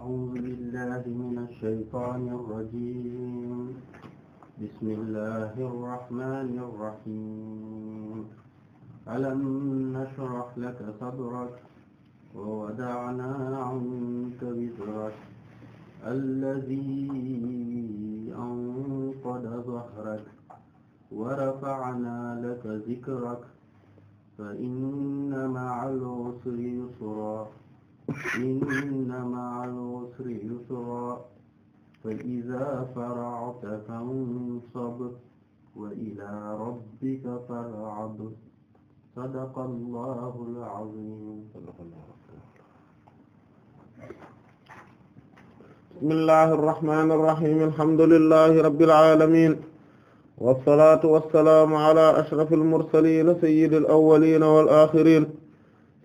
أعوذ بالله من الشيطان الرجيم بسم الله الرحمن الرحيم ألم نشرح لك صدرك ووضعنا عنك وزرك الذي أنقض ظهرك ورفعنا لك ذكرك فإن مع العسر يسرا إن مع العسر يسرا فإذا فرعت فانصب وإلى ربك فارغب صدق الله العظيم بسم الله الرحمن الرحيم الحمد لله رب العالمين والصلاة والسلام على أشرف المرسلين سيد الأولين والآخرين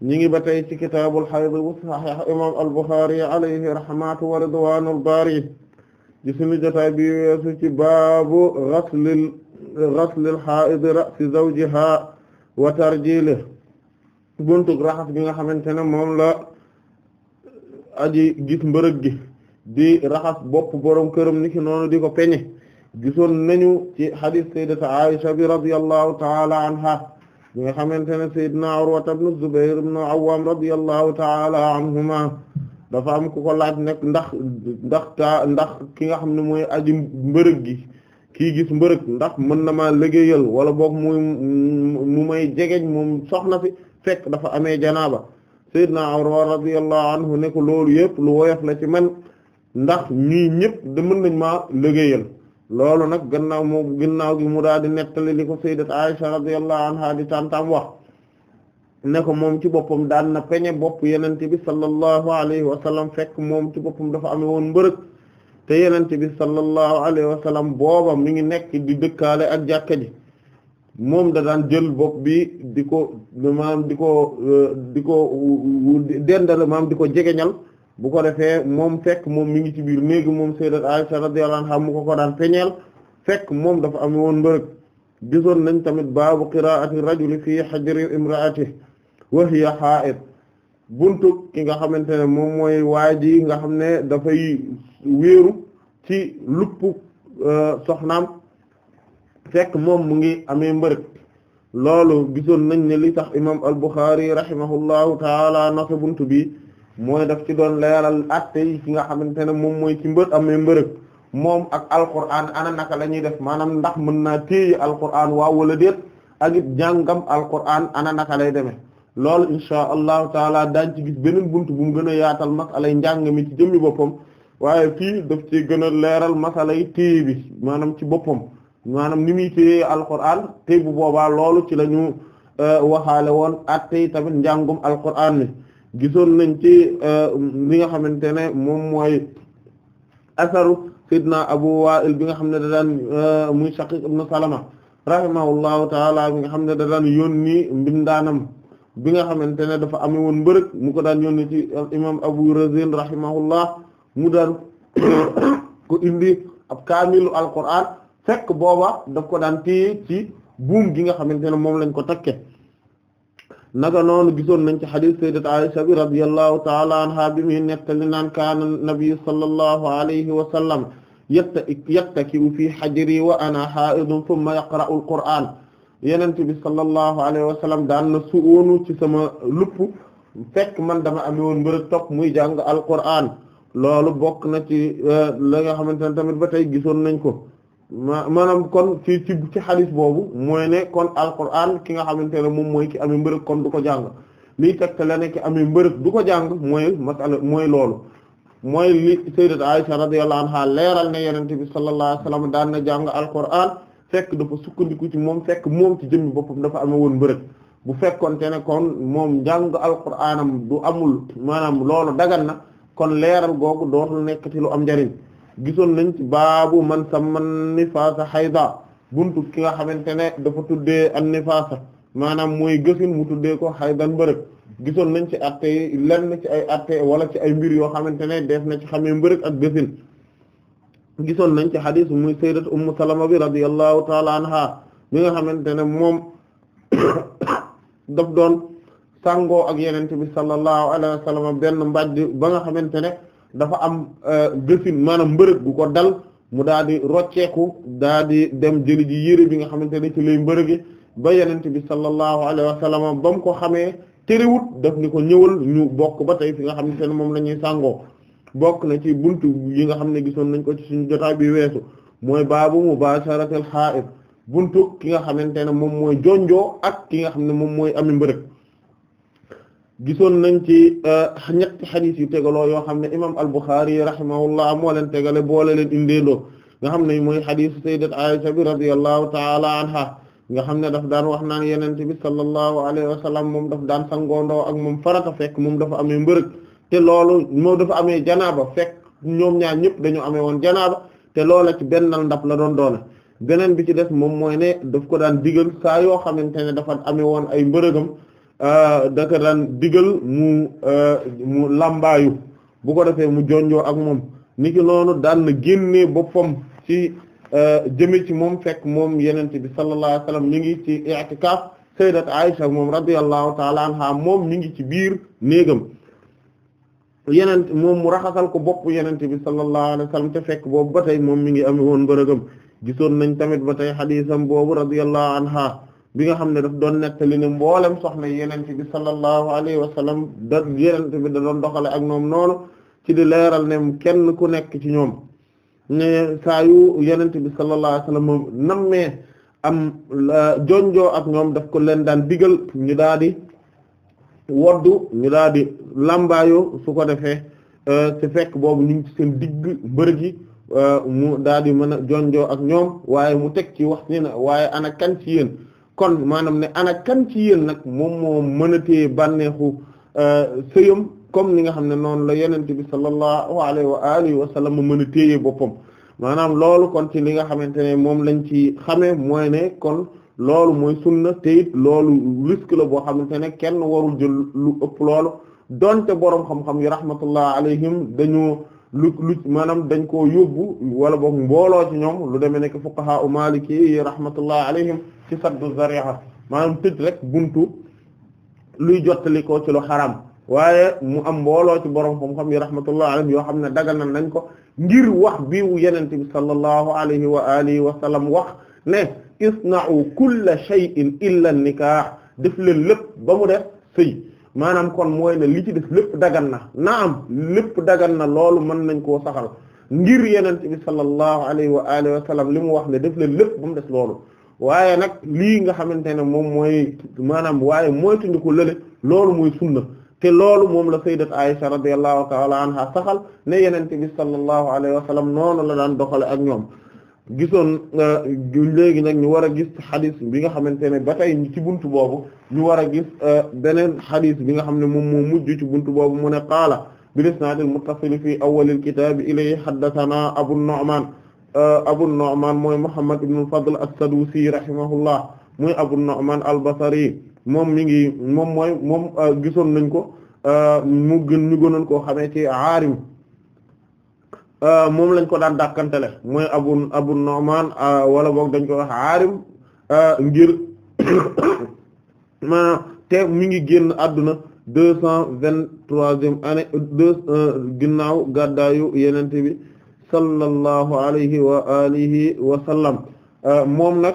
ñi ngi ba tey ci kitaabul hayd bu sahih imam al-Bukhari alayhi rahmatu wa ridwanul bari ci sunu jotaay bi weesu ci baabu ghaslil ghaslil haa'id zawjiha wa tarjilihi buntug raxas bi nga xamante ne moom la aji gis mbërëg gi di raxas bopp borom këram niki noonu di ko peñe gisoon nañu ci hadith sayyidati Aisha bi radiyallahu ta'ala anha bi nga xamante ne sayyidina Urwata ibn Zubayr ibn Awwam radiyallahu ta'ala anhuma dafa am ku ko laaj nag ndax ndax ndax ki nga xam ne mooy aji mbërëg gi kii gis mbërëg ndax mën na ma liggéeyal wala boog muy mu may jegeñ moom soxna fi fekk dafa amee janaaba sayyidina Urwa radiyallahu anhu ne loolu yëpp lu woyof la ci man ndax ñii ñëpp da mën nañ ma liggéeyal loolu nag gannaaw mu gannaaw gi mu daal di nettali li ko sayyidat Aisha radiyallahu anha di tantam wax ne ko moom ci boppam daan na peñe bopp yenente bi sallallahu alayhi wa sallam fekk moom ci boppam dafa amee woon mbërëg te yenente bi sallallahu alayhi wa sallam booba mi ngi nekk di dëkkaale ak jàkka ji moom da daan jël bopp bi di ko maam di ko di ko dendale maam di ko jegeñal bu ko moom fekk moom mi ngi ci biir néegi moom sayyidat Aisha radiyallahu anha mu ko ko daan peñeel fekk moom dafa am woon mbërëg gisoon nañ tamit baabu qiraa'ati rajuli fii hajri imra'atihi wa hiya haa'id ki nga xamante ne moom mooy waa ji nga xam ne dafay ci lupp euh, soxnaam fekk moom mu ngi amee mbërëg loolu gisoon nañ ne li tax imam al-Bukhari rahimahullahu ta'ala naka buntu bi mooy daf ci doon leeral atte yi ci nga xamante ne moom mooy ci mbër amee mbërëg moom ak alquran ana naka la ñuy def maanaam ndax mën naa téye alquran waaw wala déet ak it jàngam alquran lay demee loolu insha allahu ci gis beneen bunt bu mu gën a yaatal masalay njàng mi ci jëmmi boppam waaye fii daf ci gën a leeral masalay téye bi maanaam ci boppam maanaam ni muy téye alquran téye bu boobaa loolu ci la ñu euh, waxaale woon atte tamit njàngum alquran mi gisoon nañ ci euh, li nga xamante ne moom mooy asaru sidna abu wa'il bi nga xam ne da daan euh, muy shaqiq ibn salama rahimahullahu taala bi nga xam ne da daan yónni mbindaanam bi nga xamante ne dafa ame woon mbërëg mu ko daan yónni ci imam abu razin rahimahullah mu daan ko indi ab kaamilu alquran fekk booba daf ko daan téye ci buum gi nga xamante ne moom lañ ko takke naga noonu gisoon nañ ci xadiis sayyidat Aisha bi radiyallahu ta'ala anha bi muy nettali naan kaana nabi sallallahu alayhi wa sallam yatta yattaki'u fi hajri wa ana haa'idun thumma yaqra'u al-Qur'aan yenente bi sallallahu alayhi wa sallam daan na suwoonu ci sama lupp fekk man dama amee woon mbërëg topp muy jàng al-Qur'aan loolu bokk na ci eh, la nga xamante ne tamit ba tey gisoon nañ ko maanaam kon ci ci ci xadis boobu mooy ne kon alquran ki nga xamante ne moom mooy ki amee mbërëg kon du ko jàng lii tegte la ne ki amee mbërëg du ko jàng mooy masala mooy loolu mooy li sayyidat Aisha radiyallahu anha leeral ne yenente bi sallallahu alayhi wasallam daan na jàng alquran fekk dafa sukkandiku ci moom fekk moom ci jëmmi boppam dafa amee woon mbërët bu fekkonte ne kon moom jàng alquranam du amul maanaam loolu dagan na kon leeral googu dootul nekkati lu am njariñ gisoon nañ ci baabu man samman nifaasa hayda buntu ki nga xamante ne dafa tuddee an nifaasa maanaam mooy gësin mu tuddee ko haydan mbërëg gisoon nañ ci atte yi lenn ci ay atte wala ci ay mbir yoo xamante ne def na ci xamee mbërëg ak gësin gisoon nañ ci xadis muy sayyidat ummu salama bi radiyallahu taala anha mi nga xamante ne moom daf doon sàngoo ak yenente bi sallallahu alayhi wa sallam benn mbàjj ba nga xamante ne dafa am euh, gësin maanaam mbërëg bu ko dal mu daal di rocceeku daal di dem jëli ji yére bi nga xamante ne ci lay mbërëge ba yenent bi sallallahu alayhi wa sallam ba mu ko xamee terewut daf ni ko ñëwal ñu bokk ba tey fi nga xam ne moom la ñuy sàngoo bokk na ci buntu yi nga xam ne gisoon nañ ko ci suñu jotaay bi weesu mooy baabu mubaasharatil haa'id buntu ki nga xamante ne moom mooy jonjoo ak ki nga xam ne moom mooy ami mbërëg gisoon nañ ci euh, ñetti xadis yu tegaloo yoo xam ne imam al-Bukhari rahimahullah moo leen tegale boole leen indeendoo nga xam ne mooy xadisu sayyidat Aisha bi radiyallahu ta'ala anha nga xam ne daf daan wax naan yenente bi sallallahu alayhi wa sallam moom daf daan sangoondoo ak moom farata fekk moom dafa amee mbërëg te loolu moom dafa amee janaaba fekk ñoom ñaar ñëpp dañu amee woon janaaba te loola ci bennal ndab la doon doone beneen bi ci des moom mooy ne daf ko daan digal saa yoo xamante ne dafa amee woon ay mbërëgam Euh, daka daan digal mu euh, mu làmbaayu bu ko defee mu jonjoo ak moom niki noonu daan na génne boppam ci euh, jëme ci moom fekk moom yenente bi sallallahu alayhi wasallam ngi ci i'tikaf sayyidat Aisha moom radiyallahu ta'ala moom mi ngi ci biir néegam yenent moom mu raxasal ko bopp yenente bi sallallahu alayhi wasallam te fekk boobu ba tey moom mi ngi am woon mbërëgam gisoon nañ tamit ba tey xadiisam boobu radiyallahu anha bi nga xam ne daf doon nettali ne mboolem soxna yenente bi sallallahu alayhi wa sallam da yenente bi da doon doxale ak ñoom noonu ci di leeral ne kenn ku nekk ci ñoom ne saa yu yenente bi sallallahu alayhi wa am jonjoo ak ñoom daf ko leen daan digal ñu daal di woddu ñu daal di làmbaayoo su ko defee euh, fekk boobu ñu ngi ci seen digg mbërëg yi euh, mu daal di mën a jonjoo ak ñoom waaye mu teg ci wax ni na waaye ana kan ci kon maanaam ne ana kan ci yéen nag moom moo mën a téye bànneexu euh, sëyam comme ni nga xam ne noonu la yonent bi sallallahu alayhi wa alihi wa sallam mën a téye boppam maanaam loolu kon ci li nga xamante ne moom lañ ci xamee mooy ne kon loolu mooy sunna te it loolu risque boo xamante ne kenn warul jël lu ëpp loolu donte boroom xam-xam yi rahmatullah alayhim dañu lu lu maanaam dañ koo yóbbu wala boog mbooloo ci ñoom lu demee nekk fuqaha u maliki yi rahmatullah ci saddu zari'a maanaam tëj rek buntu luy jottali ko ci lu xaram waaye mu am mbooloo ci borom xam-xam yi rahmatullah alayhi yoo xam ne daganal nañ ko ngir wax biiwu yenente bi sallallahu alayhi wa alihi wa sallam wax ne isna'u kulla shay'in illa nikah def leen lépp ba mu def sëy maanaam kon mooy ne li ci def lépp dagan na naam lépp dagan na loolu mën nañ koo saxal ngir yenente bi sallallahu alayhi wa alihi wa sallam li mu wax ne def leen lépp ba mu def loolu waaye nag lii nga xamante ne moom mooy maanaam waaye moytuñu ko lële loolu mooy sunna te loolu moom la sayyidat Aisha radiyallahu ta'ala anha saxal ne yenente bi sallallahu alayhi wa sallam noonu la daan doxale ak ñoom gisoon léegi nag ñu war a gis xadis bi nga xamante ne ba tey ci buntu boobu ñu war a gis euh, beneen xadis bi nga xam ne moom moo mujj ci buntu boobu mu ne qaala bil isnaadil muttasil fi awwalil kitaabi ilayhi haddathana abu nu'man Euh, Abu Nu'man mooy Muhammad ibn al-Fadl as-Sadusi rahimahullah muy Abu Nu'man al-Basri moom mi ngi moom mooy moom euh, gisoon nañ ko euh, mu gën ñu gënoon koo xamee ci Aarim moom lañ ko daan dàkkantele mooy Abu Abu Nu'man wala boog dañ ko wax Aarim ngir ma te mi ngi génn àdduna deux cent vingt-troisième année deux ginnaaw gàddaayu yenente bi sallallahu alayhi wa alihi wa sallam euh, moom nag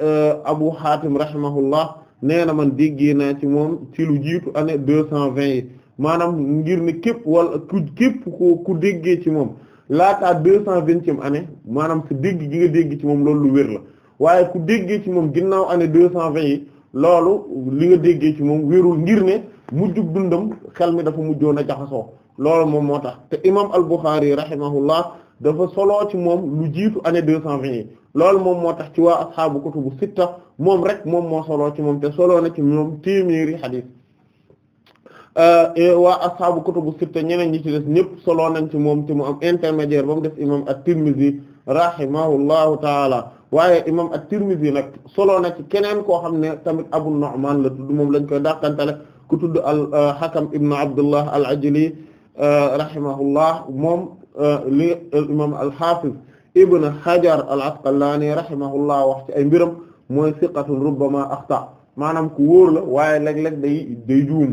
euh, Abu Hatim rahimahullah nee na man déggee naa ci moom ci lu jiitu année deux yi maanaam ngir ne képp wala ku képp ku ku déggee ci moom laataa deux cent vingtième année maanaam sa dégg gi nga dégg ci moom loolu lu wér la waaye ku déggee ci moom ginnaaw année deux cent vingt yi loolu li nga déggee ci moom wérul ngir ne mujjug dundam xel mi dafa mujjoon a jaxasoo loolu moom moo tax te imam al-Bukhari rahimahullah dafa soloo ci moom lu jiitu année deux cent vingt yi loolu moom moo tax ci waa asxaabu kutubu sitta moom rek moom moo soloo ci moom te soloo na ci moom téeméeri xadis euh, waa asxaabu kutubu sitta ñeneen ñi ci def ñëpp soloo nañ ci moom te mu am intermédiaire ba mu def imam at-Tirmidhi rahimahullahu taala waaye imam at-Tirmidhi nag soloo na ci keneen koo xam ne tamit Abu Nu'man la tudd moom lañ koy dàqantale ku tudd al euh, Hakam ibn Abdullah al-Ajli euh, rahimahullah moom li imam al-Hafiz ibn Hajar al-Asqalani rahimahullah wax ci ay mbiram mooy siqatun rubbama axta maanaam ku wóor la waaye léeg-léeg day day juum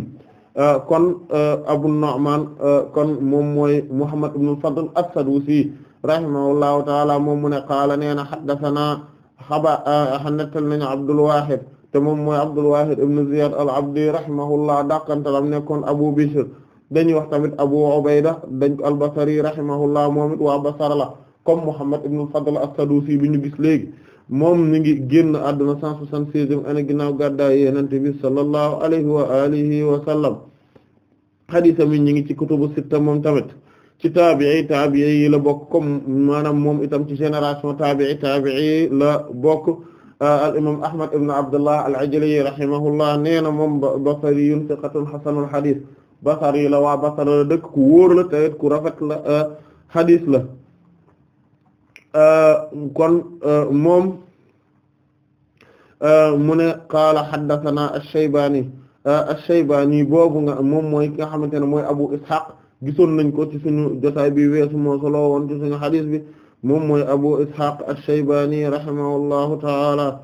euh, kon euh, Abu Nu'man euh, kon moom mooy Muhammad ibn al-Fadl as-Sadusi rahimahullahu taala moom mu ne qaala nee na haddathana xaba nettal nañu Abdul Wahid te moom mooy Abdul Wahid ibn Ziyad al-Abdi rahimahullah dàqantalam nekkoon Abu Bishr dañuy wax tamit Abu Ubayda dañ ko al-Basri rahimahullah moom it waa Basra la comme Muhammad ibn al-Fadl as-Sadusi bi ñu gis léegi moom mi ngi génn àdduna 176e année ginnaaw gàddaay Yonent bi sallallahu alayhi wa alihi wa sallam hadiisam mi ñi ngi ci kutubu sitta moom tamit ci taabi'i taabi'i yi la bokk comme maanaam moom itam ci génération taabi'i taabi'i la bokk euh, al imam Ahmad ibn Abdullah al-Ajli rahimahullah nee moom basariyun thiqatun hasanul hadiis basari la waa basara la dëkk ku wóor la tawet ku rafet la xadiis euh, la euh, kon euh, moom mu ne qaala xaddathana ash-Shaybani ash-Shaybani boobu nga moom mooy ki nga xamante ne mooy Abu Ishaq gisoon nañ ko ci suñu jotaay bi weesu moo solo woon ci suñu xadiis bi moom mooy Abu Ishaq ash-Shaybani rahimahullahu ta'ala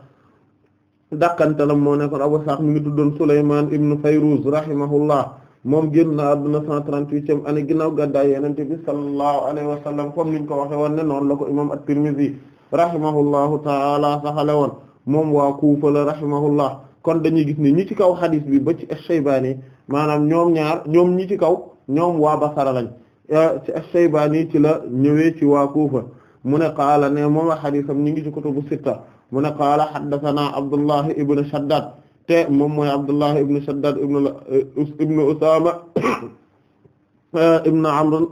dàqante la moo nekkoon Abu Ishaq mi ngi tuddoon Sulaymaan ibn Fayruz rahimahullah moom génn na àdduna 138e année ginnaaw gàddaay Yonent bi sallallahu alayhi wa sallam comme niñ ko waxe woon ne noonu la ko imam at-Tirmidhi rahimahullahu ta'ala saxale woon moom waa Kuufa la rahimahullah kon dañuy gis ne ñi ci kaw xadis bi ba ci ash-Shaybani maanaam ñoom ñaar ñoom ñi ci kaw ñoom waa Basra lañ eh, ci ash-Shaybani ci la ñëwee ci waa Kuufa mu ne qaala ne moom a xadisam ñi ngi ci kutubu sitta mu ne qaala haddathana Abdullah ibn Shaddad te moom mooy Abdullah ibn Shaddad ibn eh, Usaama ibn Amr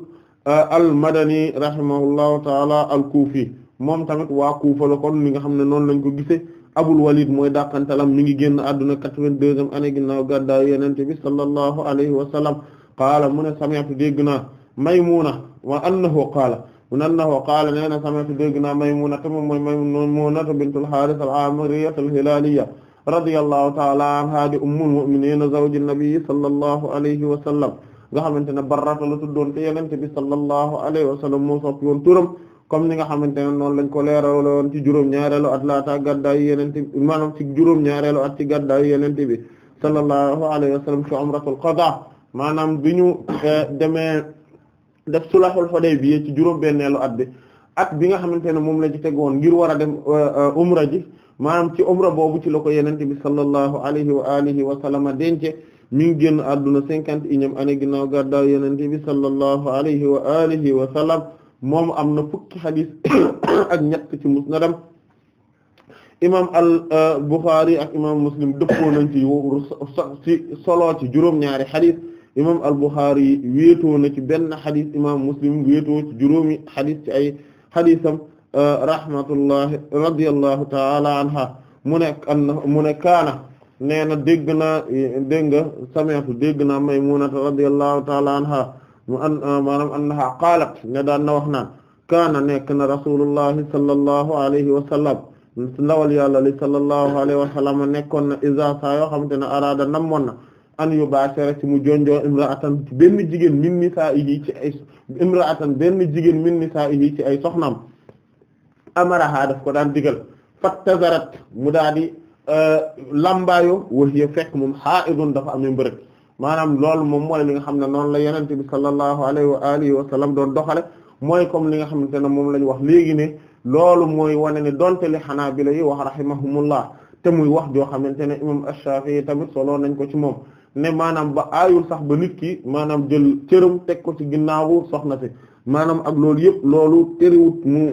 eh, al-Madani rahimahullahu taala al-Kufi moom tamit waa Kufa la kon li nga xam ne noonu lañ ko gisee Abul Walid mooy dàqantalam mi ngi génn àdduna quatre-vingt-deuxième année ginnaaw gàddaay Yonent bi sallallahu alayhi wa sallam qaala mu ne sami'tu dégg naa Maymuna wa annahu qaala mu ne annahu qaala nee na sami'tu dégg naa Maymuna te moom mooy Maymuna bintul Haaris al-Aamiriyya al-Hilaaliya radiyallahu taala anha di ummul mu'minin zawju nabi sallallahu alayhi wa sallam nga xamante ne barrata la tuddoon te yenente bi sallallahu alayhi wa sallam moo soppi woon turam comme ni nga xamante ne noonu lañ ko leeraloon ci juróom-ñaareelu at laata gàddaayu yenente bi maanaam ci juróom-ñaareelu at ci gàddaayu yenente bi sallallahu alayhi wa sallam ci umratul qada maanaam bi ñu eh, demee def sulahul hudaybiya ci juróom-benneelu at bi at bi nga xamante ne moom la ci teg woon ngir war a dem euh, euh, umra ji maanaam ci umra boobu ci loko ko yenente bi sallallahu alayhi wa alihi wa sallama dence mi ngi génn àdduna cinquante et gi année ginnaaw gàddaay yenente bi sallallahu alayhi wa alihi wa sallam moom am na fukki xadis ak ñett ci musnadam imam al euh, Bukhari ak imam Muslim dëppoo nañ ci ci solo ci juróom-ñaari xadis imam al Bukhari wéetoo na ci benn xadis imam Muslim wéetoo ci juróomi xadis ci ay xadisam euh, rahmatullahi radiyallahu taala anha mu ne mu ne kaana nee na dégg naa dégg nga sami'tu dégg naa Maymunata radiyallahu taala anha mu an euh, maanaam annaha qaalat ne daan na wax naan kaana nekk na rasulullahi sallallahu alayhi wa sallam ndawal yàlla li sallallahu alayhi wa sallam nekkoon na isa saa yoo xamante ne araada namoon na an yubashara ci mu jonjoo imra'atan benn jigéen min nisaa yi ci imra'atan benn jigéen min nisaa'ihi ci ay soxnaam amaraha def ko daan digal fattazarat mu daa di euh, lambaayo wa hiya fekk moom haa'idun dafa amee mbërëg maanaam loolu moom mooy li nga xam ne noonu la yenente bi sallallahu alayhi wa alihi wa sallam doon doxale mooy comme li nga xamante ne moom lañu wax léegi ne loolu mooy wane ne donte li xanaa bi la yi wax rahimahumullah te muy wax joo xamante ne imam ash-Shafi'i tamit solo nañ ko ci moom ne maanaam ba aayul sax ba nit ki maanaam jël cërum teg ci ginnaawu soxna si maanaam ak loolu yëpp loolu tëriwut mu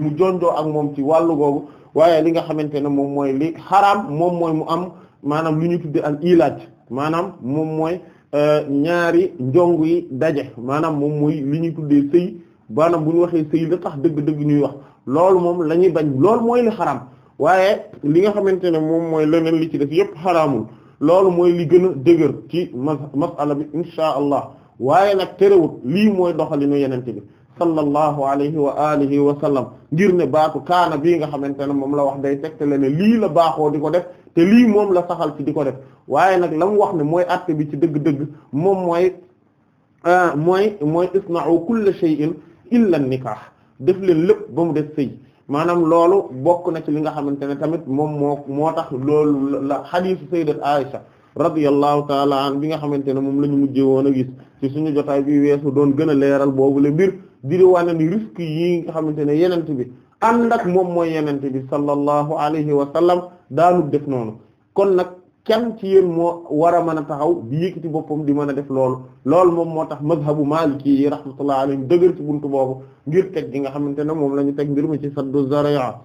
mu jonjoo ak moom ci wàllu googu waaye li nga xamante ne moom mooy li xaraam moom mooy mu am maanaam lu ñu tudde al ilaaj maanaam moom mooy euh, ñaari njong yi daje maanaam moom mooy li ñuy tuddee sëy maanaam bu ñu waxee sëy la tax dëgg-dëgg ñuy wax loolu moom la ñuy bañ loolu mooy li xaraam waaye li nga xamante ne moom mooy leneen li ci def yëpp xaraamul loolu mooy li gën a dëgër ci masala bi insha allah waaye nag terewut lii mooy doxalinu yenente bi sallallahu alayhi wa alihi wa sallam ngir ne baatu kaana bii nga xamante ne moom la wax day tegtale ne lii la baaxoo di ko def te lii moom la saxal ci di ko def waaye nag la mu wax ne mooy àtte bi ci dëgg-dëgg moom mooy ah, mooy mooy isna'u kulla shay'in illa an-nikah def leen lépp ba mu def sëy maanaam loolu bokk na ci li nga xamante ne tamit moom moo moo tax loolu la xadiisu sayyidat Aisha radiyallahu taala an bi nga xamante ne moom la ñu mujjee woon a gis ci suñu jotaay bi weesu doon gën a leeral boobu le mbir di wane ni risque yi nga xamante ne yenente bi ànd ak moom mooy yenente bi sallallahu alayhi wa sallam daanu def noonu kon nag kenn ci yéen moo war a mën a taxaw di yëkkati boppam di mën a def loolu loolu moom moo tax mazhabu maliki yi rahmatullah alayhim dëgër ci buntu boobu ngir teg gi nga xamante ne moom la ñu teg mbir mi ci saddu zari'a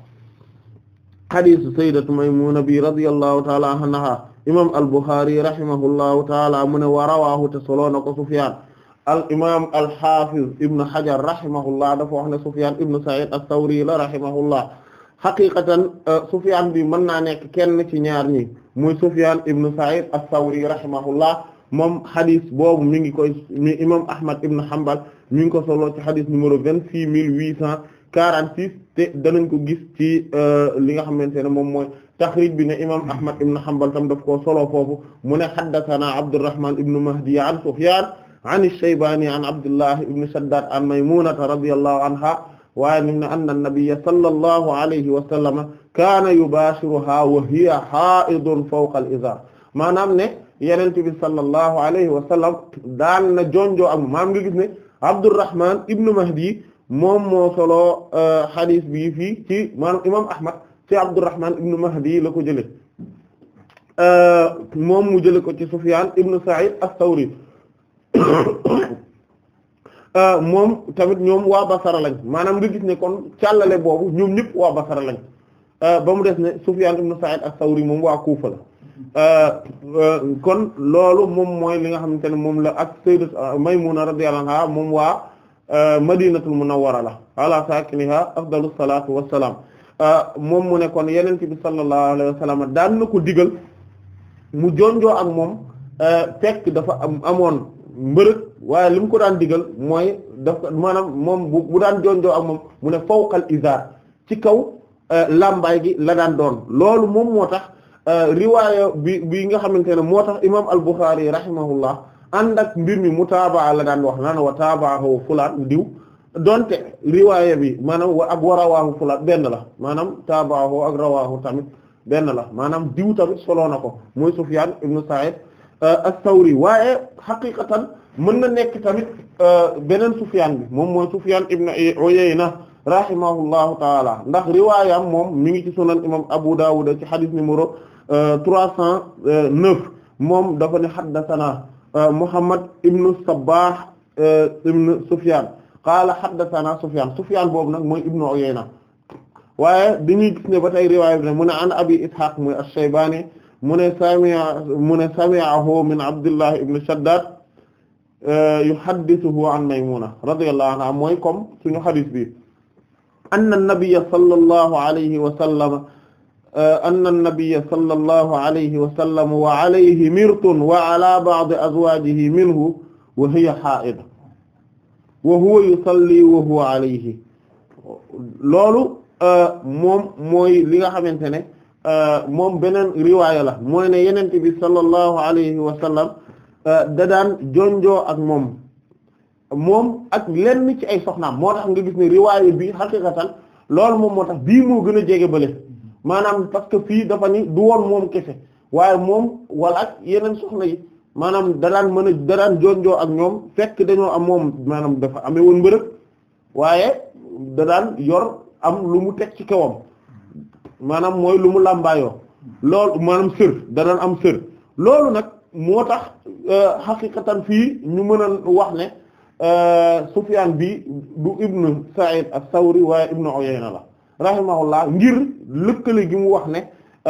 xadiisu sayyidatu maymuna bi radiyallahu taala anha imam al buxaari rahimahullahu taala mu ne wa rawaahu te soloo na ko sufyaan al imam al xaafiz ibn hajar rahimahullah dafa wax ne sufyaan ibn sa'id as-sawri la rahimahullah xaqiqatan euh, Sufyaan bi mën naa nekk kenn ci ñaar ñi muy Sufyaan ibn Sa'id as-Sawri rahimahullah moom xadis boobu mi ngi koy mi imam Ahmad ibn Hanbal mi ngi ko solo ci xadis numéro vingt-six mille huit cent quarante-six te danañ ko gis ci euh, li nga xamante ne moom mooy taxrij bi ne imam Ahmad ibn Hanbal tam daf koo solo foofu mu ne haddathana Abdurrahman ibn Mahdi an Sufyaan an ash-Shaybani an Abdullah ibn Shaddad an Maymunata radiyallahu anha waaye nim ne anna nabiyya sallallahu alayhi wa sallama kaana yubaashiruhaa wa hiya haa'idun fawqa al-izaar maanaam ne yenent bi sallallahu alayhi wa sallam daan na jonjoo ak maam nga gis ne Abdurrahman ibnu Mahdi moom moo solo hadith euh, bi fii ci maanaam imam Ahmad ci Abdurrahman ibnu Mahdi la ko jële euh, moom mu jële ko ci Sufyan ibnu Sa'id as-Sawri Euh, moom tamit ñoom waa Basara lañ maanaam nga gis ne kon càllale boobu ñoom ñëpp waa Basara lañ euh, ba mu des ne Sufyan ibn Sa'id as-Sawri moom waa Kufa euh, kon loolu moom mooy li nga xamante ne moom la ak sayyidat Maymuna radiyallahu anha moom waa Madinatul Munawwara la ala sakiniha afdalus salatu wassalam moom mu ne kon yeneen bi sallallahu alayhi wa sallam daan na ko digal mu jonjoo ak moom fekk dafa am amoon mbërëg waaye lim mu ko daan digal mooy daf maanaam moom bu daan jonjoo ak moom mu ne fawqal izar ci kaw euh, làmbaay gi la daan doon loolu moom moo tax euh, riwaaya bi bi nga xamante ne moo tax imaam al-Bukhari rahimahullah ànd ak mbir mi mutaabaa la daan wax naan wa taabaahu fulaan diw donte riwaaya bi maanaam wa ak wa rawaahu fulaan benn la maanaam taabaahu ak rawaahu tamit benn la maanaam diw tamit solo na ko mooy Sufyaan ibnu Sa'id Euh, as-Sawri waaye xaqiqatan mën na nekk tamit euh, beneen Sufyaan bi moom mooy Sufyaan ibn Uyayna rahimahullahu taala ndax riwaayam moom mi ngi ci sunan imam Abu Dawud ci xadis numéro euh, cent moom dafa ne xaddasanaa Muhammad ibn Sabbah ibn Sufyaan qaala xaddasanaa Sufyaan Sufyaan boobu nag mooy ibn Uyayna waaye dañuy gis ne ba tey riwaaya bi ne mu an Abi Ishaq mooy ash-Shaybani mu ne sami'a mu ne sami'ahu min Abdullah ibn Shaddad euh, yuhaddithuhu an Maymuna radiyallahu anha mooy comme suñu xadis bi anna an-nabiyya sallallahu alayhi wa sallam euh, anna an-nabiyya sallallahu alayhi wa sallam wa alayhi mirtun wa ala ba'di azwajihi minhu wa hiya haa'id wa huwa yusalli wa huwa alayhi loolu euh, moom mooy li nga xamante ne Euh, moom beneen riwaaya la mooy ne yenente bi sallallahu alayhi wa sallam euh, da daan jonjoo ak moom moom ak lenn ci ay soxnaam moo tax nga gis ne riwaaya bi xaqiqatan loolu moom moo tax bi moo gën a jege bële maanaam parce que fii dafa ni du woon moom kese waaye moom wala ak yeneen soxna yi maanaam da daan mën a da daan ak ñoom fekk dañoo am moom maanaam dafa amee woon mbërëg waaye da yor am lu mu teg ci kawam maanaam mooy lu mu làmbaayoo loolu maanaam sër danañ am sër loolu nag moo tax euh, xaqiqatan fii ñu mën a wax ne euh, Sufyaan bi du Ibn Sa'id as-Sawri waaye Ibn Uyayna la rahimahullah ngir lëkkale gi mu wax ne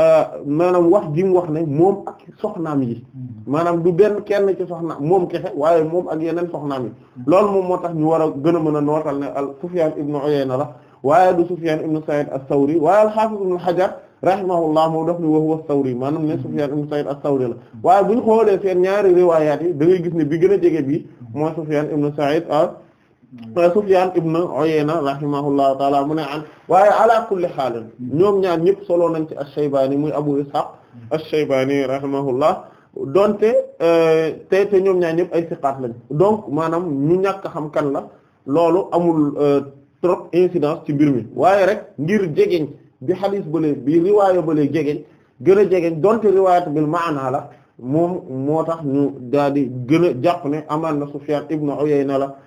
euh, maanaam wax gi mu wax ne moom ak soxnaam yi maanaam du benn kenn ci soxna moom kese waaye moom ak yeneen soxnaam yi loolu moom moo tax ñu war a gën a mën a nootal ne al Sufyaan Ibn Uyayna la waaye du Sufyan ibn Sa'id as-Sawri waaye al-Hafiz ibn Hajar rahimahullah moom daf ni wa huwa as-Sawri maanaam ne Sufyan ibn Sa'id as-Sawri la waaye bu ñu xoolee seen ñaari riwaayaat yi da ngay gis ne bi gën a jege bi mooy Sufyan ibn Sa'id Sufyan ibn Uyayna rahimahullahu taala mu ne an waaye ala kulli xaal ñoom ñaan ñëpp solo nañ ci ash-Shaybani muy Abu Ishaq ash-Shaybani rahimahullah donte euh, te te ñoom ñaan ñëpp ay siqaat lañ donc maanaam ñu ñàkk xam kan la loolu amul euh, trop incidence ci mbir mi waaye rek ngir jegeñ bi xadis balee bi riwaayo balee jegeñ gën a jegeñ donte riwaayat bil maanaa la moom moo tax ñu daal di gën a jàpp ne amaan na Sufyaan ibnu Uyayna la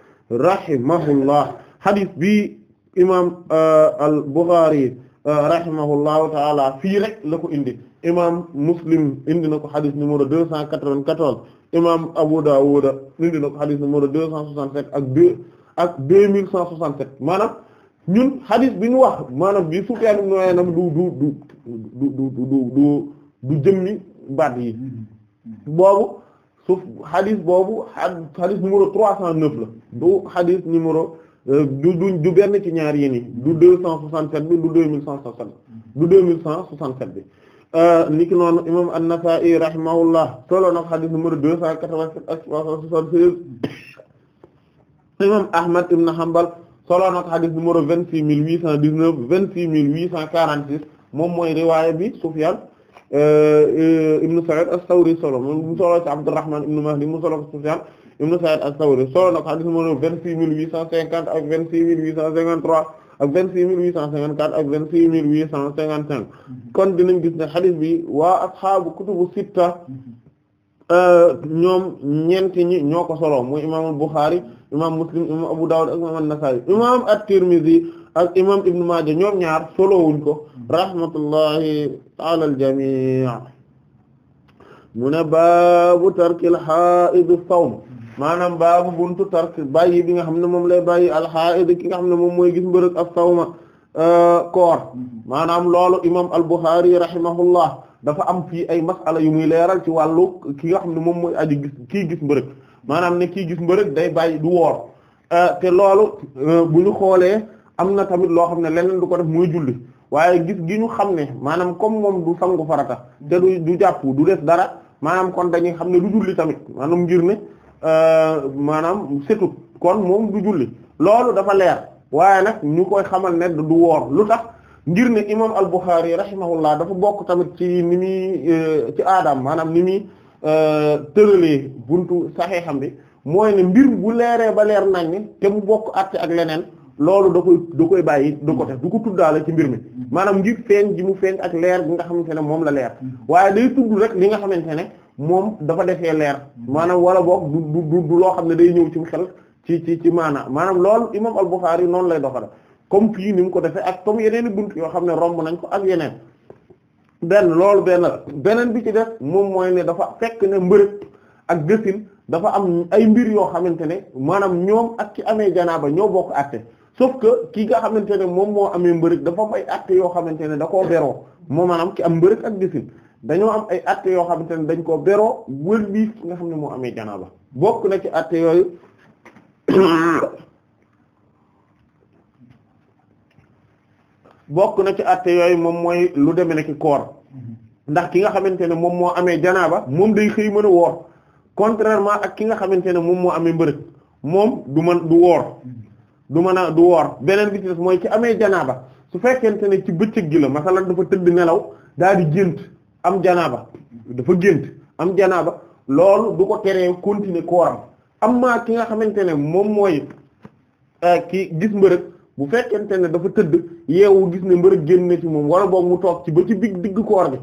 xadis bi imam euh, al Buxaari euh, rahimahullahu taala fii rek la ko indi imam Muslim indi na ko xadis numéro deux cent quatre-vingt-quatorze imam Abu Dawud indi na ko xadis numéro deux cent soixante-sept ak deux ak deux mille cent soixante-sept maanaam ñun xadis bi ñu wax maanaam bi Sufyaan ibn Uyayna du du du du du du du jëmmi baat yi boobu suuf xadis boobu xadis numéro trois cent neuf la du xadis numéro euh, du du du benn ci ñaar yi ni du deux cent soixante-sept bi du deux mille cent soixante-sept du deux mille cent soixante bi euh, niki noonu imam An-Nasa'i solo na xadis numéro deux cent quatre-vingt-sept ak trois cent soixante-seize imam Ahmad ibn Hanbal solo na ko xadis numéro vingt six mille huit cent dix neuf vingt six mille huit cent quarante six moom mooy riwaaya bi Sufyan euh, ibn Sa'id as-Sawri solo mu mu solo ko Sufyan ibn Sa'id as-Sawri solo na ko xadis numéro vingt six mille huit cent cinquante ak vingt six mille huit cent cinquante trois ak vingt six mille huit cent cinquante quatre ak kon dinañ gis ne xadis bi waa asxaabu kutubu sitta euh, ñoom ñeenti ñi ñoo ko solo muy imaamul Bukhari imam muslim imam abu dawud ak imam an-nasa'i imam at-tirmidhi ak imam ibn majah ñoom ñaar solowuñ ko rahmatullahi ala al-jami' mu ne baabu tarkil haid sawm maanaam baabu buntu tark bàyyi bi nga xam ne moom lay bàyyi al-haid ki nga xam ne moom mooy gis mbërëg as-sawma euh, koor maanaam loolu imam al-bukhari rahimahullah dafa am fii ay masala yu muy leeral ci wàllu ki nga xam ne moom mooy aju gis kii gis mbërëg maanaam ne kii gis mbërëg day bàyyi du woor euh, te loolu euh, bu ñu xoolee am na tamit loo xam ne leneen du ko def muy julli waaye gis gi ñu xam ne maanaam comme moom du sangu farata te du du jàpp du def dara maanaam kon dañuy xam ne du julli tamit maanaam ngir ne euh, maanaam setut kon moom du julli loolu dafa leer waaye nag ñu koy xamal ne du woor lu tax ngir ne imam al-Bukhari rahimahullah dafa bokk tamit ci ni muy ci aadam maanaam ni muy bunt euh, buntu xam bi mooy ne mbir bu leeree ba leer nañ te mu bokk àtte ak leneen loolu da koy da koy bàyyi du ko def du ko tuddaale ci mbir mi maanaam ngir feeñ ji mu feeñ ak leer bi nga xamante ne moom la leer waaye day tudd rek li nga xamante ne moom dafa defee leer maanaam wala boog du du loo xam ne day ñëw ci mu xel ci ci ci maanaam maanaam loolu imam al yi noonu lay doxale comme fii ni mu ko defee ak comme yeneen i bunt yoo xam ne romb nañ ko ak yeneen. benn loolu benn beneen bi ci def moom mooy ne dafa fekk ne mbërëg ak gësin dafa am ay mbir yoo xamante ne maanaam ñoom ak ci amee janaaba ñoo bokk àtte sauf que ki nga xamante ne moom moo amee mbërëg dafa am ay àtte yoo xamante ne da koo beroo moo maanaam ki am mbërëg ak gësin dañoo am ay àtte yoo xamante ne dañ koo beroo wër bii nga xam ne moo amee janaaba bokk na ci àtte yooyu bokk na ci atte yooyu moom mooy lu deme ne ki koor ndax ki nga xamante ne moom moo amee janaaba moom day xëy mën a woor contrairement ak ki nga xamante ne moom moo amee mbërëg moom du mën du woor du mën a du woor beneen bi mooy ci amee janaaba su fekkente ne ci bëccëg gi la masalan dafa tëdd nelaw daal di gént am janaaba dafa gént am janaaba loolu du ko teree continuer kooram am ki nga xamante ne moom mooy euh, ki gis mbërëg bu fekkente ne dafa tëdd yeewu gis ne mbërëg génnee ci moom wala boog mu toog ci ba ci digg digg koor bi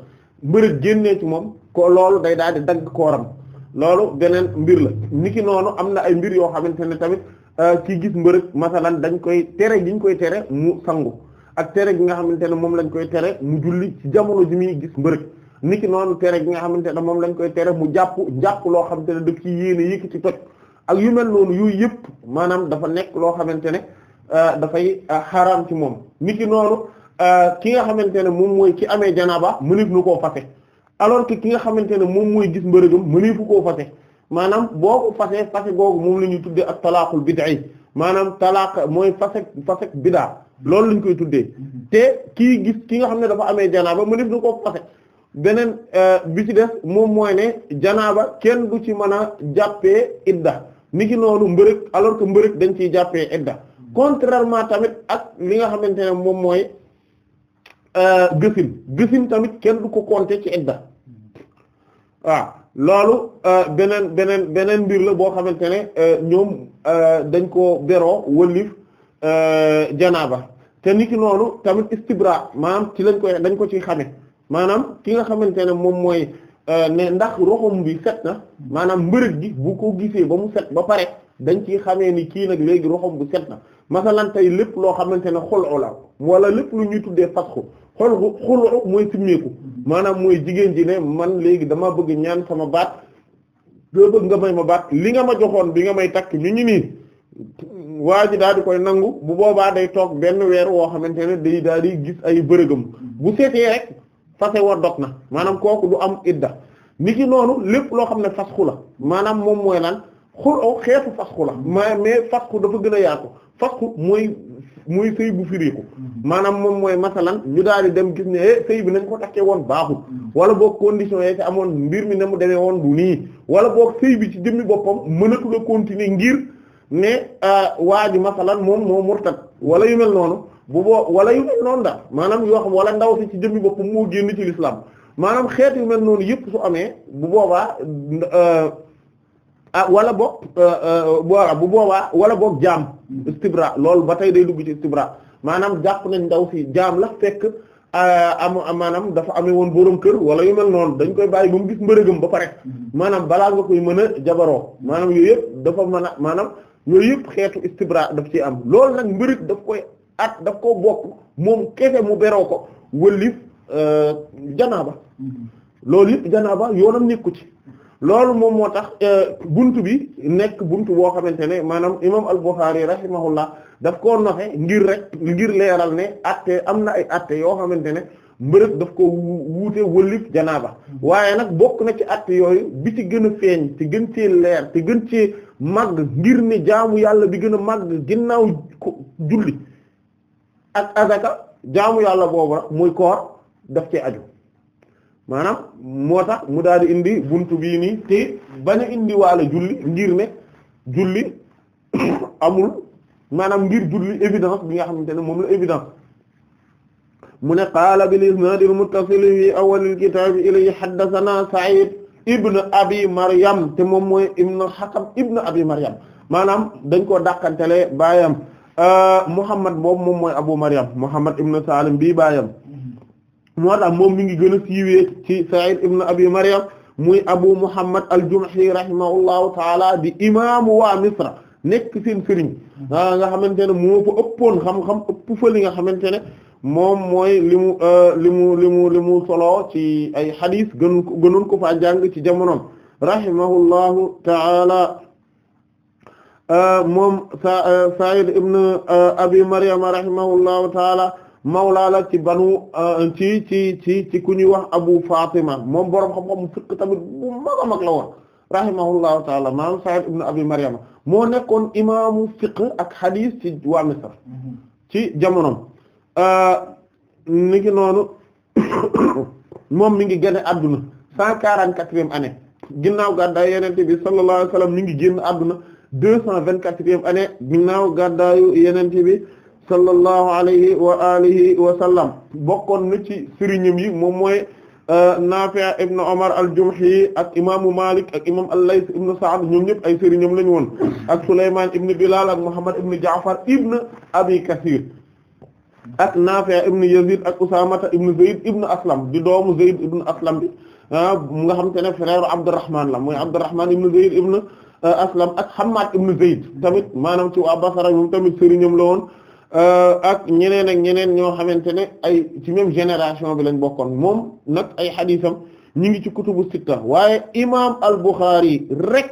mbërëg génnee ci moom ko loolu day daal di dagg kooram loolu beneen mbir la niki noonu am na ay mbir yoo xamante ne tamit euh, ki gis mbërëg masalan dañ koy tere gi koy tere mu sangu ak tere gi nga xamante ne moom lañ koy tere mu ci jamono ji muy gis mbërëg niki noonu tere gi nga xamante ne moom lañ koy tere mu jàpp jàpp loo xamante ne daf ci yéene yëkk ci toj ak yu mel noonu yooyu yëpp maanaam dafa nekk loo xamante ne Euh, dafay euh, xaraam ci moom niki noonu euh, ki nga xamante ne moom mooy ki amee janaaba mëneef nu koo fase alors ki nga xamante ne moom mooy gis mbërëgam mëneefu koo fase maanaam boo ko fase fase googu moom la ñuy tuddee ak talaaqul bid'i maanaam talaaq mooy fase fase bid'a loolu lañ koy tuddee te kii gis ki nga xam ne dafa amee janaaba mëneef nu ko fase beneen bi ci des moom mooy ne janaaba kenn du ci mën a jàppee idda niki noonu mbërëg alors que mbërëg dañ ciy jàppee idda contrairement tamit ak li nga xamante ne moom mooy euh, gësin gësin tamit kenn du ko compter ci idda waaw loolu euh, beneen beneen beneen mbir la boo xamante ne euh, ñoom dañ ko beroo wëlif janaaba te ni ki noonu tamit istibra maanaam ci lañ koy dañ ko ci xame maanaam ki nga xamante ne moom mooy ne ndax roxom bi set na maanaam mbërëg gi bu ko gisee ba mu set ba pare dañ ciy xamee ni kii nag léegi roxom bu set na masalan tey lépp loo xamante ne xulxu la wala lépp lu ñuy tuddee fasxu xolxu xulxu mooy simmeeku maanaam mooy jigéen ji ne man léegi dama bëgg ñaan sama baat doo bëgg nga may ma baat li nga ma joxoon bi nga may takk ñu ngi nii daal di koy nangu bu boobaa day toog benn weer woo xamante ne day daal di gis ay bërëgam bu seetee rek fase wa dog na maanaam kooku du am idda ni ki noonu lépp loo xam ne fasxu la maanaam moom mooy lan xulxu xeetu fasxu la mais mais fasxu dafa gën a yaatu fasxu mooy mooy sëy bu firiku maanaam moom mooy masalan ñu daal di dem gis ne eh, sëy bi nañ ko takkee woon baaxul wala boog condition yi ci amoon mbir mi na mu demee woon bu nii wala boo sëy bi ci jëmmi boppam mënatula continuer ngir ne ah, waa ji masalan moom moo murtat wala yu mel noonu bu boo wala yu mel noonu daal maanaam yoo xam wala ndaw si ci jëmmi boppam moo génn ci l'islam maanaam xeet yu mel noonu yëpp su amee bu boobaa ah, ah wala boog euh, euh, boora bu boobaa wala boog jaam istibra loolu ba tey day dugg ci istibra maanaam jàpp nañ ndaw si jaam la fekk euh, am maanaam dafa amee woon borom kër wala yu mel noonu dañ koy bàyyi ba mu gis mbërëgam ba pare mm-hmm. maanaam balaa nga koy mën a jabaroo maanaam yooyu yëpp dafa mën a maanaam yooyu yëpp xeetu istibra daf ciy am lool nag mbërëg daf koy at daf koo bokk moom kese mu beroo ko wëllif janaaba mm-hmm. loolu yëpp ba yoonam nekku ci loolu moom moo tax euh, bunt bi nekk bunt boo xamante ne maanaam imam al-Bukhari rahimahullah daf koo noxe ngir rek ngir leeral ne atte am na ay atte yoo xamante ne mbërëg daf ko wuute wëllif janaaba waaye nag bokk na ci atte yooyu bi ci gën a feeñ te gën cee leer te gën ci màgg ngir ne jaamu yàlla bi gën a màgg ginnaaw julli ak azaka jaamu yàlla boobu muy koor daf cee aju maanaam moo tax mu daal di indi buntu bii nii te bañ a indi waale julli ngir ne julli amul maanaam ngir julli évidence bi nga xam ne moom la évidence mu ne qaala bil isnaad al fi awwal al kitaab ilayhi haddathana ibn Abi Maryam te moom mooy ibn Hakam ibn Abi Maryam maanaam dañ koo dàqantele baayam Muhammad boobu moom mooy Abu Maryam Muhammad ibn Salim bii baayam moo moom mi ngi gën a siiwee ci Sa'id ibn Abi Maryam muy Abu Muhammad al-Jumahi rahimahullahu taala di imaamu waa Misra nekk seen sëriñ mm-hmm. ah, nga xamante ne moo fa ëppoon xam-xam ëpp fa li nga xamante ne moom mooy li mu euh, li mu li mu li solo ci ay xadis gën gënoon ko ci jamonoom rahimahullahu taala euh, moom euh, Sa'id ibn Abi Maryam rahimahullahu taala mawla ci banu euh, ci ci ci ci ku ñuy wax Abu Fatima moom boroom xam-xam fukk tamit bu mag mag la woon rahimahullahu taala maanaam Sa'id ibn Abi Maryama moo nekkoon imaamu fiqh ak hadith ci waa Misr mhm. ci jamonoom euh, ni ki noonu moom mi ngi génne adduna cent quarante-quatrième année ginnaaw gàddaay yenente bi sallallahu wasallam mi ngi génn adduna deux cent vingt-quatrième année ginnaaw gàddaayu yeneen bi sallallahu alayhi wa alihi wa sallam bokkoon na ci sëriñam yi moom mooy euh, Naafi' ibn Omar al-Jumhi ak imaamu Malik ak imaam al-Layth ibn Sa'd ñoom ay sëriñam lañu woon ak Sulaymaan ibn Bilal ak Muhammad ibn Ja'far ibn Abi Kathir ak Naafi' ibn Yazid ak Usaama ibn Zayd ibn Aslam di doomu Zayd ibn Aslam bi ah nga xam te ne frère Abdurrahman la mooy Abdurrahman ibn Zayd euh, Aslam ak Hammad ibn Zayd tamit maanaam ci waa Basra moom tamit sëriñam la Euh, ak ñeneen ak ñeneen ñoo xamante ne ay ci même génération bi lañ bokkoon moom nag ay xadiisam ñu ngi ci kutubu sitta waaye imaam al-Bukhari rek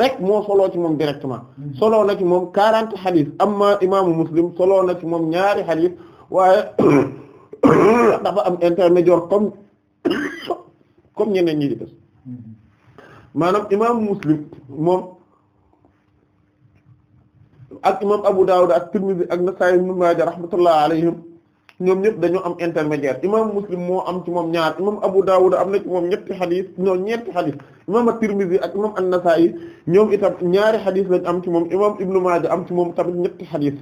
rek moo soloo ci moom directement mm-hmm. soloo na ci moom quarante xadiis amma imaamu Muslim soloo na ci moom ñaari xadiis waaye dafa am intermédiaire comme comme ñeneen ñi di des mm-hmm. maanaam imaamu Muslim moom ak imam Abu Dawud ak Tirmidhi ak Nasa'i ibn Maaja rahmatullahi alayhim ñoom ñëpp dañoo am intermédiaire imam Muslim moo am ci moom ñaar imam Abu Dawud am na ci moom ñetti xadis ñoo ñetti xadis imam at-Tirmidhi ak imam an-Nasa'i ñoom itam ñaari xadis lañ am ci moom imam Ibn Maaja am ci moom tamit ñetti xadis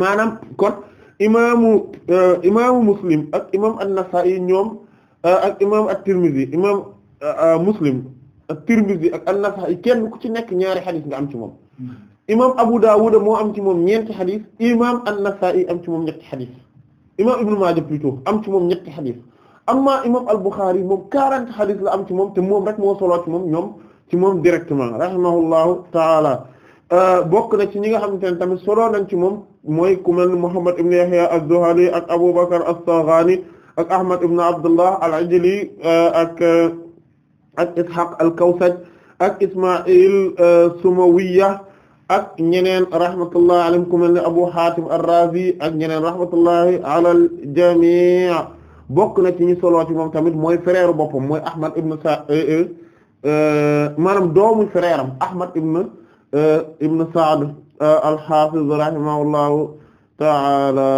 maanaam kon imaamu euh, imaamu Muslim ak imam an-Nasa'i ñoom euh, ak imam at-Tirmidhi imam euh, Muslim ak Tirmidhi ak an-Nasa'i kenn ku ci nekk ñaari xadis am ci moom imam Abu Dawud moo am ci moom ñeenti xadis imam An-Nasa'i am ci moom ñetti xadis imam Ibn Maaja plutôt am ci moom ñetti xadis amma imam Al-Bukhari moom 40 xadis la am ci moom te moom rek moo solo ci moom ñoom ci moom directement rahimahullahu taala euh, bokk na ci ñi nga xamante ne tamit solo nañ ci moom mooy ku mel Muhammad ibn Yahya Az-Zuhali ak Abu Bakr As-Saghani ak Ahmad ibn Abdullah Al-Ajli euh, ak euh, ak Ishaq Al-Kawsaj ak Isma'il Sumawiya ak ñeneen rahmatullahi alayhim ku mel ne Abu Hatim ar-Razi ak ñeneen rahmatullahi alal jamii bokk na ci ñi solo moom tamit mooy frère boppam mooy Ahmad ibn Sa euh, euh, euh, maanaam doomu frère am Ahmad ibn ibn Sa'd al-Hafiz rahimahullahu ta'ala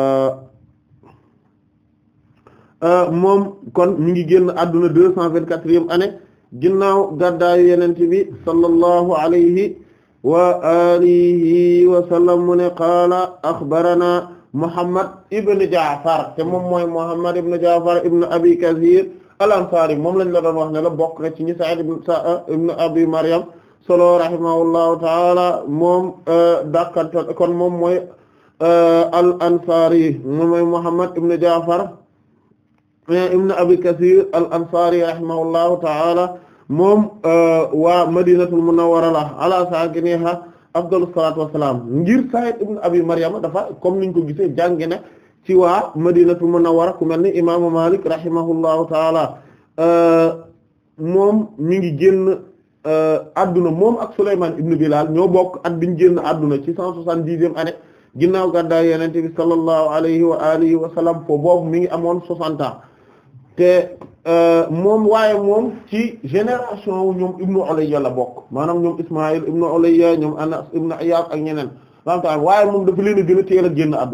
moom kon ñu ngi génn àdduna deux vint vingt-quatrième année ginnaaw gàddaayu yenente bi sallallahu alayhi wa alihi wa sallam mu ne qaala axbarana Muhammad ibn Jaafar te moom mooy Muhammad ibn Jaafar ibn Abi Kathir al-Ansari moom lañ la doon wax ne la bokk na ci ñi Sa'id eh, ibn Abi Maryam solo rahimahullahu taala moom eh, dàqanta kon moom mooy eh, al-Ansari moom mooy Muhammad ibn Jaafar ibn Abi Kathir al-Ansari rahimahullahu taala moom euh, waa madinatul munawwara la ala sakiniha afdalus salatu wassalam ngir Sa'id ibn Abi Maryama dafa comme niñ ko gisee jànge na ci waa madinatul munawwara ku mel ni imaamu Malik rahimahullahu taala euh, moom mi ngi génn adduna euh, moom ak Sulaymaan ibn Bilaal ñoo bokk at biñ génn adduna ci cent soixante-dixième année ginnaaw gàddaay yonent bi sallallahu alayhi wa alihi wa sallam fo boobu mi ngi amoon soixante ans Euh, moom waaye moom ci génération wu ñoom ibnu Ulayya la bokk maanaam ñoom Ismaïl ibnu Ulayya ñoom Anas ibnu Iyas ak ñeneen maanaam waaye moom dafa leen a gën a teel a génn àdduna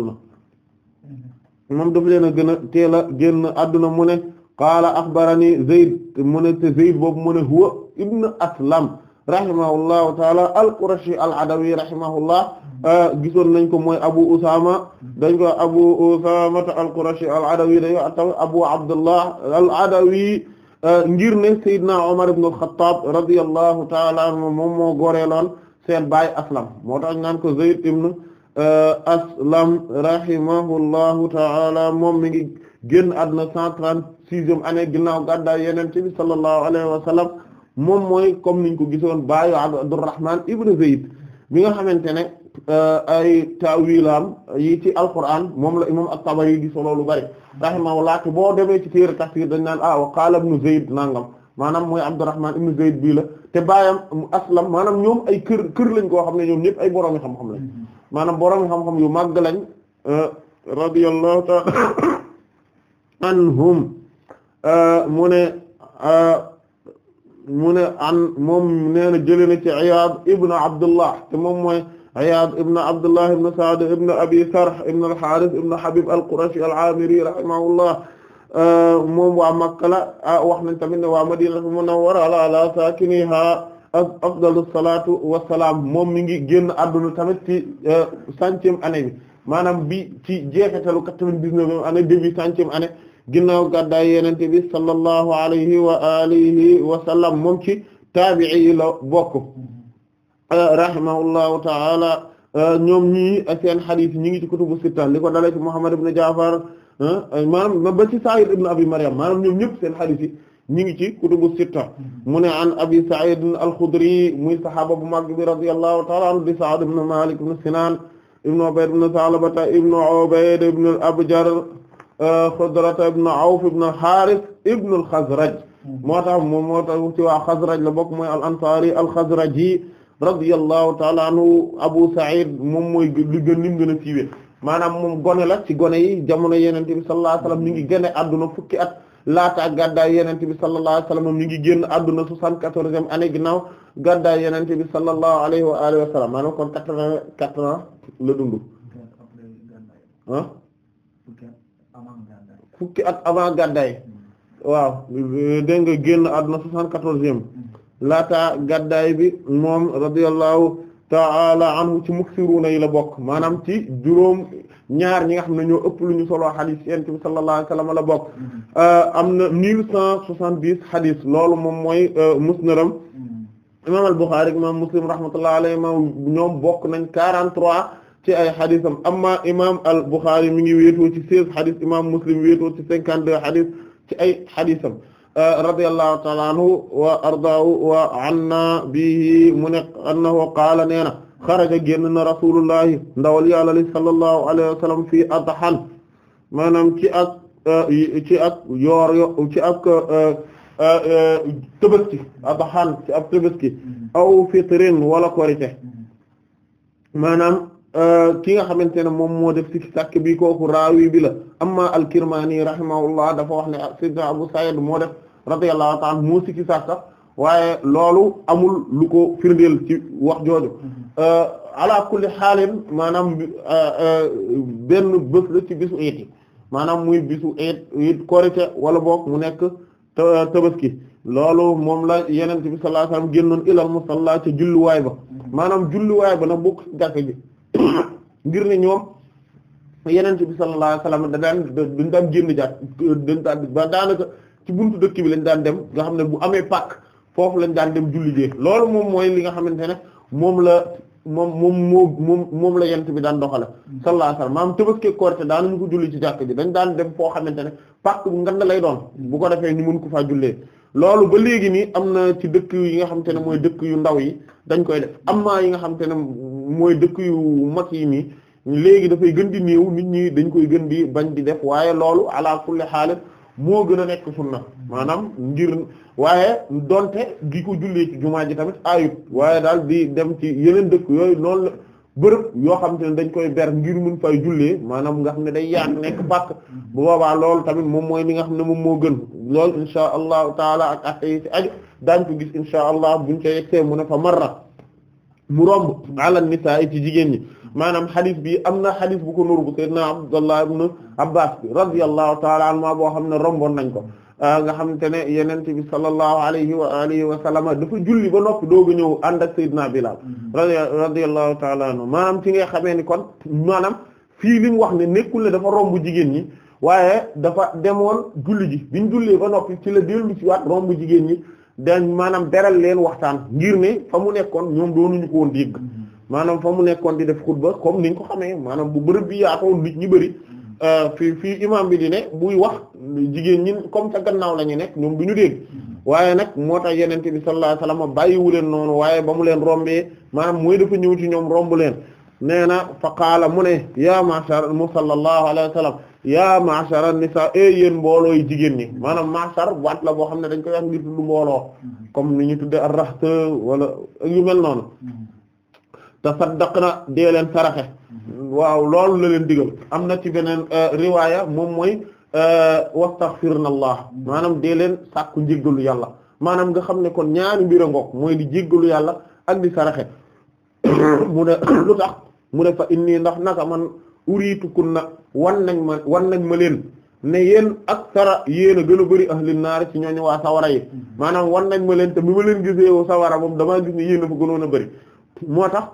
moom dafa leen a gën a teel a génn àdduna mu ne qaala axbarani Zayd mu ne te Zayd boobu mu ne huwa ibnu Aslam rahimahullahu taala al-Qurashi al-Adawi rahimahullah euh, gisoon nañ ko mooy Abu Usama dañ ko Abu Usama al-Qurashi al-Adawi dañ ko Abu Abdullah al-Adawi euh, ngir ne Seydina ibn al-Khattab radiyallahu taala anhu moom moo goreeloon seen baay Aslam moo tax naan ko Zayd ibn euh, Aslam rahimahullahu taala moom mi ngi génn àdduna 136e année ginnaaw gàddaay Yonent bi sallallahu alayhi wa moom mooy comme niñ ko gisoon baayu Abdurrahman ibn Zayd bi nga xamante ne euh, ay taawilaam yi ci alquran moom la imam at-Tabari di solo lu bari rahimahullah te boo demee ci téere tafsir dañ naan ah wa qaala ibn Zayd nangam maanaam mooy Abdurrahman ibn Zayd bii la te baayam aslam maanaam ñoom ay kër kër lañ koo xam ne ñoom ñëpp ay boroomi xam-xam lañ maanaam boroomi xam-xam yu màgg lañ euh, radiyallahu ta'ala anhum euh, mu ne an moom nee na jëlee na ci Iyaad ibn Abdullah te moom mooy Iyaad ibn Abdullah ibn Sa'd ibn Abi Sarh ibn al-Harith ibn Habib al-Qurashi al-Amiri rahimahullah moom waa Makka la ah, wax nañ tamit ne waa Madina Munawwara ala saakinihaa afdalu salaatu wa salaam moom mi ngi génn àdduna tamit ci eh, centième année bi maanaam bi ci jeexitalu quatre-vingt-dix-neuvième année début centième année ginnaaw gàddaay yonent bi sallallahu alayhi wa alihi wa sallam moom ci taabi'i la bokk rahimahullahu ta'ala ñoom ñii seen xadiis ñi ngi ci kutubu sitta li ko dalee ci Muhammad ibn Ja'far maanaam ba ci Sa'id ibn Abi Maryam maanaam ñoom ñëpp seen xadiis ñi ngi ci kutubu sitta mu ne an Abi Sa'id al-Khudri muy saxaaba bu mag bi radiyallahu ta'ala anhu di Sa'd ibn Malik ibn Sinan ibn Ubayd ibn Salabata ibn Ubayd ibn abjar Xudrata ibn Awf ibn al-Haaris ibn al-Xazraj hmm. moo tax moom moo tax ci waa Xazraj la bokk mooy al-Ansaari al-Xazraji radiyallahu ta'ala anhu Abu Sa'id moom mooy li gën lim gën a siiwee maanaam moom gone la ci gone yi jamono Yonent bi sallallahu alayhi wasallam mi ngi génne àdduna fukki at laata ak gàddaay Yonent bi sallallahu alayhi wasallam mi ngi génn àdduna 74e année ginnaaw gàddaay Yonent bi sallallahu alayhi wa alihi wasallam maanaam kon 84 ans la dund fukki at avant gàddaay waaw dégg nga génn àdduna soixante-quatorzième laata gàddaay bi moom radiyallahu ta'ala anhu ci muksiruuna yi la bokk maanaam ci juróom ñaar ñi nga xam ne ñoo ëpp lu ñu solo xadis yonent bi sallallahu alayhi wasallam la bokk euh, am na mille cent soixante-dix xadis loolu moom mooy euh, musnadam imaam al-Bukhari imaam Muslim rahmatullahi ma ñoom bokk nañ quarante-trois ci ay xadisam amma imam al Bukhari mi ngi wéetoo ci seize xadis imam Muslim wéetoo ci cinquante deux xadis ci ay xadisam euh, radiyallahu ta'ala anhu wa ardaahu wa anna bihi mu ne annahu qaala nee na xaraja génn na rasulullahi ndawal yàlla li sallallahu alayhi wa sallam fii adhan maanaam ci ak euh, ci ak yoor yo ci ak euh, tëbaski adhan ci ak tëbaski mm-hmm. aw fitrin wala korite mm-hmm. maanaam Euh, ki nga xamante ne moom moo def sikki sàkk bi kooku raawi bi la amma al-Kirmaani rahimahullah dafa wax ne Sayyidina Abu Sa'id moo def radiyallahu ta'ala moo sikki sàkk waaye loolu amul lu ko firndeel ci wax jooju mhm. euh, ala kulli xaalin maanaam euh, benn bés la ci bisu eet yi maanaam muy bisu eet it korite wala boog mu nekk tabaski loolu moom la yenente bi sallallahu alayhi wasallam génnoon ilal musalla ca julliwaay ba mhm. maanaam julliwaay ba na bokk ci ji ngir ne ñoom yeneen ti bi sallallahu alayhi wasallam da daan dañ daan génn jaat dañ daan ba daanaka ci buntu dëkk bi lañ daan dem nga xam ne bu amee pàq foofu lañ daan dem julli jee loolu moom mooy li nga xamante ne moom la moom moom moom moom la yent bi daan doxale sallallahu alayhi wasallam maam tëbaskee daan daanañu ko julli ci jàkk ji dañ daan dem foo xamante ne pàkk bu ngand lay doon bu ko defee ñu mën ko faa jullee loolu ba léegi nii am na ci dëkk yi nga xamante ne mooy dëkk yu ndaw yi dañ koy def amma yi nga xamante ne mooy dëkk yu mag yi nii léegi dafay gën di néew nit ñi dañ koy gën di bañ di def waaye loolu ala kulli xaal moo gën a nekk sunna maanaam ngir waaye donte gi ko jullee jumaa ji tamit ayut waaye daal di dem ci yeneen dëkk yooyu noonu la bërëb yoo xam te ne dañ koy ber ngir mun fay jullee maanaam nga xam ne day yaat nekk pàkk bu boobaa lool tamit moom mooy li nga xam ne moom moo gën loolu insha allahu taala ak atte yi ci aju daañ ko gis insha allah buñ ca yegsee mu ne fa marra mu romb ala nisaa ci jigéen ñi maanaam xadis bi am na xadis bu ko nuru bu sayyidna abdullah ibn abbas bi radiyallahu taala anhuma boo xam ne romboon nañ ko Ah, nga xamante ne yenente bi sallallahu alayhi wa alihi wa sallama dafa julli ba noppi dooga ñëw ànd ak Seydina Bilal radiyallahu ta'ala anhu maanaam ci ngay xamee ni kon maanaam fii li mu wax ne nekkul ne dafa romb jigéen ñi waaye dafa demoon julli ji biñ jullee ba noppi ci la dellu ci waat romb jigéen ñi dañ maanaam beral leen waxtaan ngir ne fa mu nekkoon ñoom doonuñu ko woon dégg mm-hmm. maanaam fa mu nekkoon di def xutba comme niñ ko xamee maanaam bu bërëb bi yaatoon nit ñi bëri Euh, fii fii imam bi di ne buy wax jigéen ñi comme ca gannaaw la ñu nekk ñoom du ñu dégg mm-hmm. waaye nag moo tax yenente bi sallallahu alayhi wasallam bàyyiwu leen noonu waaye ba mu leen rombee maanaam mooy dafa ñëw ci ñoom rombu leen nee na fa qaala mu ne ya ma'shar mu sallallahu alayhi wasallam ya ma'shar an-nisa e yéen mboolooy jigéen ñi mm-hmm. maanaam ma'shar waat la boo xam ne dañ koy wax ngir tudd mbooloo mm-hmm. comme ni ñu tudde ar-raxt wala yu mel noonu tasaddaqna dee leen saraxe waaw loolu la leen digal am na ci beneen euh, riwaaya moom mooy euh, wastaghfirnallah maanaam dee leen sàkku njéggalu yàlla maanaam nga xam ne kon ñaari mbir a mooy di jéggalu yàlla ak di saraxe mu ne lu tax mu ne fa inni ndax naka man uriitu kunna wan nañ ma wan nañ ma leen ne yéen ak sara yéen a gën a bëri ahli naar ci ñooñu waa sawara yi mm-hmm. maanaam wan nañ ma leen te bi ma leen gisee sawara moom damaa gis ne yéen a fa gënoon a bëri moo tax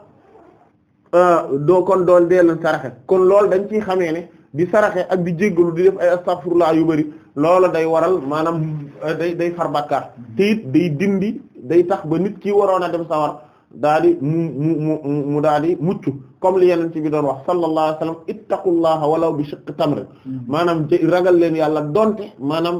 Euh, doo kon dool dee leen saraxe kon loolu dañ ciy xamee ne di saraxe ak di jéggalu di def ay astaghfirullah yu bari loolu day waral maanaam euh, day day far bàkkaar te it day dindi day tax ba nit ki waroon a dem sawar daa di mu mu mu mu daa di mucc comme li yeneen ci bi doon wax sallallahu alayhi wasallam ittaqullaha walaw bi shiqqi mm-hmm. maanaam ragal leen yàlla donte maanaam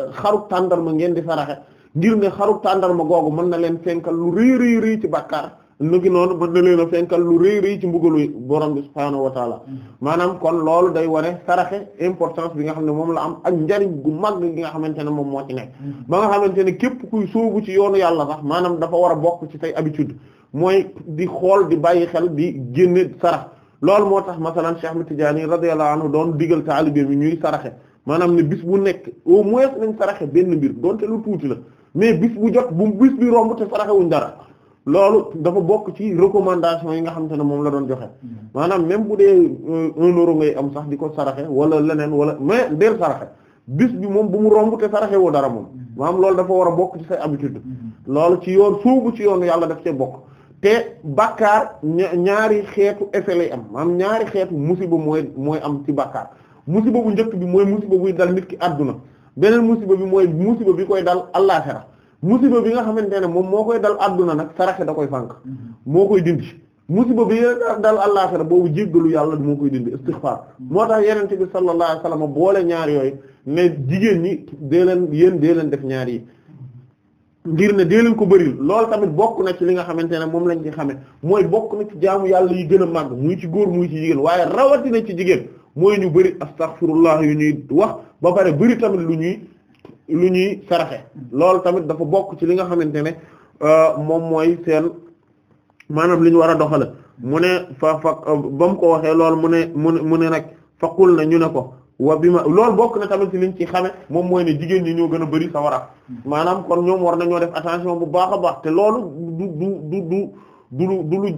euh, xaruk tàndarma ngeen di saraxe ngir ne xaruk tàndarma googu mën na leen fenkal lu rëy rëy rëy ci bàkkaar nu ngi noonu mën na leen a fenkal lu rëy rëy ci mbugalu borom bi subhaanahu wa taala mm. maanaam kon loolu day wane saraxe important bi nga xam ne moom la am ak njariñ gu mag gi nga xamante ne moom moo ci nekk mm. ba nga xamante ne képp kuy sóobu ci yoonu yàlla sax maanaam dafa war a bokk ci tey habitude mooy di xool di bàyyi xel di génne sarax loolu moo tax masalan Cheikh Ahmad Tidiane radiyallahu anhu doon digal taalibe mi ñuy saraxe maanaam ne bis bu nekk au moins nañ saraxe benn mbir donte lu tuuti la mais bis bu jot bu bis bi romb te saraxewuñ dara loolu dafa bokk ci recommandation yi nga xamante ne moom la doon joxe mm-hmm. maanaam même bu dee euh, un ngay am sax di ko saraxe wala leneen wala mais deel saraxe bis bi moom bu mu romb te saraxe woo dara moom mm-hmm. maanaam loolu dafa war a bokk ci say habitude mm-hmm. loolu ci yoon suubu ci yoon yàlla def cee bokk te bàkkaar ñaari xeetu effet lay am maanaam ñaari xeetu musiba mooy mooy am ci bàkkaar musiba bu njëkk bi mooy musiba buy dal nit ki àdduna beneen musiba bi mooy musiba bi dal àllaaxira musiba bi nga xamante ne moom moo koy dal adduna nag saraxe da koy fànq mhm. moo koy dindi musiba bi dal àllaaxira boobu jéggalu yàlla moo koy dindi istixfaar mhm. moo tax yenente bi sallallahu alayhi wasallam boole ñaar yooyu ne jigéen ñi dee leen yéen dee leen def ñaar yi ngir ne dee leen ko bëril lool tamit bokk na ci li nga xamante ne moom lañ ci xame mooy bokk na ci jaamu yàlla yi gën a màgg muy ci góor muy ci jigéen waaye rawatina ci jigéen mooy ñu bëri astaghfirullah yu ñuy wax ba pare bëri tamit lu ñuy li ñuy saraxe loolu tamit dafa bokk ci li nga xamante ne euh, moom mooy seen maanaam li war a doxal mu ne fa fa ba mu ko waxee loolu mu ne mu ne mu ne nag faqul na ñu ne ko wa bi ma loolu bokk na tamit ci liñ ci xame moom mooy ne jigéen ñi ñoo gën a bari sawara maanaam kon ñoom war nañoo def attention bu baax a baax te loolu du du du du du lu du lu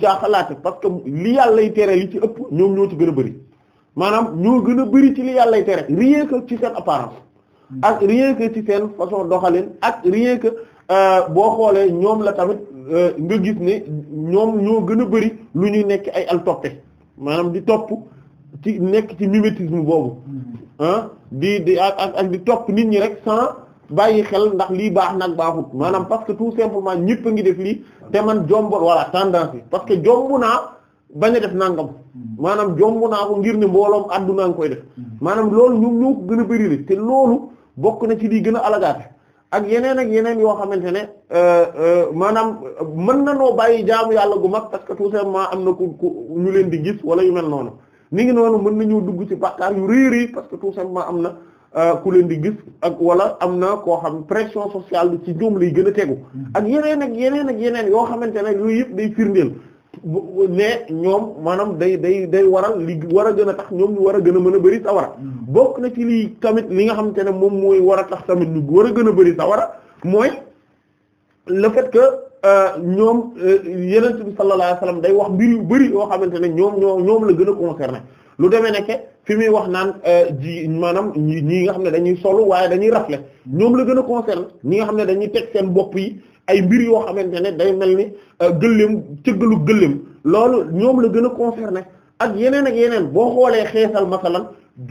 parce que li yàllay tere li ci ëpp ñoom ñoo ci gën a bari maanaam ñoo gën a bari ci li yàllay tere rien que ci seen apparence ak rien que ci seen façon doxalin ak rien que euh, boo xoolee ñoom la tamit euh, nga gis ne ñoom ñoo gën a bari lu ñuy nekk ay al maanaam di topp ci nekk ci mimétisme boobu ah di di ak ak ak di topp nit ñi rek sans bàyyi xel ndax lii baax nag baaxut maanaam parce que tout simplement ñépp a ngi def lii te man jombo voilà tendance bi parce que jomb naa bañ a def nangam hmm. maanaam jomb naa ko ngir ne mbooloom àdduna nga koy def hmm. maanaam loolu ñoom ñoo ko gën a bëri te loolu bokk na ci lii gën a alagaate ak yeneen ak yeneen yoo xamante ne euh, euh, maanaam mën na noo bàyyi jaamu yàlla gu mag parce que tout am na ku ku leen di gis wala yu mel noonu ni ngi noonu mën nañoo dugg ci bàkkaar yu réeréer parce que am na. Euh, ku leen di gis ak wala am na koo xam pression sociale bi ci ñoom lay gën a tegu hmm. ak yeneen ak yeneen ak yeneen yoo xamante ne yooyu yëpp day firndeel ne ñoom maanaam day day day waral li war a gën a tax ñoom ñu war a gën a mën a bëri sawara bokk na ci lii tamit li nga xamante ne moom mooy war a tax tamit ñu war a gën a bëri sawara mooy la fait que euh, ñoom euh, yeneen bi sallallahu alayhi wasallam day wax mbir yu bëri yoo xamante ne ñoom ñoo ñoom la gën a concerné lu demee nekke fi muy wax naan euh, ji maanaam ñi ñi nga xam ne dañuy solu waaye dañuy rafle ñoom la gën a concerné ñi nga xam ne dañuy teg seen bopp yi ay mbir yoo xamante ne day mel ni euh, gëléem cëggalu gëléem loolu ñoom la gën a concerné ak yeneen ak yeneen boo xoolee xeesal masalan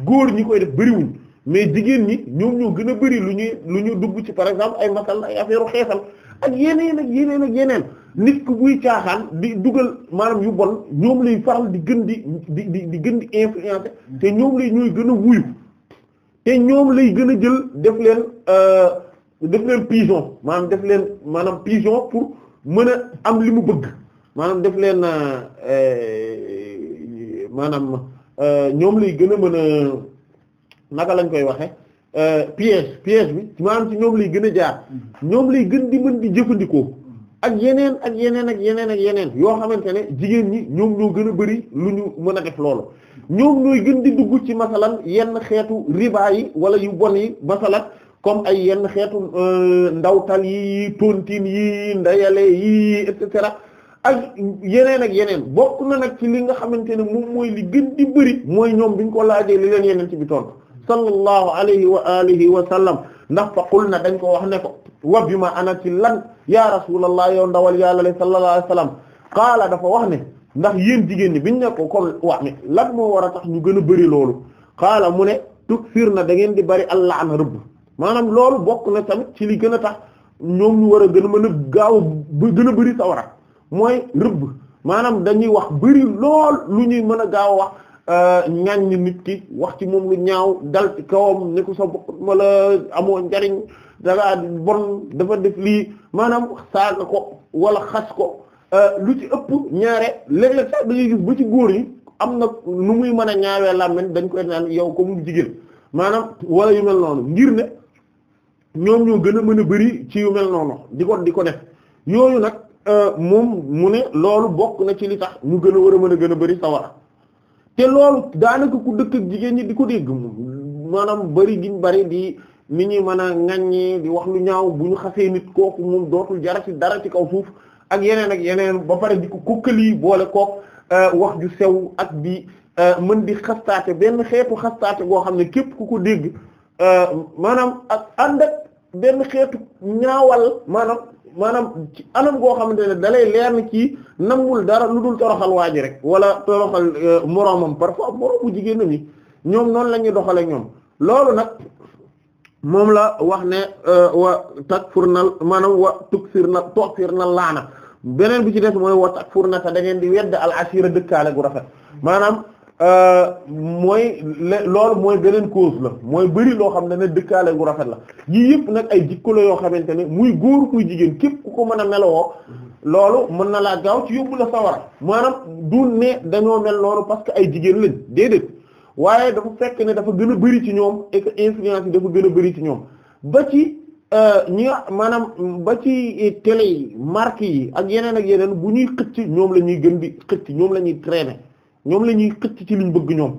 góor ñi koy def bëriwuñ mais jigéen ñi ñoom ñoo gën a bëri lu ñuy lu ñu dugg ci par exemple ay masal ay affaire xeesal ak yeneen ak yeneen ak yeneen nit ku buy caaxaan di dugal maanaam yu bon ñoom lay faral di gën di di di gën di influencer te ñoom lay ñooy gën a wuyu te ñoom lay gën a jël def leen euh, def leen pigeon maanaam def leen maanaam pigeon pour mën a am li mu bëgg maanaam def leen euh, maanaam euh, ñoom lay gën a mën a naka lañ koy waxe euh, piège piège bi maanaam ci ñoom lay gën a jaar mm-hmm. ñoom lay gën di mën di jëfandikoo mm-hmm. ak yeneen ak yeneen ak yeneen ak yeneen yoo xamante ne jigéen ñi ñoom ñoo gën a bari lu ñu mën a def loolu mm-hmm. ñoom ñooy gën di dugg ci masalan yenn xeetu riba yi wala yu bon yi masalan comme ay yenn xeetu euh, ndawtal yi tontine yi ndayale yi et cetera ak yeneen ak yeneen bokk na nag ci li nga xamante ne moom mooy li gën di bëri mooy ñoom biñ ko laajee li leen yeneen ci bi tontu sallallahu alayhi wa alihi wa sallam ndax fa qul na dañ ko wax ne ko wa bi ma ana ci lan ya rasulallah yow ndawal yàlla le sallallahu alayhi wa sallam qaala dafa wax ne ndax yéen jigéen ñi biñ ne ko comme wax mi lan moo war a tax ñu gën a bëri loolu qaala mu ne tuksir na da ngeen di bëri allah an rëbb maanaam loolu bokk na tamit ci li gën a tax ñoom ñu war a gën a mën a gaaw a gën a bëri sawara mooy rëbb maanaam dañuy wax bëri lool lu ñuy mën a gaaw wax euh, ñaññ nit ki wax ci moom lu ñaaw dal ci kawam nekku ko sa bokk wala amoo njariñ dangaa bon dafa def lii maanaam saaga ko wala xas ko euh, lu ci ëpp ñaare léeg-léeg sax dañuy gis ba ci góor yi am na nu muy mën a ñaawee làmmiñ dañ koy naan yow ko mu jigéen maanaam wala yu mel noonu ngir ne ñoom ñoo gën a mën a bari ci yu mel noonu di ko di ko def yooyu nag euh, moom mu ne loolu bokk na ci li tax ñu gën a war a mën a gën a bari te loolu daanaka ku dëkk jigéen ñi di ko dégg maanaam bari giñ bari di nit ñi mën a ŋaññee di wax lu ñaaw bu ñu xasee nit kooku mu dootul jara ci dara ci kaw suuf ak yeneen ak yeneen ba pare di ko kukkali boole kook euh, wax ju sew ak di euh, mën di xastaate benn xeetu xastaate goo xam ne képp ku ko dégg maanaam ak ànd ak benn xeetu ñaawal maanaam maanaam anam goo xamante ne dalay leer na ci nangul dara lu dul toroxal waa ji rek wala toroxal euh, moroomam parfois moroomu jigéenam yi ñoom noonu la ñuy doxale ñoom loolu nag moom la wax ne euh, wa takfurna maanaam wa tuksirna tuksirna laana beneen bi ci def mooy wa takfurna ta da ngeen di wedd al asira dëkkaale gu rafet maanaam mooy loolu mooy beneen cause la mooy bëri loo xam ne ne dëkkaale gu rafet la yii yëpp nag ay jikko la yoo xamante ne muy góor muy jigéen képp ku ko mën a melowoo loolu mën na laa gaaw ci yóbbu la sawara maanaam du ne dañoo mel noonu parce que ay jigéen lañ déedéet waaye dafa fekk ne dafa gën a bëri ci ñoom et que influence yi dafa gën a bëri ci ñoom ba ci euh, ñi maanaam ba ci télé yi marque yi ak yeneen ak yeneen bu ñuy xëcc ñoom la ñuy gën di xëcc ñoom la ñuy traîner ñoom la ñuy xëcc ci liñ bëgg ñoom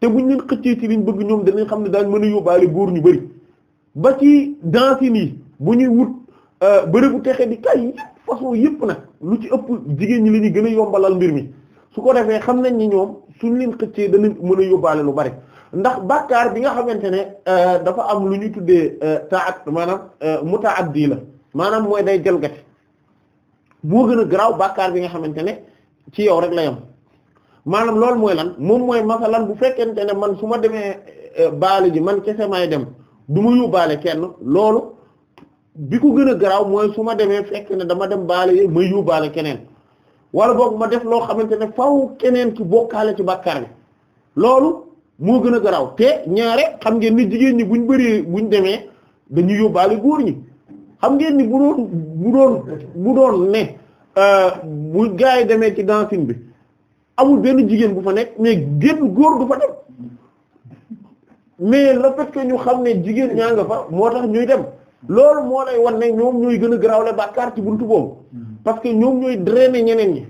te buñ leen xëccee ci liñ bëgg ñoom danañ xam ne daañ mën a yóbbaale góor ñu bëri ba ci dansin yi bu ñuy wut euh, bërëbu texe di kay yépp façon yépp nag lu ci ëpp jigéen ñi la ñuy gën a yombalal mbir mi su ko defee xam nañ ni ñoom suñ leen xëccee danañ mën a yóbbaale lu bari ndax bàkkaar bi nga xamante ne euh, dafa am lu ñu tuddee euh, taat maanaam mutaaddi la maanaam mooy day jalgati moo gën a garaaw bàkkaar bi nga xamante ne ci yow rek la yam maanaam loolu mooy lan moom mooy masalan bu fekkente ne man su ma demee euh, baali ji man kese may dem du ma yóbbaale kenn loolu bi ko gën a garaaw mooy su ma demee fekk ne dama dem baale yi may yóbbaale keneen wala boog ma def loo xamante ne faw keneen ki bokkaale ci bàkkaar bi loolu moo gën a garaaw te ñaare xam ngeen ni jigéen ñi buñ bëree buñ demee dañuy yóbbaale góor ñi xam ngeen ni bu doon bu doon bu doon ne euh, bu gaa yi demee ci dancing bi amul benn jigéen bu fa nekk mais génn góor du fa dem mais le fait ñu xam ne jigéen ñaa nga fa moo tax ñuy dem loolu moo lay wan ne ñoom ñooy gën a garaawle bàkkaar ci buntu boobu mm. parce que ñoom ñooy drainer ñeneen ñi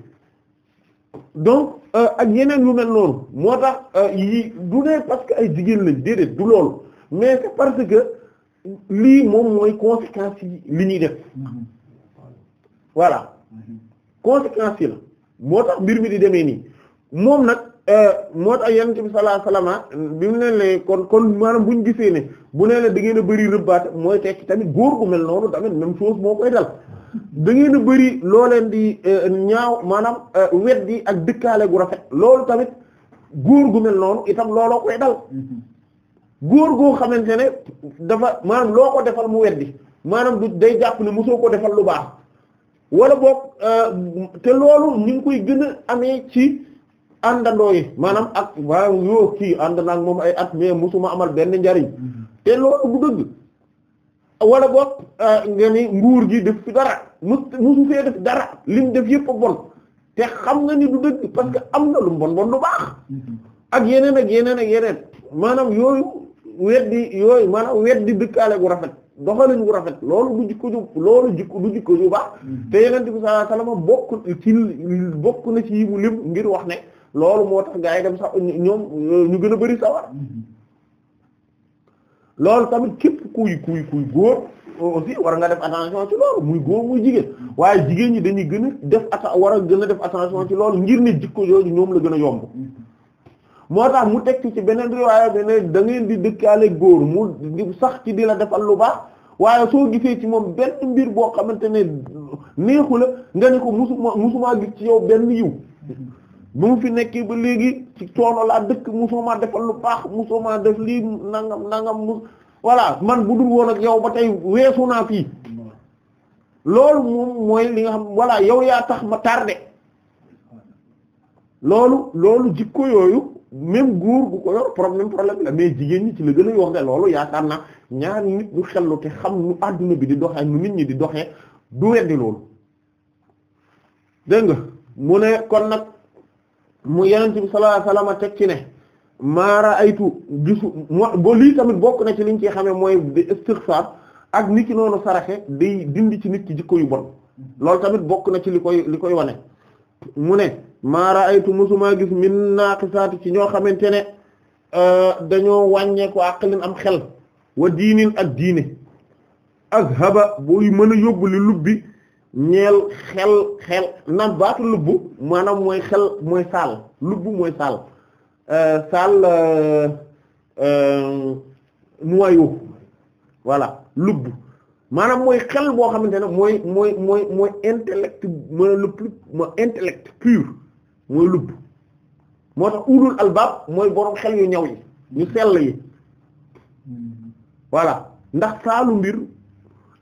donc euh, ak ñeneen yu mel noonu moo tax euh, yi du ne parce que ay jigéen lañ déedéet du loolu mais c'est parce que lii moom mooy conséquence li ñuy def mm-hmm. voilà mm-hmm. conséquence la moo tax mbir mi di demee nii moom nag euh, moo tax yonent bi sallallahu bi mu ne leen kon kon maanaam bu ñu gisee ne bu nee la da ngeen a bëri rëbbaate mooy tekki tamit góor gu mel noonu tamit même chose moo koy dal da ngeen a bëri loo leen di euh, ñaaw maanaam euh, weddi ak dëkkaale gu rafet loolu tamit góor gu mel noonu itam looloo koy dal góor goo xamante ne dafa maanaam loo ko defal mu weddi maanaam du day jàpp ne mosoo ko defal lu baax wala boog te loolu ñu ngi koy gën a amee ci. àndandoo yi maanaam ak waa yoo kii ànd naag moom ay at mais ma amal benn njariñ mm-hmm. te loolu du dëgg wala boog euh, nga nguur gi def fi dara mus musu fee def dara lim def yëpp a bon te xam nga ni du dëgg parce que am na lu bon bon lu baax mm-hmm. ak yeneen ak yeneen ak yeneen maanaam yooyu weddi yooyu maanaam weddi dëkkaale gu rafet doxalin gu rafet loolu du jikko ju loolu jikko du jikko ju baax mm-hmm. te yeneen bi sallallahu alayhi wasallam bokk ci bokk na ci yi mu lim ngir wax ne loolu moo tax gaa yi dem sax ñoom ñu gën a bari sawar loolu tamit képp kuy kuy kuy góor aussi war nga def attention ci loolu muy góor muy jigéen waaye jigéen ñi dañuy gën a def atta war a gën a def attention ci loolu ngir ne jikko yooyu ñoom la gën a yomb moo tax mu tekki ci beneen riwaaya bi ne da di dëkkaale góor mu sax ci di la defal lu baax waaye soo gisee ci moom benn mbir boo xamante ne neexu la nga ne ko musuma musuma gis ci yow benn yiw bu mu fi nekkee ba léegi ci coono laa dëkk musuma defal lu baax musuma def lii nangam nangam mus voilà man bu dul woon ak yow ba tey weesu naa fii loolu moom mooy li nga xam voilà yow yaa tax ma tardé loolu loolu jikko yooyu même góor gu ko yor problème problème la mais jigéen ñi ci la gën a yoo loolu yaakaar naa ñaar nit ñu xellu te xam nu àdduna bi di doxee nu nit ñi di doxee du weddi loolu dégg mu ne kon nag. mu yenent bi sallallahu alayhi wasallam teg ci ne maara aytu gisu ba lii tamit bokk na ci liñ ci xamee mooy di istighfar ak nit ki noonu saraxe day dindi ci nit ki jikko yu bon loolu tamit bokk na ci li koy li koy wane mu ne maara aytu mosuma gis min naaqisaati ci ñoo xamante ne euh, dañoo wàññeeku àqalin am xel wa diinin ak diine azhaba buy mën a yóbbu li lubbi ñeel xel xel naan baatu lubb maanaam mooy xel mooy saal lubb mooy saal euh, saal euh, euh, noyau voilà lubb maanaam mooy xel boo xamante ne mooy mooy mooy mooy intellect mooy le plus mooy intellect moo tax ulul albaab mooy boroom xel yu ñaw yi ñu sell yi hmm. voilà ndax saalu mbir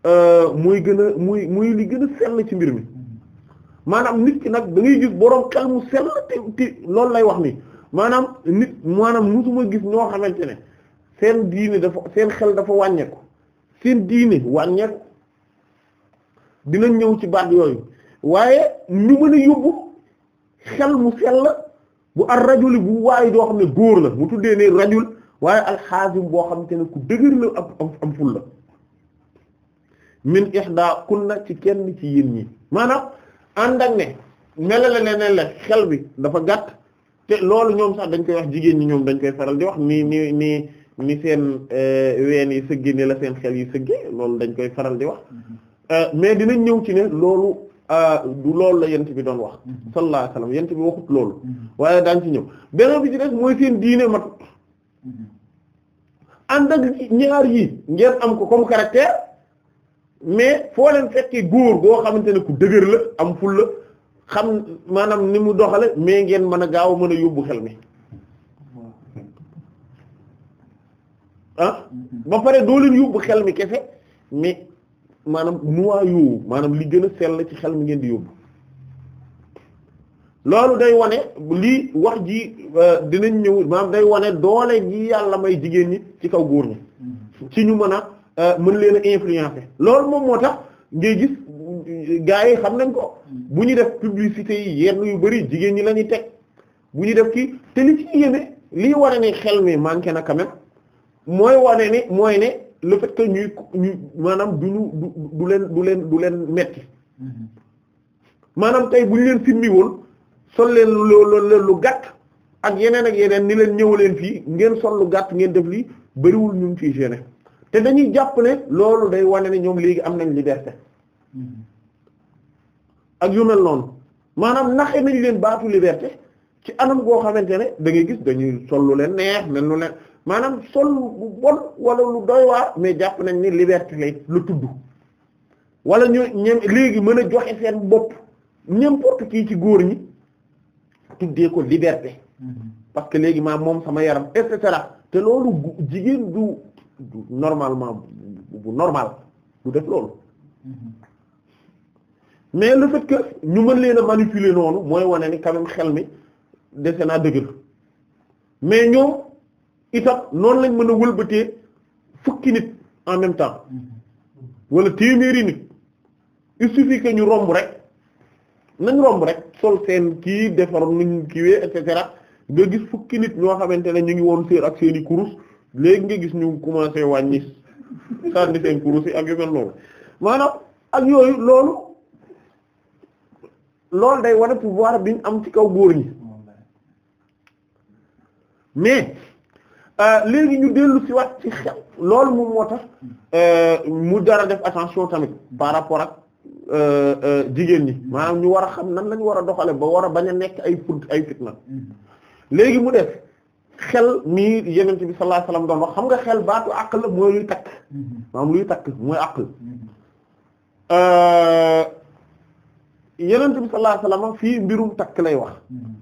Euh, mooy gën a muy muy li gën a sell ci mbir mi maanaam nit ki nag da ngay gis boroom xel mu sell te te loolu lay wax ni maanaam nit maanaam musuma gis ñoo xamante ne seen diine dafa seen xel dafa wàññeeku seen diine wàññeeku dinañ ñëw ci baat yooyu waaye ñu mën a yóbbu xel mu sell bu ar rajuli bu waaye doo xam ne góor la mu tuddee ne rajul waaye alxaasim boo xamante ne ku dëgër la am am la min ihda kunna ci kenn ci yéen ñi maanaam ànd ak ne melale ne la xel bi dafa gàtt te loolu ñoom sax dañ koy wax jigéen ñi ñoom dañ koy faral di wax ni ni ni ni seen euh, ween yi sëgge la seen xel yi sëgge loolu dañ koy faral di wax euh, mais dinañ ñëw ci ne loolu euh, du loolu la yent bi doon wax mm-hmm. sallallahu alayhi wasallam yent bi waxut loolu mm-hmm. waaye daañ ci ñëw beneen bi ci des mooy seen diine matut mm-hmm. ànd ak ñaar yi ngeen am ko comme caractère mais foo leen fekkee góor goo xamante ne ku dëgër la am ful la xam maanaam ni mu doxale mais ngeen mën a gaaw mën a yóbbu xel mi ah ba pare doo leen yóbbu xel mi kese mais maanaam nuwaa yóowu maanaam li gën a la ci xel mi ngeen di yóbbu loolu day wane lii wax ji euh, dinañ ñëw maanaam day wane doole ji yàlla may jigéen ñi ci kaw góor ñi ci ñu mën a Euh, mën leen a influencer loolu moom moo tax ngay gis gars yi xam nañ ko bu ñu def publicité yi yenn yu bari jigéen ñi lañuy teg bu ñu def kii te li ci yéeme lii wane xel mi manqué na quand même mooy wane ne mooy ne le fait que ñuy ñu maanaam du ñu du du leen du leen du leen metti maanaam tey bu ñu leen simmi sol leen lu lu gàtt ak yeneen ak yeneen ni leen ñëw leen fii ngeen sol lu gàtt ngeen def lii bariwul ñu ngi ciy gêner te dañuy jàpp ne loolu day wane ne ñoom léegi am nañ liberté ak yu mel noonu maanaam naxe nañ leen baatu liberté ci anam goo xamante ne da gis dañuy sol lu leen neex mel lu leen maanaam sol lu bon wala lu doy waar mais jàpp nañ ni liberté lay lu tudd wala ñu ñem léegi mën a joxe seen bopp n'importe kii ci góor ñi tuddee ko liberté mm-hmm. parce que léegi maa moom sama yaram et cetera te loolu jigéen du normalement bu normal du def loolu mais le fait que ñu mën leen a manipuler noonu mooy wane ni quand xel mi dese naa dëgër mais ñoom itam noonu lañ mën a wëlbatee fukki nit en même temps wala téeméeri nit il ñu romb rek nañ romb rek sol seen kii defar nuñ kiiwee et cetera nga gis fukki nit ñoo xamante ne ñu ngi woon séer ak seeni kurus léegi nga gis ñu commencé wàññi sànni seen kurus yi ak yu mel noonu maanaam ak yooyu loolu loolu day wane pouvoir bi ñu am ci kaw góor ñi mais euh, léegi ñu dellu ci wat ci xel loolu moom moo tax euh, mu dara def attention tamit par rapport ak euh, jigéen ñi maanaam ñu war a xam nan la ñu war a doxale ba war a bañ a nekk ay fut ay fitna mm-hmm. léegi mu def xel mii yenent bi sallallahu alayhi wasallam doon wax xam nga xel baatu aql mooy luy takk mhm. maanaam luy takk mooy aql mhm. euh, yenent bi sallallahu fii mbirum takk lay wax mhm.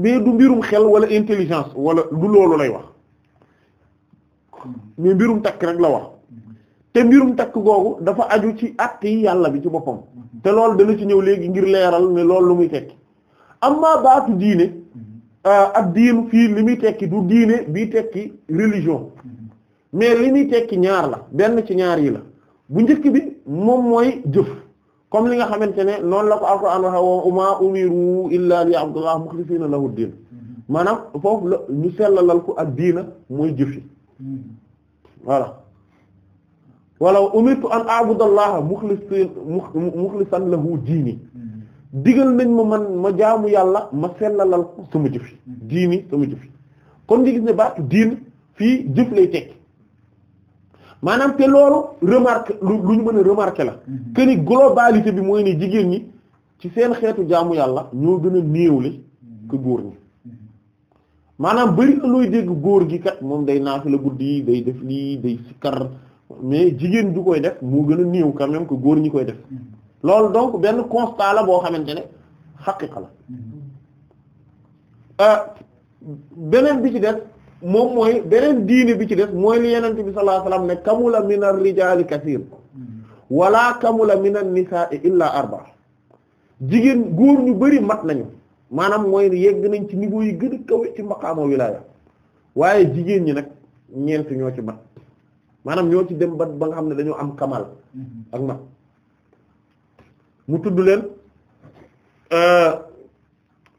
mais du mbirum xel wala intelligence wala du loolu lay wax mais mbirum takk rek la wax te mbirum takk googu dafa aju ci àtte yi yàlla bi ci boppam te loolu dana ci ñëw léegi ngir leeral ne loolu lu muy tekki amma baatu diine Euh, ak diinu fii li muy tekki du diine bii tekki religion mm-hmm. mais li muy tekki ñaar la benn ci ñaar yi la bu njëkk bi moom mooy jëf comme li nga xamante ne noonu la ko alquran waxe wa ma umiru illa liya'budullaha mukhlisina lahu diin mm-hmm. maanaam foofu la ñu sellalal ko ak diina mooy jëf yi mm-hmm. voilà wala umirtu an a'budallaha mukhlisan mukhlisan diini digal nañ ma man ma jaamu yàlla ma sellalal ko sama jëf yi mm-hmm. diini sama jëf yi kon nga gis ne baatu diin fii jëf lay teg maanaam te loolu remarque lu ñu mën a remarquer la mm-hmm. que ni globalité bi mooy ne jigéen ñi ci seen xeetu jaamu yàlla ñoo gën a néewle ko mm-hmm. góor ñi maanaam bari looy dégg góor gi kat moom day la guddi day def lii day sikkar mais jigéen ju koy def moo gën a néew quand ko góor ñi koy def loolu donc benn constat la boo xamante ne xaqiqa la euh, beneen bi ci des moom mooy beneen diine bi ci des mooy li yenente bi sallallahu alayhi ne kamula min ar-rijaali kasiir wala kamula min an-nisaa'i illa arba jigéen góor ñu bari mat nañu maanaam mooy yegg nañ ci niveau yi gën a kawe ci maqaama wilaaya waaye jigéen ñi nag ñeent ñoo ci mat maanaam ñoo ci dem ba ba nga xam ne dañoo am kamal ak mat mu tudd leen euh,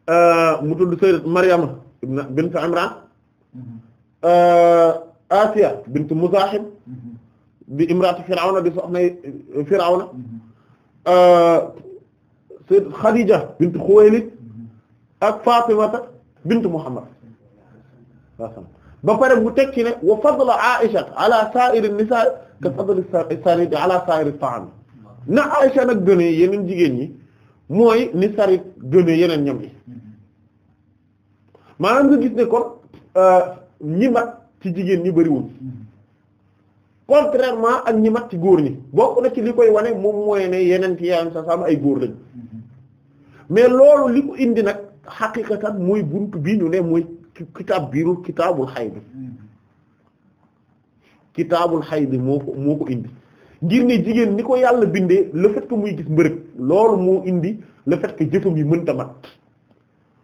euh, mu tudd sayyidat Maryama bint Imran euh, Asiya bint Muzahim bi imraatu Firawna di soxna Firawna sayyidat Khadija bint Khuwaylid ak Fatimata bint Muhammad ba pare mu tekki ne wa fadla Aisha ala sa'iri nisaa ka fadli sanidi ala sa'iri ta'am na Aïcha nag gënee yeneen jigéen ñi mooy ni sarit gënee yeneen ñam yi maanaam nga gis ne kon euh, ñi ci jigéen ñi bëriwul contrairement ak ñi mat ci góor ñi bokk na ci li koy wane moom mooy ne yeneen ci yaayam sa saam ay góor lañ mais loolu li ko indi nag xaqiqatan mooy buntu bii ñu ne mooy kitaab biiru kitaabul xay bi mm-hmm. kitaabul xay bi moo ko moo ko indi ngir ne jigéen ni ko yàlla bindee le fait que muy gis mbërëg loolu moo indi la fait que jëfam yi mënta mat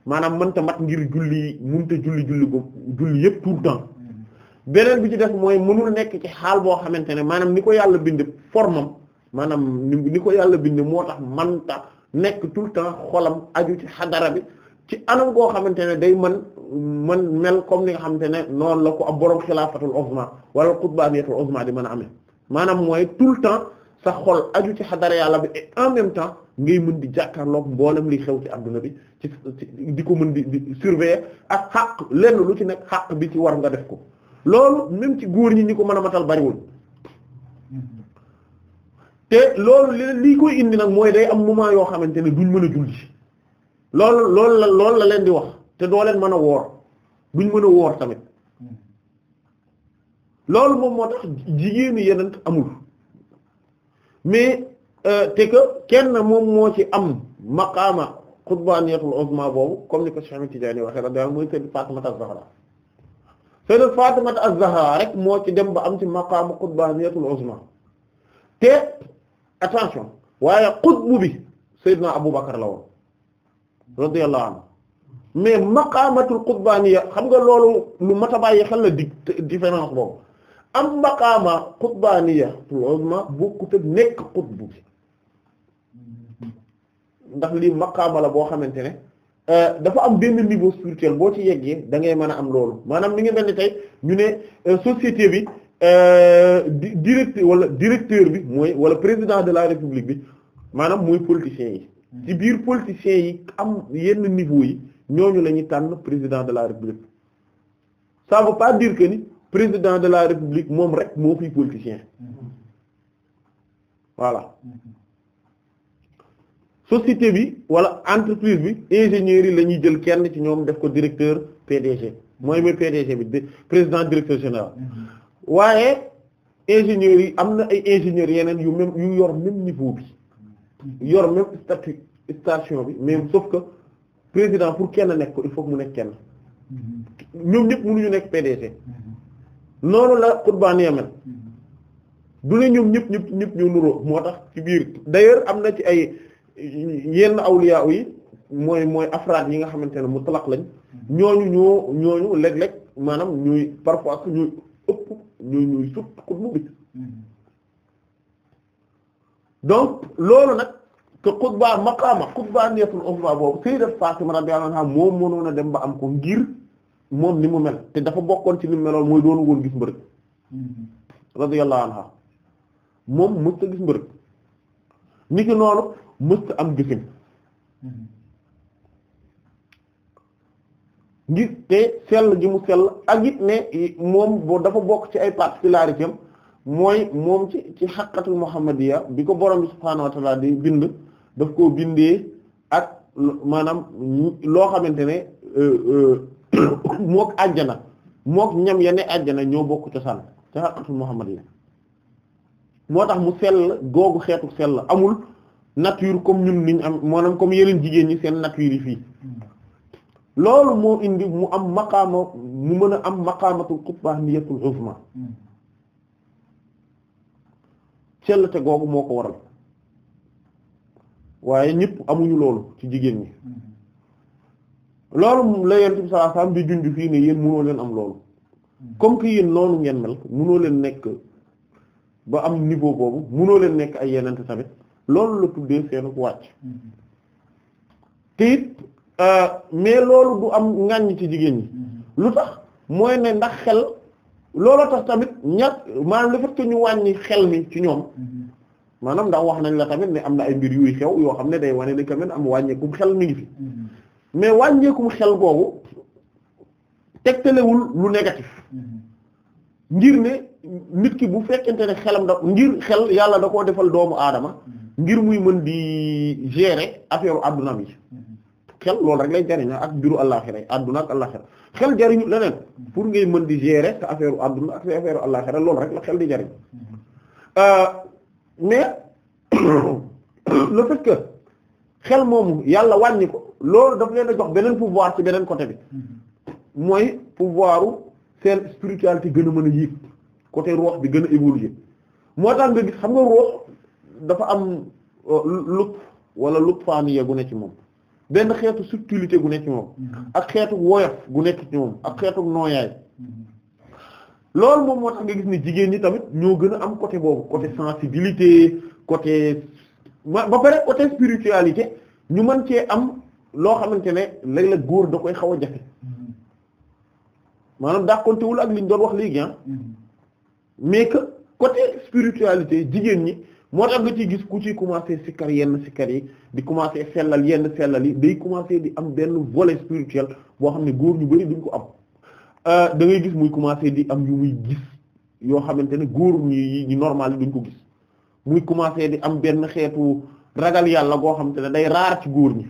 maanaam mënta mat ngir julli mënta julli julli bo julli yëpp tout le temps beneen bi ci def mooy mënul nekk ci xaal boo xamante ne maanaam ni ko yàlla bind formam maanaam ni ko yàlla bind moo tax mënta nekk tout le temps xolam aju ci xadara bi ci anam boo xamante ne day man man mel comme ni nga xamante ne noonu la ko ab borom xilaafatul uzma wala xutbaaniyatul uzma di mën a amee maanaam mooy tout le temps sa xol aju ci xadara yàlla bi et en temps ngay mën di jàkkaarloog mboolem li xew ci àdduna bi ci di ko mën di di surveiller ak xàq lenn lu ci nekk xàq bi ci war nga def ko loolu même ci góor ñi ñi ko mën a matal bariwul te loolu li lii koy indi nag mooy day am moment yoo xamante ne duñ mën a julli loolu loolu la loolu la leen di wax te doo leen mën a woor ñu mën a woor tamit loolu moom moo tax jigéenu yeneen amul mais euh, te que kenn moom moo ci am maqaama xutbaaniyatul uzma boobu comme ni ko Cheikh Tidiane waxee radiyallahu mooy Sayyidat Fatimata az-Zahra rek moo ci dem ba am ci maqaama xutbaaniyatul uzma te attention waaye xutbu bi Seydina bakar la woon radiyallahu anhu mais maqaamatul xutbaaniya xam nga loolu lu mat a la di différence boobu am maqaama xutbaaniyatul uzma bokkut ak nekk xutbu bi ndax lii maqaama la boo xamante ne euh, dafa am benn niveau spirituel boo ci yeggee da ngay mën a am loolu maanaam mi ngi mel ni tey ñu ne euh, société bi euh, directeur wala directeur bi mooy wala président de la république bi maanaam mooy politiciens yi ci biir politiciens yi am yenn niveau yi ñooñu la ñuy tànn président de la république ça veut pas dire que ni président de la république moom rek moo fi politicien voilà société bi wala entreprise bi ingénieur yi la ñuy jël kenn ci ñoom def ko directeur PDG mooy mooy PDG bi président directeur général mm-hmm. waaye ingénieurs yi am na ay ingénieurs yeneen yu même yu yor même niveau bi mm-hmm. yor même statut station bi mais sauf que président pour kenn nekk ko il faut que mu nekk kenn mm-hmm. ñoom ñëpp mënuñu nekk PDG. noonu la xutbaan yemen mm-hmm. du ne ñoom ñëpp ñëpp ñëpp ñu nuroo moo tax ci biir d'ailleurs am na ci ay yenn awliya yi mooy mooy afraad yi nga xamante ne mutlaq lañ mm-hmm. ñooñu ñoo ñooñu léeg-léeg maanaam ñuy parfois ñuy ëpp ñuy sut xutbu bi mm-hmm. donc loolu nag te xutbaa maqaama xutbaa neetul uzma boobu a Fatima radiyallahu anha moom mënoon a dem ba am ko ngir moom ni mu mel te dafa bokkoon ci ni mu meloon mooy doonu woon gis mbërëg mm-hmm. radiyallahu anha moom mësta gis mbërëg ni ki noonu mësta am gisin mm-hmm. ngir te sell gi mu sell ak it ne moom dafa bokk ci ay particularité am mooy moom ci ci xaqatul muhammadiya bi ko borom bi subhaanahu di bind daf koo bindee ak maanaam loo xamante ne euh, euh, mook àjjana mook ñam ya ne àjjana ñoo bokk cosaan te xaqiqatul muhammadiyya moo tax mu sell googu xeetu sell amul nature comme ñun niñ am maanaam comme yeneen jigéen ñi seen nature yi fii loolu moo indi mu am maqaama mu mën a am maqaamatul qutbaniyatul uzma sellte googu moo ko waral waaye ñépp amuñu loolu ci jigéen ñi loolu la yonent bi sallallahu alayhi wasallam di junj fii ne yéen mënoo leen am loolu comme que yéen noonu ngeen mel munoo leen nekk ba am niveau boobu mënoo leen nekk ay yenente tamit loolu la tuddee seen wàcc te euh, loolu du am ŋàññ ci jigéen ñi lu tax mooy ne ndax xel loolu tax tamit ñàkk maanaam le fait que wàññi xel mi ci ñoom maanaam ndax wax nañ la tamit am na ay mbir yuy xew yoo xam ne day wane ne quand am am wàññeeku xel mi ngi fi mais wàññeekum xel googu tegtalewul lu négatif mm-hmm. ngir ne nit ki bu fekkente ne xelam da ngir xel yàlla da koo defal doomu aadama mm-hmm. ngir muy mën di gérer affaire adduna bi mm-hmm. xel loolu rek lay jariñoo ak biiru àllaxira adduna ak àllaxira xel jariñu leneen pour ngay mën di gérer sa affaire adduna ak sa affaire àllaxira loolu rek la xel di jariñ euh, mais le fait xel moomu yàlla wàññi ko loolu daf leen jox beneen pouvoir ci beneen côté bi mhm. mooy pouvoiru seen spiritualité gën a mën a yéeg côté ruux bi gën a évoluer moo tax nga gis xam nga ruux dafa am euh, lup wala lup faaniya ne ci moom benn xeetu subtilité gu ne ci moom mhm. ak xeetu woyof gu nekk ci moom ak xeetu nooyaay mhm. loolu moom moo tax nga gis ni jigéen ñi tamit ñoo gën a am côté boobu coté sensibilité côté ma ba pare côté spiritualité ñu mën cee am loo xamante ne léeg-léeg góor da koy xaw a jafe maanaam dàqontewul ak liñ doon wax léegi ah mais que côté spiritualité jigéen ñi moo tax nga ciy gis ku ci commencer sikkar yenn sikkar yi di commencer sellal yenn sellal yi day commencer di am benn volet spirituel boo xam ne góor ñu bari duñ ko am euh, da ngay gis muy commencer di am yu muy gis yoo xamante ne góor ñi ñu normal yi duñ ko gis muy commencé di am benn xeetu ragal yàlla goo xam te ne day raar ci góor ñi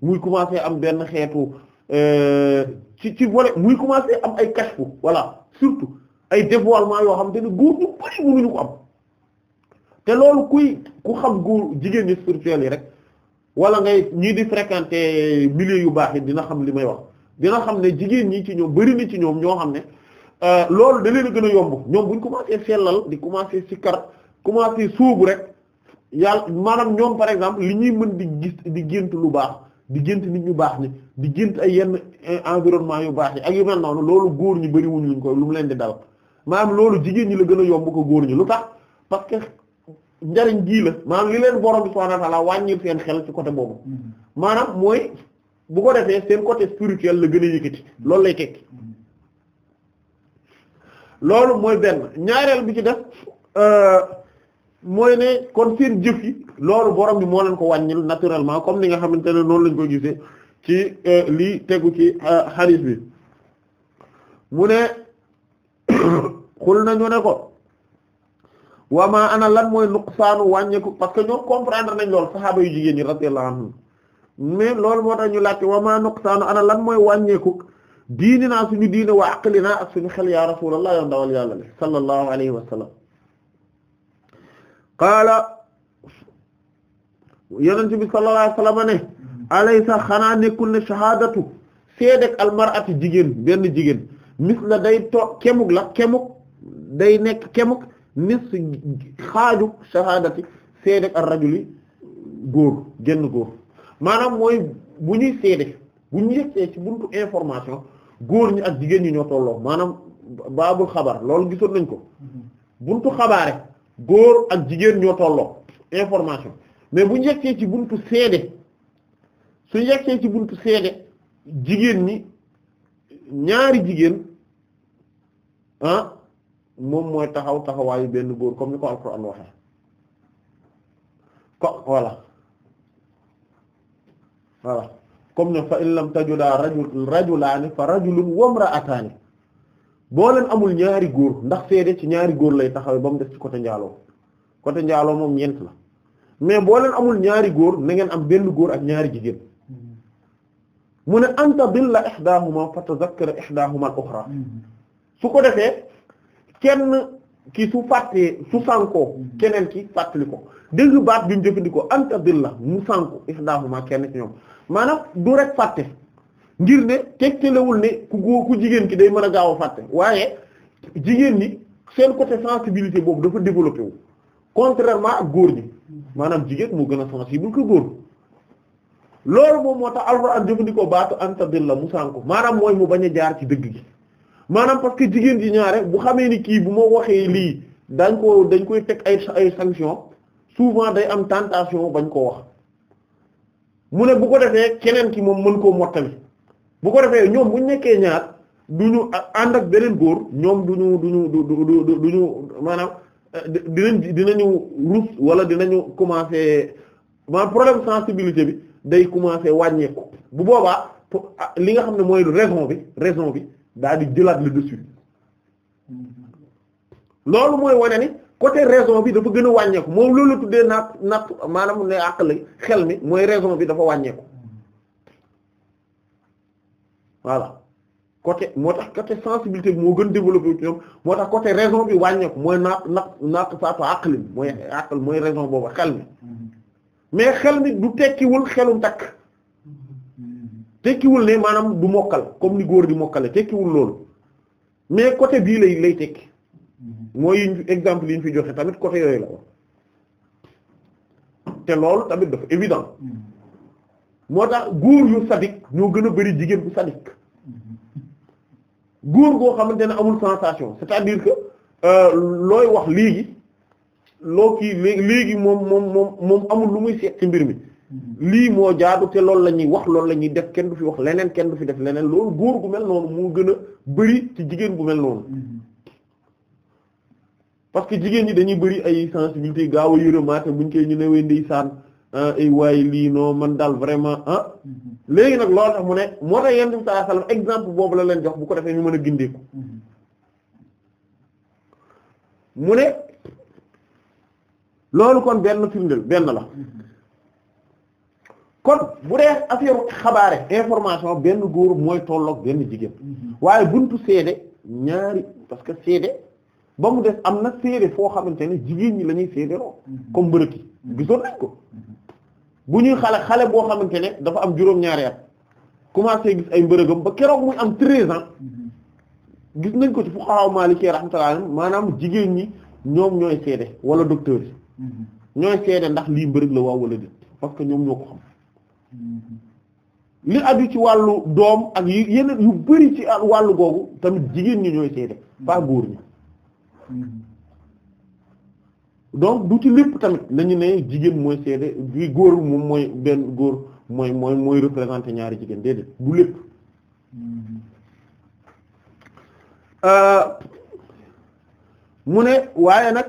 muy commencé am benn xeetu euh, ci ci wala muy commencé am ay kashfu voilà surtout ay dévoilement yoo xam te ne góor ñu bari mënuñu ko am te loolu kuy ku xam góor jigéen ñi spirituel yi rek wala ngay ñii di fréquenter milieu yu baax yi dina xam li may wax dina xam ne jigéen ñi ci ñoom bari na ci ñoom ñoo xam ne euh, loolu da leen a gën a yomb ñoom buñ commencé sellal di commencé sikkar commencé suubu rek yàlla maanaam ñoom par exemple li ñuy mën di gis di gént lu baax di gént nit ñu baax ni di gént ay yenn environnement yu baax yi ak yu mel noonu loolu góor ñi bëri wuñ ko lu mu leen di dal maanaam loolu jigéen ñi la gën a yomb ko góor ñi lu tax parce que njariñ gii la maanaam li leen borom bi subhanahu wa ta'ala wàññil seen xel ci côté boobu maanaam mooy bu ko defee seen côté spirituel la gën a yëkkati loolu lay tekki loolu mooy benn ñaareel ci def euh, mooy ne kon seen jëf yi loolu borom bi moo leen ko wàññil naturellement comme ni nga xamante ne noonu lañ ko gisee ci euh, lii tegu ci euh, hadith bi mu ne xul nañu ne ko wamaa ana lan mooy nuqsaanu wàññeeku parce que ñoo comprendre nañ lool saxaaba yu jigéen ñi radiyallahu anhum mais loolu moo tax ñu laajte wamaa nuqsaanu ana lan mooy wàññeeku diini na suñu diine wa aqli naa ak suñu xel ya rasulullah yoon dawal yàlla le sallallahu alayhi wa qaala yonent bi sallallahu alayhi wasallam ne xanaa nekkul ne shahaadatu seedeg almar'ati jigéen benn jigéen mis la day toog kemug la kemug day nekk kemug nis xaaju shahaadati seedeg ar-rajuli góor genn góor maanaam mooy bu ñuy seede bu ñu yëgsee ci buntu information góor ñi ak jigéen ñi ñoo tolloo maanaam baabul xabar loolu gisoon nañ ko mm-hmm. buntu xabaare góor ak jigéen ñoo tolloo information mais bu ñu yegsee ci buntu seede su yegsee ci buntu seede jigéen ñi ñaari jigéen ah moom mooy taxaw taxawaayu benn góor comme ni ko Alxuraan waxee ko voilà voilà comme ne fa in lam tajudaa rajul rajulaani fa rajulun wa imra'ataani boo leen amul ñaari góor ndax seede ci ñaari góor lay taxawe ba mu def ci côté njaaloo côté njaaloo moom ñeent la mais boo leen amul ñaari góor nangeen am benn góor ak ñaari jigéen mu ne anta dilla ihdahuma fa tazakkara ihdahuma al-ukhra su ko defee kenn ki su fàttee su sànkoo keneen ki fàttali ko dégg baax bi mu jëfandikoo anta dilla mu sànko ihdahuma kenn ci ñoom maanaam du rek fàtte ngir ne tegtalewul ne ku góor ku jigéen ki day mën a gaaw a fàtte waaye jigéen ñi seen côté sensibilité boobu dafa développé wu contrairement ak góor ñi maanaam jigéen moo gën a sensible ko góor loolu moom moo tax alxuraan jëfandikoo baatu antadilla mu sànko maanaam mooy mu bañ a jaar ci dëgg gi maanaam parce que jigéen ji ñaare bu xamee ni kii bu ma waxee lii dañ ko dañ koy teg ay ay sanction souvent day am tentation bañ koo wax mu ne bu ko defee keneen ki moom mën koo mottali bu ko defee ñoom bu ñu nekkee ñaar du ñu ànd ak beneen góor ñoom du ñu du ñu du du ñu maanaam eh, dinañ dinañu rus wala dinañu commencer maanaam problème sensibilité bi day commencer wàññeeku bu boobaa ah, li nga xam ne mooy raison bi raison bi daal di jëlaat le dessus loolu mooy wane ni côté raison bi dafa gën a wàññeeku moom loolu la tuddee natt natt maanaam ne àq la xel mi mooy raison bi dafa wàññeeku. voilà côté moo tax côté sensibilité bi moo gën développé ci ñoom moo tax côté raison bi wàññeeku mooy naaq naq naaq saatu àqlin mooy àqal mooy raison boobu xel mi mais xel mi du tekkiwul xelum takk tekkiwul ne maanaam du mokkal comme ni góor di mokkale tekkiwul loolu mais côté bii lay lay tekki mooy exemple yi ñu fi joxe tamit côté yooyu la te loolu tamit dafa évident moo tax góor yu sadik ñoo gën a bari jigéen bu sadik góor goo xamante ne amul sensation c'est-à-dire que euh, looy wax léegi loo kii léegi moom moom moom moom amul lu muy seet ci mbir mi mm-hmm. lii moo jaadu te lool la ñuy wax loolu la ñuy def kenn du fi wax leneen kenn du fi def leneen loolu góor gu mel noonu moo gën a bëri ci jigéen gu mel noonu mm-hmm. parce que jigéen ñi dañuy bëri ay sensibilité gaaw a yërëmaate buñ koy ñu newee ndeysaan ay ah, eh, waaye lii noo man daal vraiment ah mm-hmm. léegi nag loolu tax mu ne moo tax yonent bi sallallahu alayhi wasallam exemple boobu la leen jox bu ko defee ñu mën a gindeeku mm-hmm. mu ne loolu kon benn firndeel benn la mm-hmm. kon bu dee affaire xabaare information benn góor mooy tolloog benn jigéen waaye buntu seede ñaari parce que seede ba mu des am na seede foo xamante ne jigéen ñi lañuy ñuy seede loo comme mbërëk gisoon nañ ko bu ñuy xale xale boo xamante ne dafa am juróom-ñaari at commencé gis ay mbërëgam ba keroog muy am 13 ans gis nañ ko ci fu fuqaha maliki rahmatullah maanaam jigéen ñi ñoom ñooy seede wala docteur yi ñooy seede ndax lii mbërëg la waaw wala déet parce que ñoom ñoo ko xam li aju ci wàllu doom ak yeneen yu bari ci wàllu googu tamit jigéen ñi ñooy seede pas góor ñi donc du ci lépp tamit dañu ne jigéen mooy seede bi góor moom mooy benn góor mooy mooy mooy représenter ñaari jigéen déedéet du lépp euh, mu ne waaye nag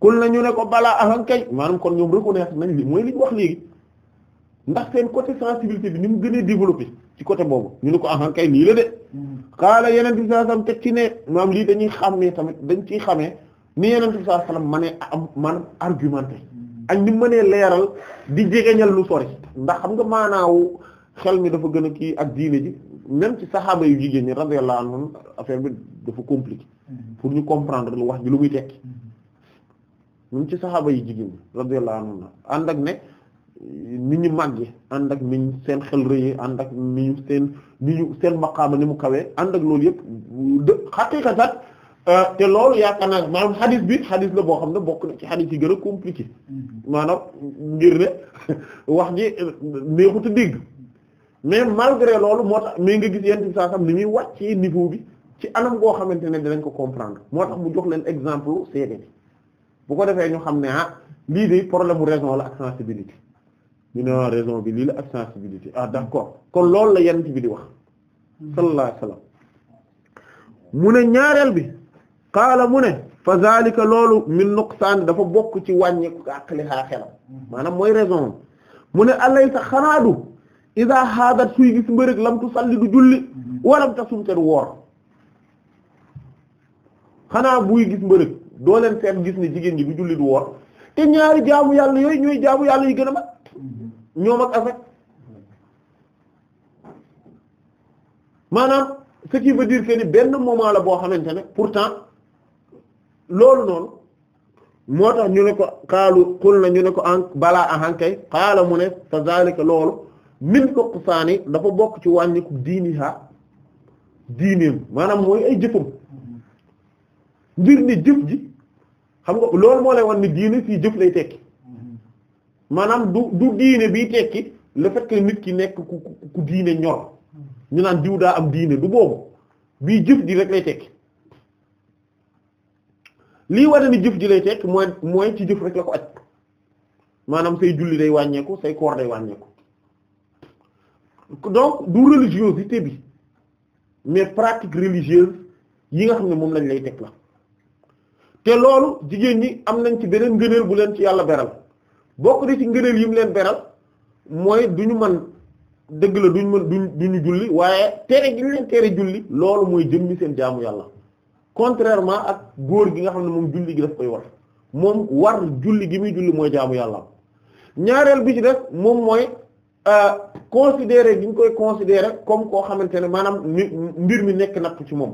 kul nañu ñu ne ko balaa ahankay maanaam kon ñoom reconnaître nañ li mooy li ñu wax léegi ndax seen côté sensibilité bi ni mu gënee développer ci côté boobu ñu ne ko ahankay lii la de mm-hmm. xaala yeneen di saa sam ci ne maam lii dañuy xàmmee tamit dañ ci xame ni yeneen bi sallallahu alayhi wasallam mënee am man argumenté ak ni mënee leeral di jegeñal lu sori ndax xam nga maanaawu xel mi dafa gën a kii ak diine ji même ci saxaaba yu jigéen ñi radiyallahu anhum affaire bi dafa compliqué mm-hmm. pour ñu comprendre lu wax ji lu muy tekki même mm-hmm. ci saxaaba yu jigéen ñi radiyallahu anhum ànd ak ne ni ñu màggee ànd ak mi seen xel rëyee ànd ak ni ñu seen ni ñu ni mu kawee ànd ak loolu yëpp de xaqiiqatan Euh, te loolu yaakaar naa maanaam xadis bi xadis la boo xam ne bokk na ci xadis yi gën a compliqué mhm. maanaam ngir ne wax ji neexut digg dégg mais malgré loolu moo tax mais nga gis yenn ci saa sam ni muy wàccee niveau bi ci anam goo xamante ne dinañ ko comprendre moo tax mu jox leen exemple seede bi bu ko defee ñu xam ne ah lii de problème mu raison la ak sensibilité ñu ne ah, raison bi lii la ak sensibilité ah d'accord kon loolu la yenn ci bi di wax mhm. sallallahu alayhi wasallam ñaareel bi qaala mu ne fa zalika loolu min nuqsaan dafa bokk ci wàññeeku aqlihaa xelam maanaam mooy raison mu ne alaysa xanaa du iza haadat suy gis mbërëg lam tu salli du julli walam ta sumte du woor xanaa buy gis mbërëg doo leen seet gis ne jigéen ji du julli du woor te ñaari jaamu yàlla yooyu ñooy jaamu yàlla yi gën a mag ñoom ak maanaam ce qui veut dire benn moment la boo xamante ne pourtant loolu noonu moo tax ñu ne ko xaalu xul na ñu ne ko an balaa ahankay xaala mu ne fa zalika loolu min ko saani dafa bokk ci wàññiku diini ha diineem maanaam mooy ay jëfam mbir ni jëf ji xam nga loolu moo lay wan ne diine fii jëf lay tekki maanaam du du diine bi tekki le fait nit ki nekk ku ku diine ñor ñu naan diw daa am diine du boobu bii jëf ji rek lay tekki lii war ni jëf ji lay tekk mooy mooy ci jëf rek la ko aj maanaam say julli day wàññeeku say koor day wàññeeku donc du religiosité bi mais pratique religieuse yi nga xam ne moom lañ lay teg la te loolu jigéen ñi am nañ ci beneen ngëneel bu leen ci yàlla beral bokk di ci ngëneel yi mu leen beral mooy du ñu mën dëgg la duñ mën duñ duñu julli waaye tere gi leen tere julli loolu mooy jëmmi seen jaamu yàlla contrairement ak góor gi nga xam ne moom julli gi daf koy war moom war julli gi muy julli mooy jaamu yàlla ñaareel bi ci def moom mooy euh, considérer gi ñu koy considérer comme koo xamante ne maanaam mbir mi nekk natt ci moom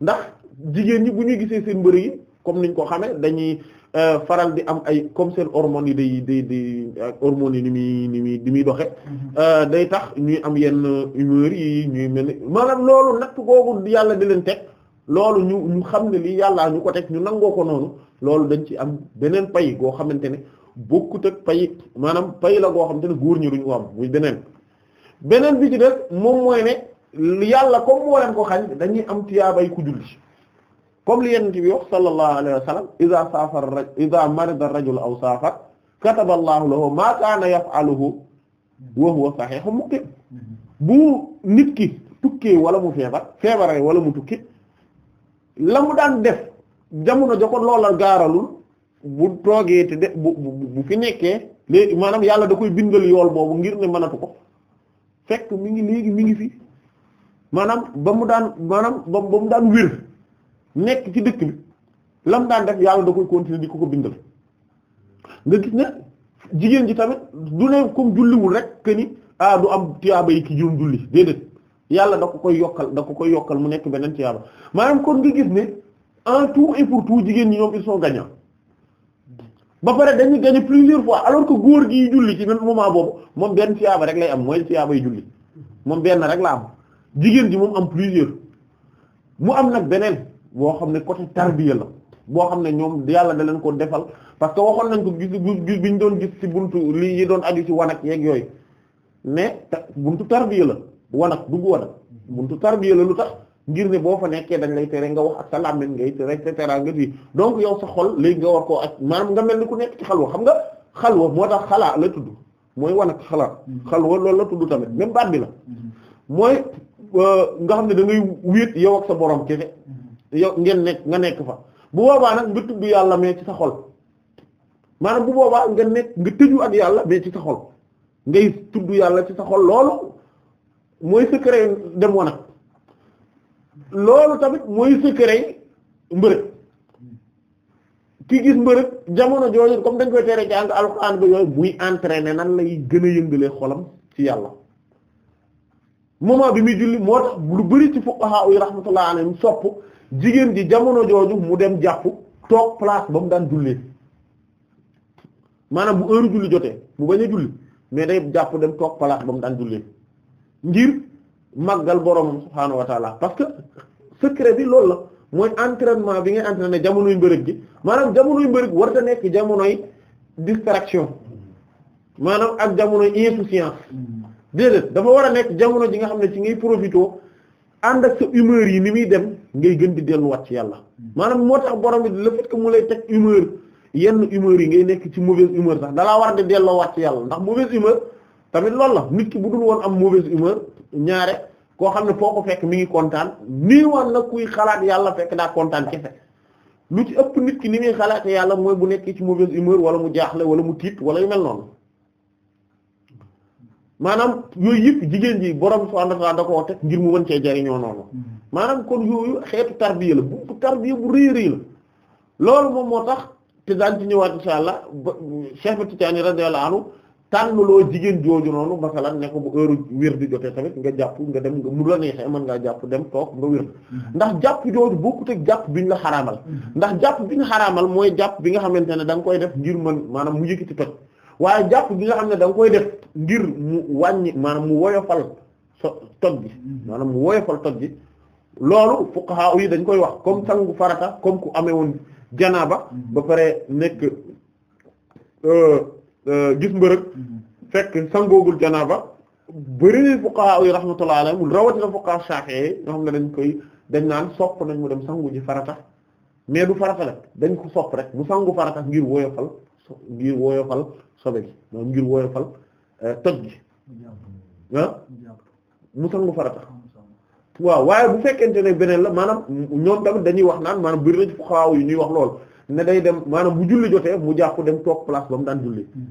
ndax jigéen ñi bu ñuy gisee seen mbër yi comme niñ ko xamee dañuy euh, faral di am ay comme seen hormones yi day day ni muy ni muy ni muy doxe mm-hmm. euh, day tax ñuy am yenn humeur yi ñuy mel ni maanaam loolu natt googu yàlla di leen teg loolu ñu xam ne lii yàllaa ñu ko teg ñu nangoo ko noonu loolu dañ ci am beneen pay goo xamante ne bokkut ak pay maanaam pay la goo xamante ne góor ñi duñu ko am muy beneen beneen bi ci def moom mooy ne yàlla comme moo leen ko xañ dañuy am tiyaabay ku julli comme li yenent bi wax sallallahu alayhi wa sallam iza safar ra iza marida rajul aw safar kataba allahu lahu ma kaana yaf'aluhu wa huwa sahih muqim mm-hmm. bu nit ki tukkee wala mu feebar feebaree wala mu tukki la mu daan def jamono jo ko loola gaaralul bu toogee te de bu bu fi nekkee léegi maanaam yàlla da koy bindal yool boobu ngir ne mënatu ko fekk mu ngi léegi mi ngi fi maanaam ba mu daan maanaam ba mu daan wér nekk ci dëkk bi la mu daan def yàlla da koy continuer di ko ko bindal nga gis ne jigéen ji tamit du ne comme julliwul rek que ni ah du am tiyaaba yi ki julli déedéet yàlla da ko koy yokkal da ko koy yokkal mu nekk beneen tiyaaba maanaam kon nga gis ne en tout et pour tout jigéen ñi ñoom ils sont gagnants ba pare dañuy gagner plusieurs fois alors que góor gi julli ci même boobu moom benn tiyaaba rek lay am mooy tiyaaba yi julli moom benn rek la am jigéen ji moom am plusieurs mu am nag beneen boo xam ne côté tarbiya la boo xam ne ñoom yàlla da leen ko defal parce que waxoon nañ ko gis biñ doon gis ci buntu li yi doon aju ci wanag yeeg yooyu mais buntu tarbiya la wanag dugg wanag buntu tarbiya la lu tax ngir ne boo fa nekkee dañ lay tere nga wax ak sa làmmiñ ngay tere et cetera nga fi donc yow sa xol léegi nga war koo ak maanaam nga mel ni ku nekk ci xalwa xam nga xalwa moo tax xalaa la tudd mooy wanag xalaat mm-hmm. xalwa loolu la tudd tamit même baat bi la mm-hmm. mooy euh, nga xam ne dangay ngay wéet yow ak sa boroom kese mm-hmm. yow ngeen nekk nga nekk fa bu boobaa nag nga tudd yàlla mais ci sa xol maanaam bu boobaa nga nekk nga tëju ak yàlla mais ci sa xol ngay tudd yàlla ci sa xol loolu mooy secret dem wanag loolu tamit mooy secret mbërëg ki gis mbërëg jamono jooju comme dañ koy tere jàng alxuraan ba yooyu muy entraîner nan lay gën a yëngalee xolam ci yàlla moment bi muy julli moo tax lu bari ci fuqaha yi rahmatullah sopp jigéen ji jamono jooju mu dem jàpp toog place ba mu daan jullee maanaam bu heure julli jotee mu bañ a julli mais day jàpp dem toog place ba mu daan jullee ngir màggal boroomam subhaanahu wa parce que secret bi lool la mooy entraînement bi ngay entraîné jamonoy mbërëg gi maanaam jamonoy mbërëg warta nekk jamonoy distraction maanaam ak jamonoy insouciance déedéet dafa war a nekk jamono ji nga xam ne ci ngay profité ànd ak sa humeur yi ni muy dem ngay gën di delluwaat ci yàlla maanaam moo tax borom bi le fait que mu lay teg humeur yenn humeur yi ngay nekk ci mauvaise humeur sax dalaa war di delloowaat ci yàlla ndax tamit lool la nit ki bu dul woon am mauvaise humeur ñaare koo xam ne foo ko fekk mi ngi kontaan nii waan na kuy xalaat yàlla fekk daa kontaan kese lu ci ëpp nit ki ni muy xalaat yàlla mooy bu nekkee ci mauvaise humeur wala mu jaaxle wala mu tiit wala yu mel noonu maanaam yooyu yëpp jigéen ji borom subhanahu wa ta'ala da koo teg ngir noonu maanaam kon yooyu xeetu tarbiya la bu tarbiya bu rëy rëy la loolu moom moo tax te daan ci ñëwaat insha allah ba Cheikh Tidiane radiyallahu anhu tànnloo jigéen jooju noonu masalan ne ko bu heure wér di jotee tamit nga jàpp nga dem nga mu la neexee mën ngaa jàpp dem toog nga wér mm-hmm. ndax jàpp jooju bokkut ak jàpp bi ñu la xaraamal mm-hmm. ndax jàpp bi ñu xaraamal mooy jàpp bi nga xamante ne da koy def ngir mën maanaam mu yëkkati toj waaye jàpp bi nga xam ne danga koy def ngir mu wàññi maanaam mu woyofal so toj bi mm-hmm. maanaam mu woyofal toj bi loolu fuqaha yi dañ koy wax comme sangu farata kom ku amee woon janaaba ba pare nekk euh, Euh, gis mbërëg fekk sangoogul janaaba bëri fuqaha yi rahmatullah alayhim rawatina fuqaha Shafi'i yi ñoo xam ne dañ koy dañ naan sopp nañ mu dem sangu ji farata mais du farata la dañ ko sopp rek mu sangu farata ngir woyofal ngir woyofal sobe gi moom ngir woyofal euh, toj gi ah mu sangu farata waaw waaye bu fekkente ne beneen la maanaam ñoom tamit dañuy wax naan maanaam bëri na ci fuqaha yu ñuy wax lool ne day dem maanaam bu julli jotee mu jàpp dem toog place ba daan julli hmm.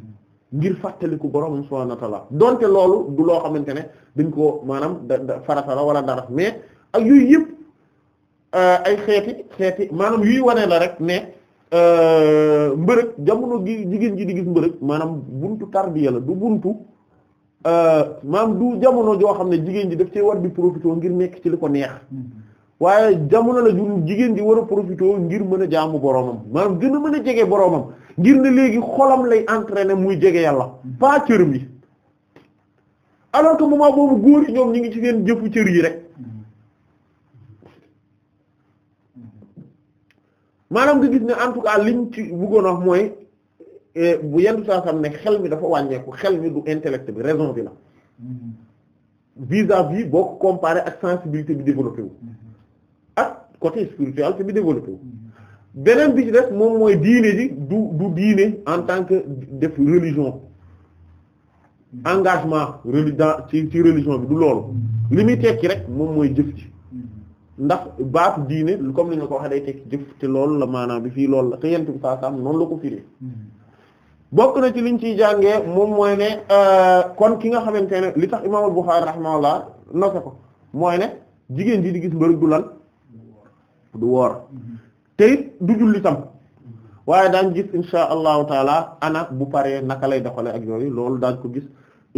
ngir fàttaliku borom subhanahu wa ta'ala donte loolu du loo xamante ne dañ ko maanaam da da farata wala dara mais ak yooyu yëpp euh, ay xeeti xeeti maanaam yuy wanee la rek ne euh, mbërëg jamono gi jigéen ji di gis mbërëg maanaam buntu tarbiya la du buntu. Euh, maam du jamono joo xam ne jigéen ji daf cee war di profité ngir nekk ci li ko neex hmm. waaye jamono la ju jigéen ji war a profité ngir mën a jaamu boromam maanaam gën a mën a jege boromam ngir ne léegi xolam lay entraîner muy jege yàlla pas cëram yi alors que moment boobu góor yi ñoom ñu ngi ci seen jëfu cër yi rek maanaam gis ne en tout cas ci bëggoon wax mooy eh, bu yenn saa sam ne xel mi dafa wàññeeku xel mi du intellect bi raison bi la mm-hmm. vis-à-vis boo ko ak sensibilité bi développé wu. Mm-hmm. côté spirituel te bi développé wu beneen bi ci des moom mooy diine ji du du diine en tant que def religion engagement religion ci ci religion bi du loolu li muy tekki rek moom mooy jëf ji ndax baatu diine comme li nga ko waxee day tekki jëf te loolu la maanaa bi fii loolu la te yentu bi saa sam noonu la ko firee bokk na ci liñ ciy jàngee moom mooy ne euh, kon ki nga xamante ne li tax imaam al Buxaari rahimahullah noose ko mooy ne jigéen ji di gis mbërëg du lan du woor te it du julli tam waaye daañ gis insha allahu taala ana bu paree naka lay doxale ak yooyu lool daañ ko gis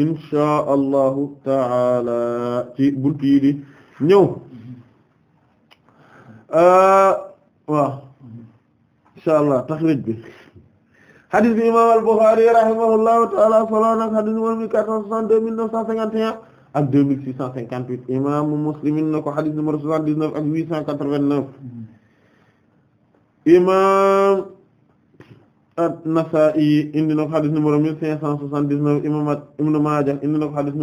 insha allahu taala ci buntu ñëw euh, insha allah taxrij bi hadith imam al-Bukhari rahimahullahu taala solo nak hadith moom mi 462 1951 ak deux mille six cent cinquante huit imaamu Muslim na ko xadis numéro soixante dix neuf ak huit cent quatre vingt neuf indi na ko xadis Ibn Maaja indi na ko xadis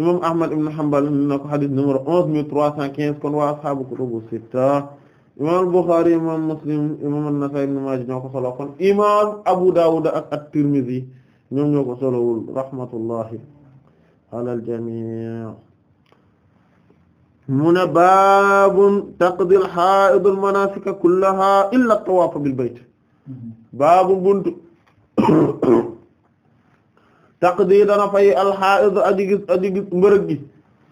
ibn Hanbal indi na ko xadis onze mille trois cent quinze kon waa ashaabu kutubu sitta imaam al-Bukhari imaam Muslim imaam an-Nasaa'i Ibn Maaja ñoo solo kon imaam Abu Dawud ak at-Tirmidhi ñoom ñoo rahmatullahi alal jamii mu ne baabun taqdil haidul manasika kullaha illa tawaaf bil bayt baabu buntu taqdi dana fay al haid aji gis aji gis mbërëg gi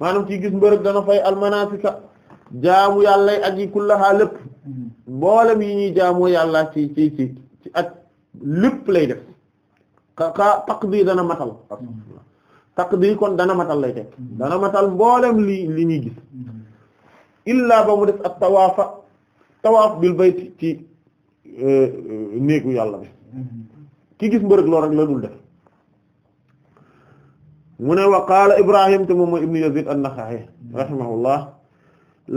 maanaam ci gis mbërëg dana fay al manasika jaamu yàllay aji kullaha lépp mboolem yi ñuy jaamoo yàlla ci ci ci ci at lépp lay def ka ka taqdi dana matal taqdir kon dana matal lay teg mm-hmm. dana matal mboolem li li ñuy gis mm-hmm. illaa ba mu def ak tawaafa tawaaf bil bayt ci euh, euh, néegu yàlla bi mm-hmm. ki gis mbërëg lool rek la dul def mu ne wa qaala ibrahim te moom mooy ibnu yazid an-naxa'i rahimahullah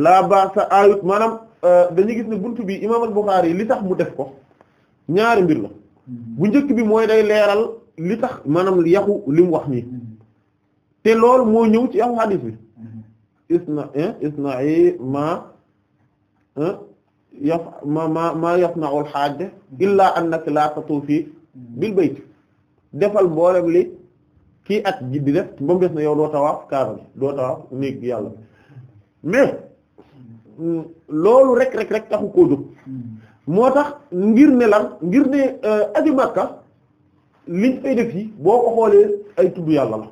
laa ba'sa ayut maanaam euh, dañu gis ne bunt bi imaam al li tax mu def ko ñaari mbir la bu njëkk bi mooy day leeral li tax maanaam yaxu li wax nii te loolu moo ñëw ci am xadis bi mm-hmm. isna eh, isna'i ma eh, yaf ma ma ma yasna'u al-hajj mm-hmm. illa annaka la tatufi mm-hmm. bil bayt defal mboolem li kii at ji di def ba mu na yow doo tawaaf kaaba bi doo tawaaf néeg yàlla mais mm, loolu rek rek taxu koo moo tax ngir ne lan ngir ne eh, aji Makka liñ fay def yi boo ko xoolee ay tudd yàlla la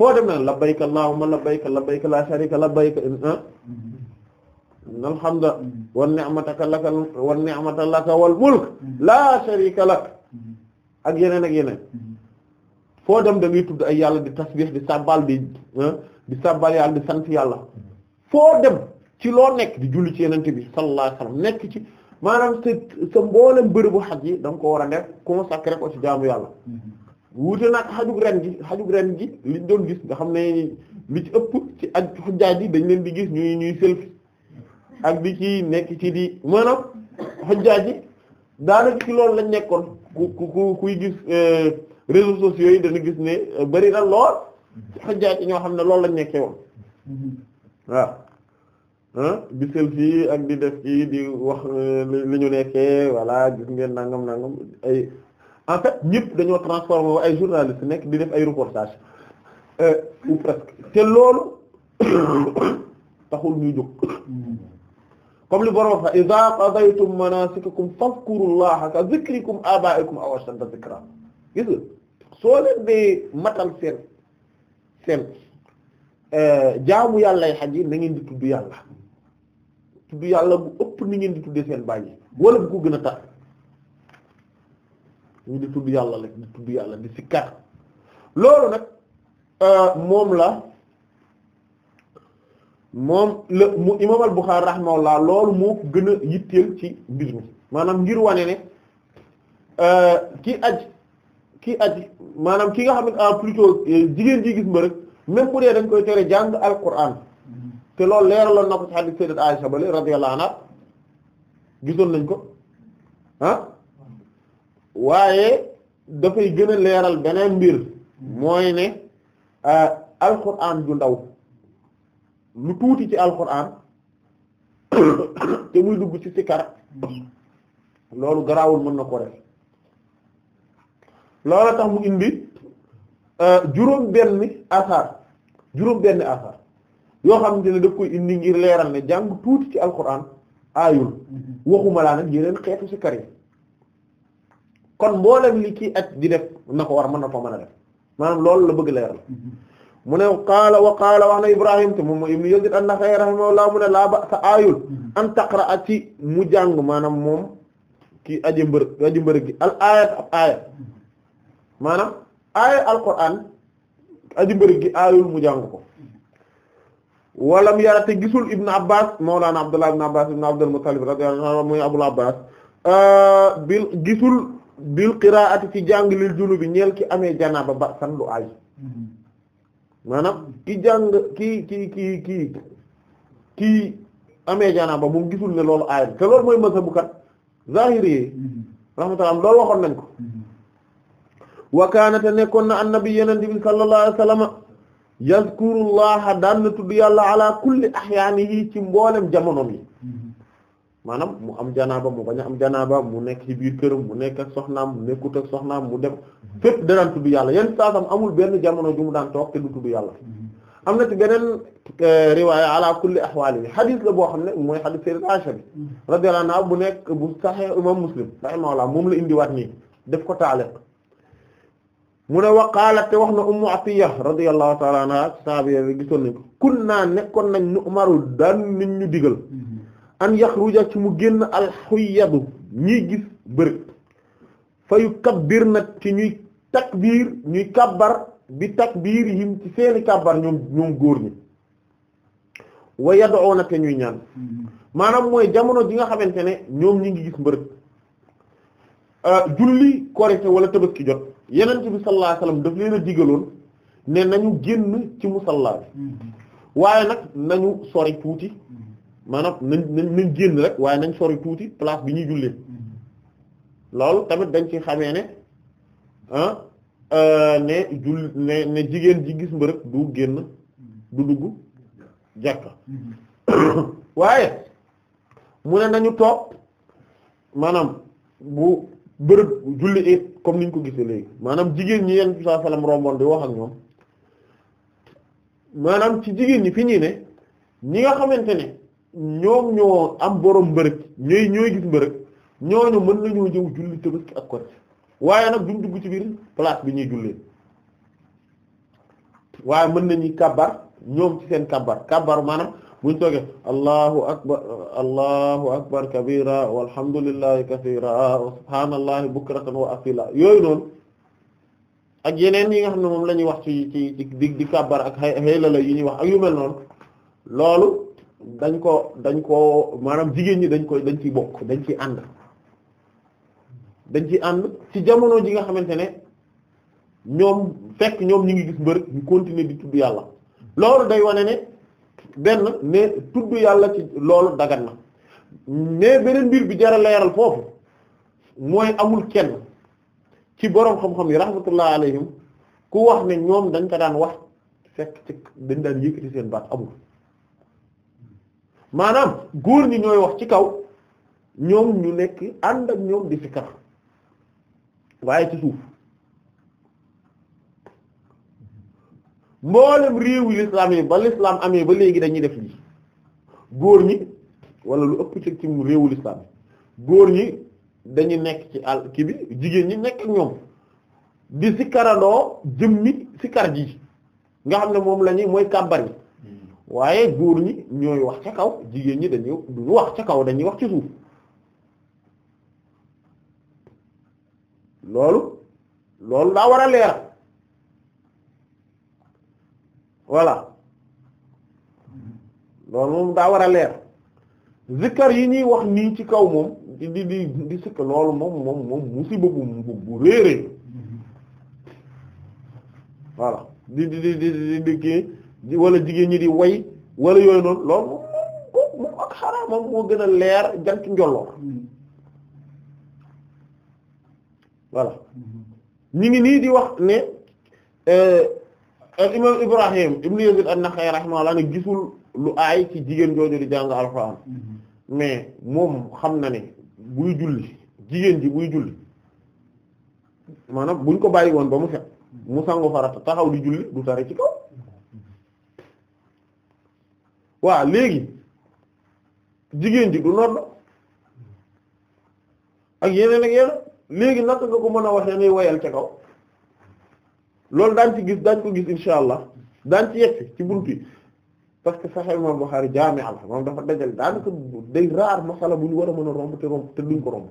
foo dem na labbayka allahumma labbayka labbayka la sharika labbayka innal eh? hamda wan ni'mataka laka wan ni'mata laka wal mulk la sharika lak ak yeneen ak yeneen foo dem da ngay tudd ay yàlla di tasbih di sabbal di eh? di sabbal yàlla di sant yàlla foo dem ci loo nekk di julli ci yenente bi sallallahu alayhi nekk ci maanaam sa sa mboolem bërëbu xaj yi da nga ko war a def consacré ko ci jaamu yàlla wuute nag xajug ren gi xajug ren gi liñ doon gis nga xam ne li ci ëpp ci ak xujjaaj yi dañ leen di gis ñuy ñuy selfie ak bi ci nekk ci di maanaam xujjaaj yi daanaka ci loolu lañ nekkoon ku ku kuy gis euh, réseaux sociaux yi dana gis ne euh, bari na lool xujjaaj yi ñoo xam ne loolu lañ nekkee woon waaw di selfie ak di def ci di wax euh, li ñu nekkee voilà gis ngeen nangam nangam en fait ñëpp dañoo transformé ay journalistes nekk di def ay reportage euh, ou presque te loolu taxul ñuy jóg comme li borom fa idha qadaytum manasikakum fadhkurullaha ka dhikrikum abaa'ikum aw ashadda dhikra gis nga soo leen dee matal seen seen euh, xaj yi di tudd yàlla tudd yàlla bu ëpp ni ngeen di tuddee a tar ñu di tudd yàlla rek di tudd yàlla loolu nag euh, moom la moom la mu imam al-Bukhari rahimahullah loolu moo ko gën a yitteel ci mbir maanaam ngir wane ne euh, ki aj ki aj maanaam kii nga xam ne plutôt euh, jigéen ji gis nga rek même bu dee dañ koy tere jàng al-Qur'an te loolu leeraloon na ko ci hadith sayyidat Aisha bale radiyallahu anha gisoon nañ ko ah, waaye dafay gën leeral beneen mbir mooy ne euh, alquran ju ndaw lu tuuti ci alquran te muy dugg ci sikar loolu garaawul mën na ko def loolu tax mu indi euh, juróom benn asar juróom benn asar yoo xamante ni daf koy indi ngir leeral ne jàng tuuti ci alquran aayul mm-hmm. waxuma laa nag yeneen xeetu sikar yi kon mboolem li kii at di def na ko war mën na ko mën a def maanaam loolu la bëgg leeral mu ne qaala wa qaala wax na Ibrahim te moom ibnu Yazid an-Nakha'i rahimahullah mu ne laa ba sa aayul an taqra ci mu jàng maanaam moom kii aji mbër aji mbër gi al maanaam aaya alquran mbër gi aayul mu jàng ko walam yara te gisul ibnu Abbas mawlaana Abdullah ibnu Abbas ibnu Abdul Muttalib radiyallahu Abul Abbas euh, bil gisul bil qiraati ci jàng lil junubi ñeel ki amee janaaba ba san du aay maanaam ki jàng ki ki ki ki amee janaaba bu gisul ne loolu aay te loolu mooy mazhabu kat zahiri yi rahmatullah loolu waxoon nañ ko wa kaana te nekkoon na annabi yeneen bi sallallahu alayhi wa sallam yazkurullaha daan na tudd yàlla ala kulli ahyaanihi ci mboolem jamonoom yi maanaam mu am janaaba mu bañ a am janaaba nekk ci biir këram mu nekk ak soxnaam mu nekkut ak soxnaam mu dem fépp danaan tudd yàlla yan saasam amul benn jamono ju mu daan toog te du tudd yàlla am na ci beneen euh, riwaaya ala kulli ahwaali bi la boo xam ne mooy xadis sayyidat Aisha bi radiyallahu anha bu nekk bu Sahih imam Muslim rahimahullah moom la indiwaat nii def ko taaliq mu ne wa qaalat te wax na ummu Atiyya radiyallahu ta'ala anha sahaaba yi gisoon nañ ko naa nekkoon nañ nu umaru daan ñu digal an yaxruja ci mu génn alxuyadu ñiy gis bëri fayu kabbir nag ci ñuy takbiir ñuy kabbar bi takbiir yim ci seeni kabbar ñoom ñoom góor ñi wa yad'una te ñuy ñaan mm-hmm. maanaam mooy jamono ji nga xamante ne ñoom ñi ngi gis mbërëg euh, julli korite wala tabaski jot yenent bi sallallahu alayhi wasallam daf leen a digaloon ne nañu génn ci musalla bi mm-hmm. waaye nag nañu sori tuuti maanaam nañ nañ génn rek waaye nañ sori tuuti place bi ñuy jullee loolu tamit dañ ci xamee ne ah euh, ne jigéen ji gis mbërëg du génn du dugg jàkka waaye mu ne nañu toog maanaam bu bërëb julli it comme niñ ko gisee léegi maanaam jigéen ñi yenn saa salaam romboon di wax ak ñoom maanaam ci jigéen ñi fi ñi ne ñi nga xamante ne ñoom ñoo am borom mbërëg ñooy ñooy gis mbërëg ñooñu mën julli tabaski ak ko waaye nag duñ dugg ci biir place bi ñuy jullee waaye mën nañuy kàbbar ñoom ci seen kàbbar kàbbar maanaam buñ toogee allahu akbar allahu akbar kabira walhamdulillahi kathira wa subhanallahi bukratan wa asila yooy noonu ak yeneen yi nga xam ne moom lañuy wax ci ci di di kàbbar ak xëy la la yi ñuy wax ak yu mel noonu loolu dañ ko dañ ko maanaam jigéen ñi dañ koy dañ ciy bokk dañ ciy ànd dañ ci ànd ci jamono ji nga xamante ne ñoom fekk ñoom ñu ngi gis mbër ñu continuer di tudd yàlla loolu day wane ne benn ne tudd yàlla ci loolu dagan na mais beneen mbir bi jar yaral foofu mooy amul kenn ci boroom xam-xam yi rahmatullah alayhim ku wax ne ñoom dañ ko daan wax fekk ci dañ daan yëkkati seen baat amul maanaam góor ñi ñooy wax ci kaw ñoom ñu nekk ànd ak ñoom di fi kar waaye ci suuf mboolem réewu l'islam yi ba l'islam amee ba léegi dañuy def lii góor ñi wala lu ëpp ci ci réewu l'islam góor ñi dañu nekk ci àll ki bi jigéen ñi nekk ak ñoom di sikarandoo jëmmi kar ji nga xam ne moom lañuy mooy kàbbar yi waaye góor ñi ñooy wax ca kaw jigéen ñi dañuy duñu wax ca kaw dañuy wax ci suuf loolu loolu daa war a leer voilà loolu moom daa war a leer zikkar yi ñuy wax nii ci kaw moom di di di di sikk loolu moom moom moom musiba bu bu bu réeree voilà di di di di di di wala jigéen ñi di way wala yooy noonu loolu moom moom moom xaraamam moo gën a leer jant njolloor voilà ñu ngi nii di wax ne euh, al imam Ibrahim ibn Yazid an-Nakha'i rahimahullah ne gisul lu aay ci jigéen jooju di jàng alxuraan mais moom xam na ne buy julli jigéen ji buy julli maanaam buñ ko bàyyi woon ba mu set mu sangu farata taxaw di julli du tari ci kaw waaw léegi jigéen ji du nodd ak yeneen ak yeneen léegi naka nga ko mën a waxee nuy woyal ca kaw loolu daañ ci gis daañ ko gis insha allah daañ ci yegg ci buntu yi parce que Sahih imam Bukhari jaami allah moom dafa dajal daanaka day raar masala bu ñu war a mën a romb te romb te duñ ko romb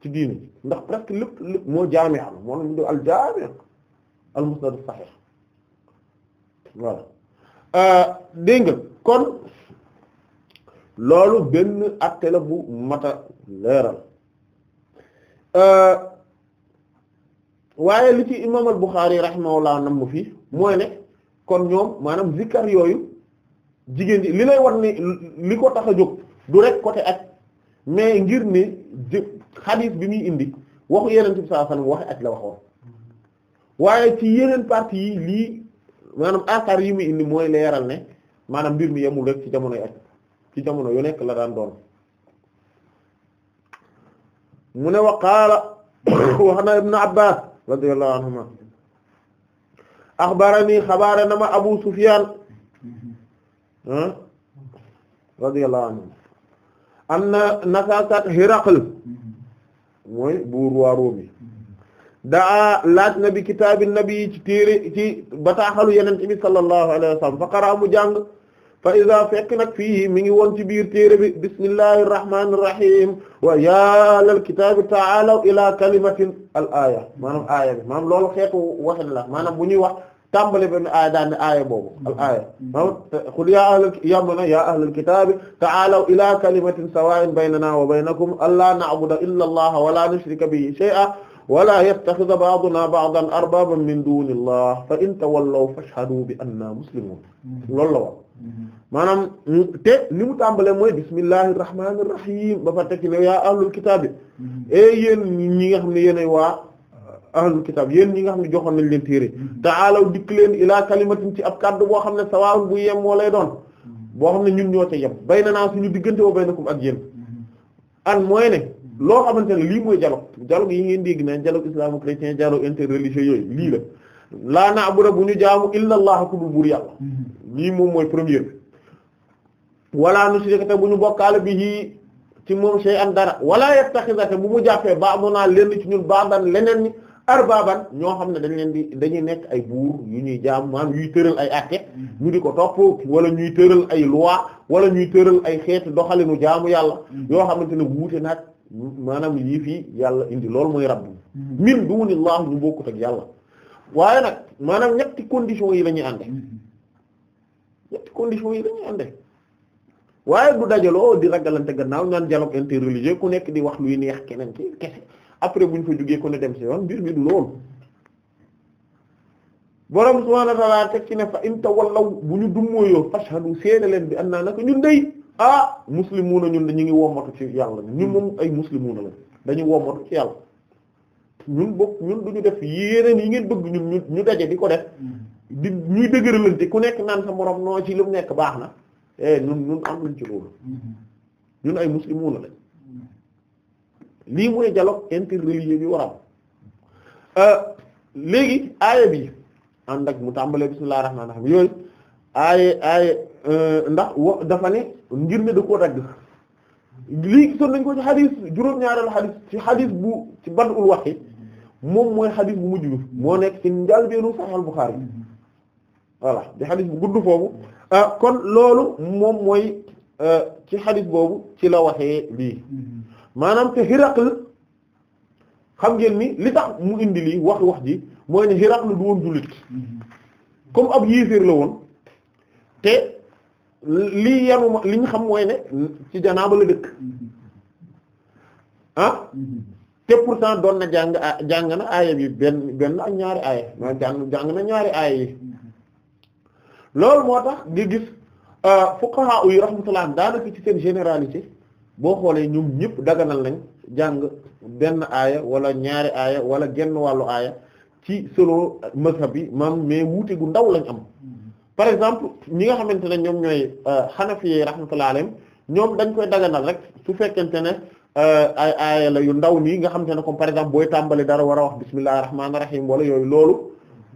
ci diine ndax presque lépp lépp moo jaami allah moo nañ do al jaami al musnad sahih voilà euh, dégg nga kon loolu benn acte la bu mata leeral euh, waaye li ci imaam al-Bukhari rahimahullah nam fi mooy ne kon ñoom maanaam zikkar yooyu jigéen ji li lay war ni li ko tax a jóg du rek côté ak mais ngir ne jë xadiis bi muy indi waxu yeneen bi sallallahu alayhi wasallam waxe ak la waxoon waaye ci yeneen parties yi lii maanaam asar yi muy indi mooy leeral ne maanaam mbir mi yemul rek ci jamonoy ci jamono yu nekk la daan doon mu ne wa qaala wax na ibn abbas radiyallahu anhuma axbarani xabaare na ma abu sufyan ah, radiyallahu anhu anna nasakat hiraql mooy buur waa daa laaj na bi kitaabi nabi ci téere ci bataaxalu yenente bi sallallahu alayhi wa sallam fa qaraa mu jàng fa iza fekk nag fii mi ngi woon ci biir téere bi bismillahir rahmanir rahim wa yaa lal kitaabi ta'aalaw ilaa kalimatin al aaya maanaam aaya bi maanaam loolu xeetu waxin la maanaam bu ñuy wax tàmbale benn aaya daan ne aaya boobu al aaya maanaam qul yaa ahlal yàmb na yaa ahlal kitaabi ta'aalaw ilaa kalimatin sawaa'in baynanaa wa baynakum allaa na'buda illa allaha wa laa nushrika bihi shay'an wa laa yattakhidha ba'dunaa ba'dan arbaaban min duuni allah fa in tawallaw fashhaduu bi annaa muslimuun loolu la wax maanaam te ni mu tàmbalee mooy bismillahir rahmanir rahim ba fa tekki ne yaa ahlul kitaab bi mm-hmm. et eh, yéen ñi nga xam ne yéenay waa ahlul kitaab yéen ñi nga xam ne joxoon nañ leen téere mm-hmm. ta'aalaw dikk leen ilaa kalimatin ci ab kaddu boo xam ne sawaa'un bu yem moo lay doon mm-hmm. boo xam ne ñun ñoo ca yem baynanaa suñu diggante wa baynakum ak yéen an mooy ne loo xamante ne lii mooy dialogue dialogue yi ngeen dégg naan dialogue islamo-chrétien dialogue interreligieux yooyu lii la laa na'budu ñu jaamu illa allah ku lii moom mooy première bi wala nusirika te bu ñu bokkaale bi yii ci moom sey an dara wala yettaxisate bu mu jàppee ba amoon naa lenn ci ñun baaban leneen ni arbaaban ñoo xam ne dañ leen di dañuy nekk ay buur yu ñuy jaam maanaam yuy tëral ay acte mm. ñu di ko topp wala ñuy tëral ay loi wala ñuy tëral ay xeeti doxalinu jaamu yàlla mm. yoo xamante ne wuute naag maanaam yii fii yàlla indi loolu mooy rabbu mm. min duunillah ñu bokkut ak yàlla waaye nag maanaam ñetti conditions yi la ñuy ñetti conditions yi dañuy ànde waaye du dajaloo di ragalante gannaaw naan dialogue interreligieux ku nekk di wax luy neex keneen ki kese après bu ñu fa jógee ku ne dem ci yoon mbir mi du loolu borom subhaanahu wa ta'aala teg ci ne fa in tawallaw bu ñu dummóoyoo fashhadu seede leen bi naa naka ñun day ah na ñun dañu ngi wommatu ci yàlla ñun moom ay muslimuuna la dañu wommatu ci yàlla ñun bokk ñun ñu def yeneen yi ngeen bëgg ñun ñu daje di ko def mm-hmm. di ñuy dëgëralante ku nekk naan sa moroom noo ci lu mu nekk baax na eh ñun am nañ ci loolu mm-hmm. ñun ay muslimuuna lañ mm-hmm. lii mooy dialogue interreligieux bi war a am euh, léegi bi ànd ak mu tàmbalee bismillahir rahmanir rahim yooyu aaye euh, ndax wa dafa ne ngir ne da koo dagg lii gisoon nañ ko ci xadis juróom-ñaareelu xadis ci xadis bu ci Badul Waqi mm-hmm. moom mooy xadis bu mujj bi moo nekk ci njàlbéenu Sahih Bukhari voilà di xadis bu gudd foofu ah, kon loolu moom mooy euh, ci xadis boobu ci la waxee lii maanaam te Hiraql xam ngeen ni li tax mu indi lii wax wax ji mooy ne Hiraql du woon jullit comme ab yéeféer la woon te lii yanuma li xam mooy ne ci janaaba la dëkk ah te pourtant doon na jàng jàng na aaya bi benn benn ñaari aaya maanaam na ñaari aaya loolu moo tax nga gis euh, fuqaha yi rahmatullah daanaka ci seen généralité boo xoolee ñoom ñëpp daganal nañ jàng benn aaya wala ñaari aaya wala genn wàllu aaya ci selon mazhab bi maam mais wuute gu ndaw lañ am par exemple ñi nga xamante ne ñoom ñooy xanafiye euh, rahmatullah alayhim ñoom dañ koy daganal rek su fekkente ne euh, ay aaya la yu ndaw nii nga xamante ne comme par exemple booy tàmbali dara war a wax bismillahir rahmanir rahim wala yooyu loolu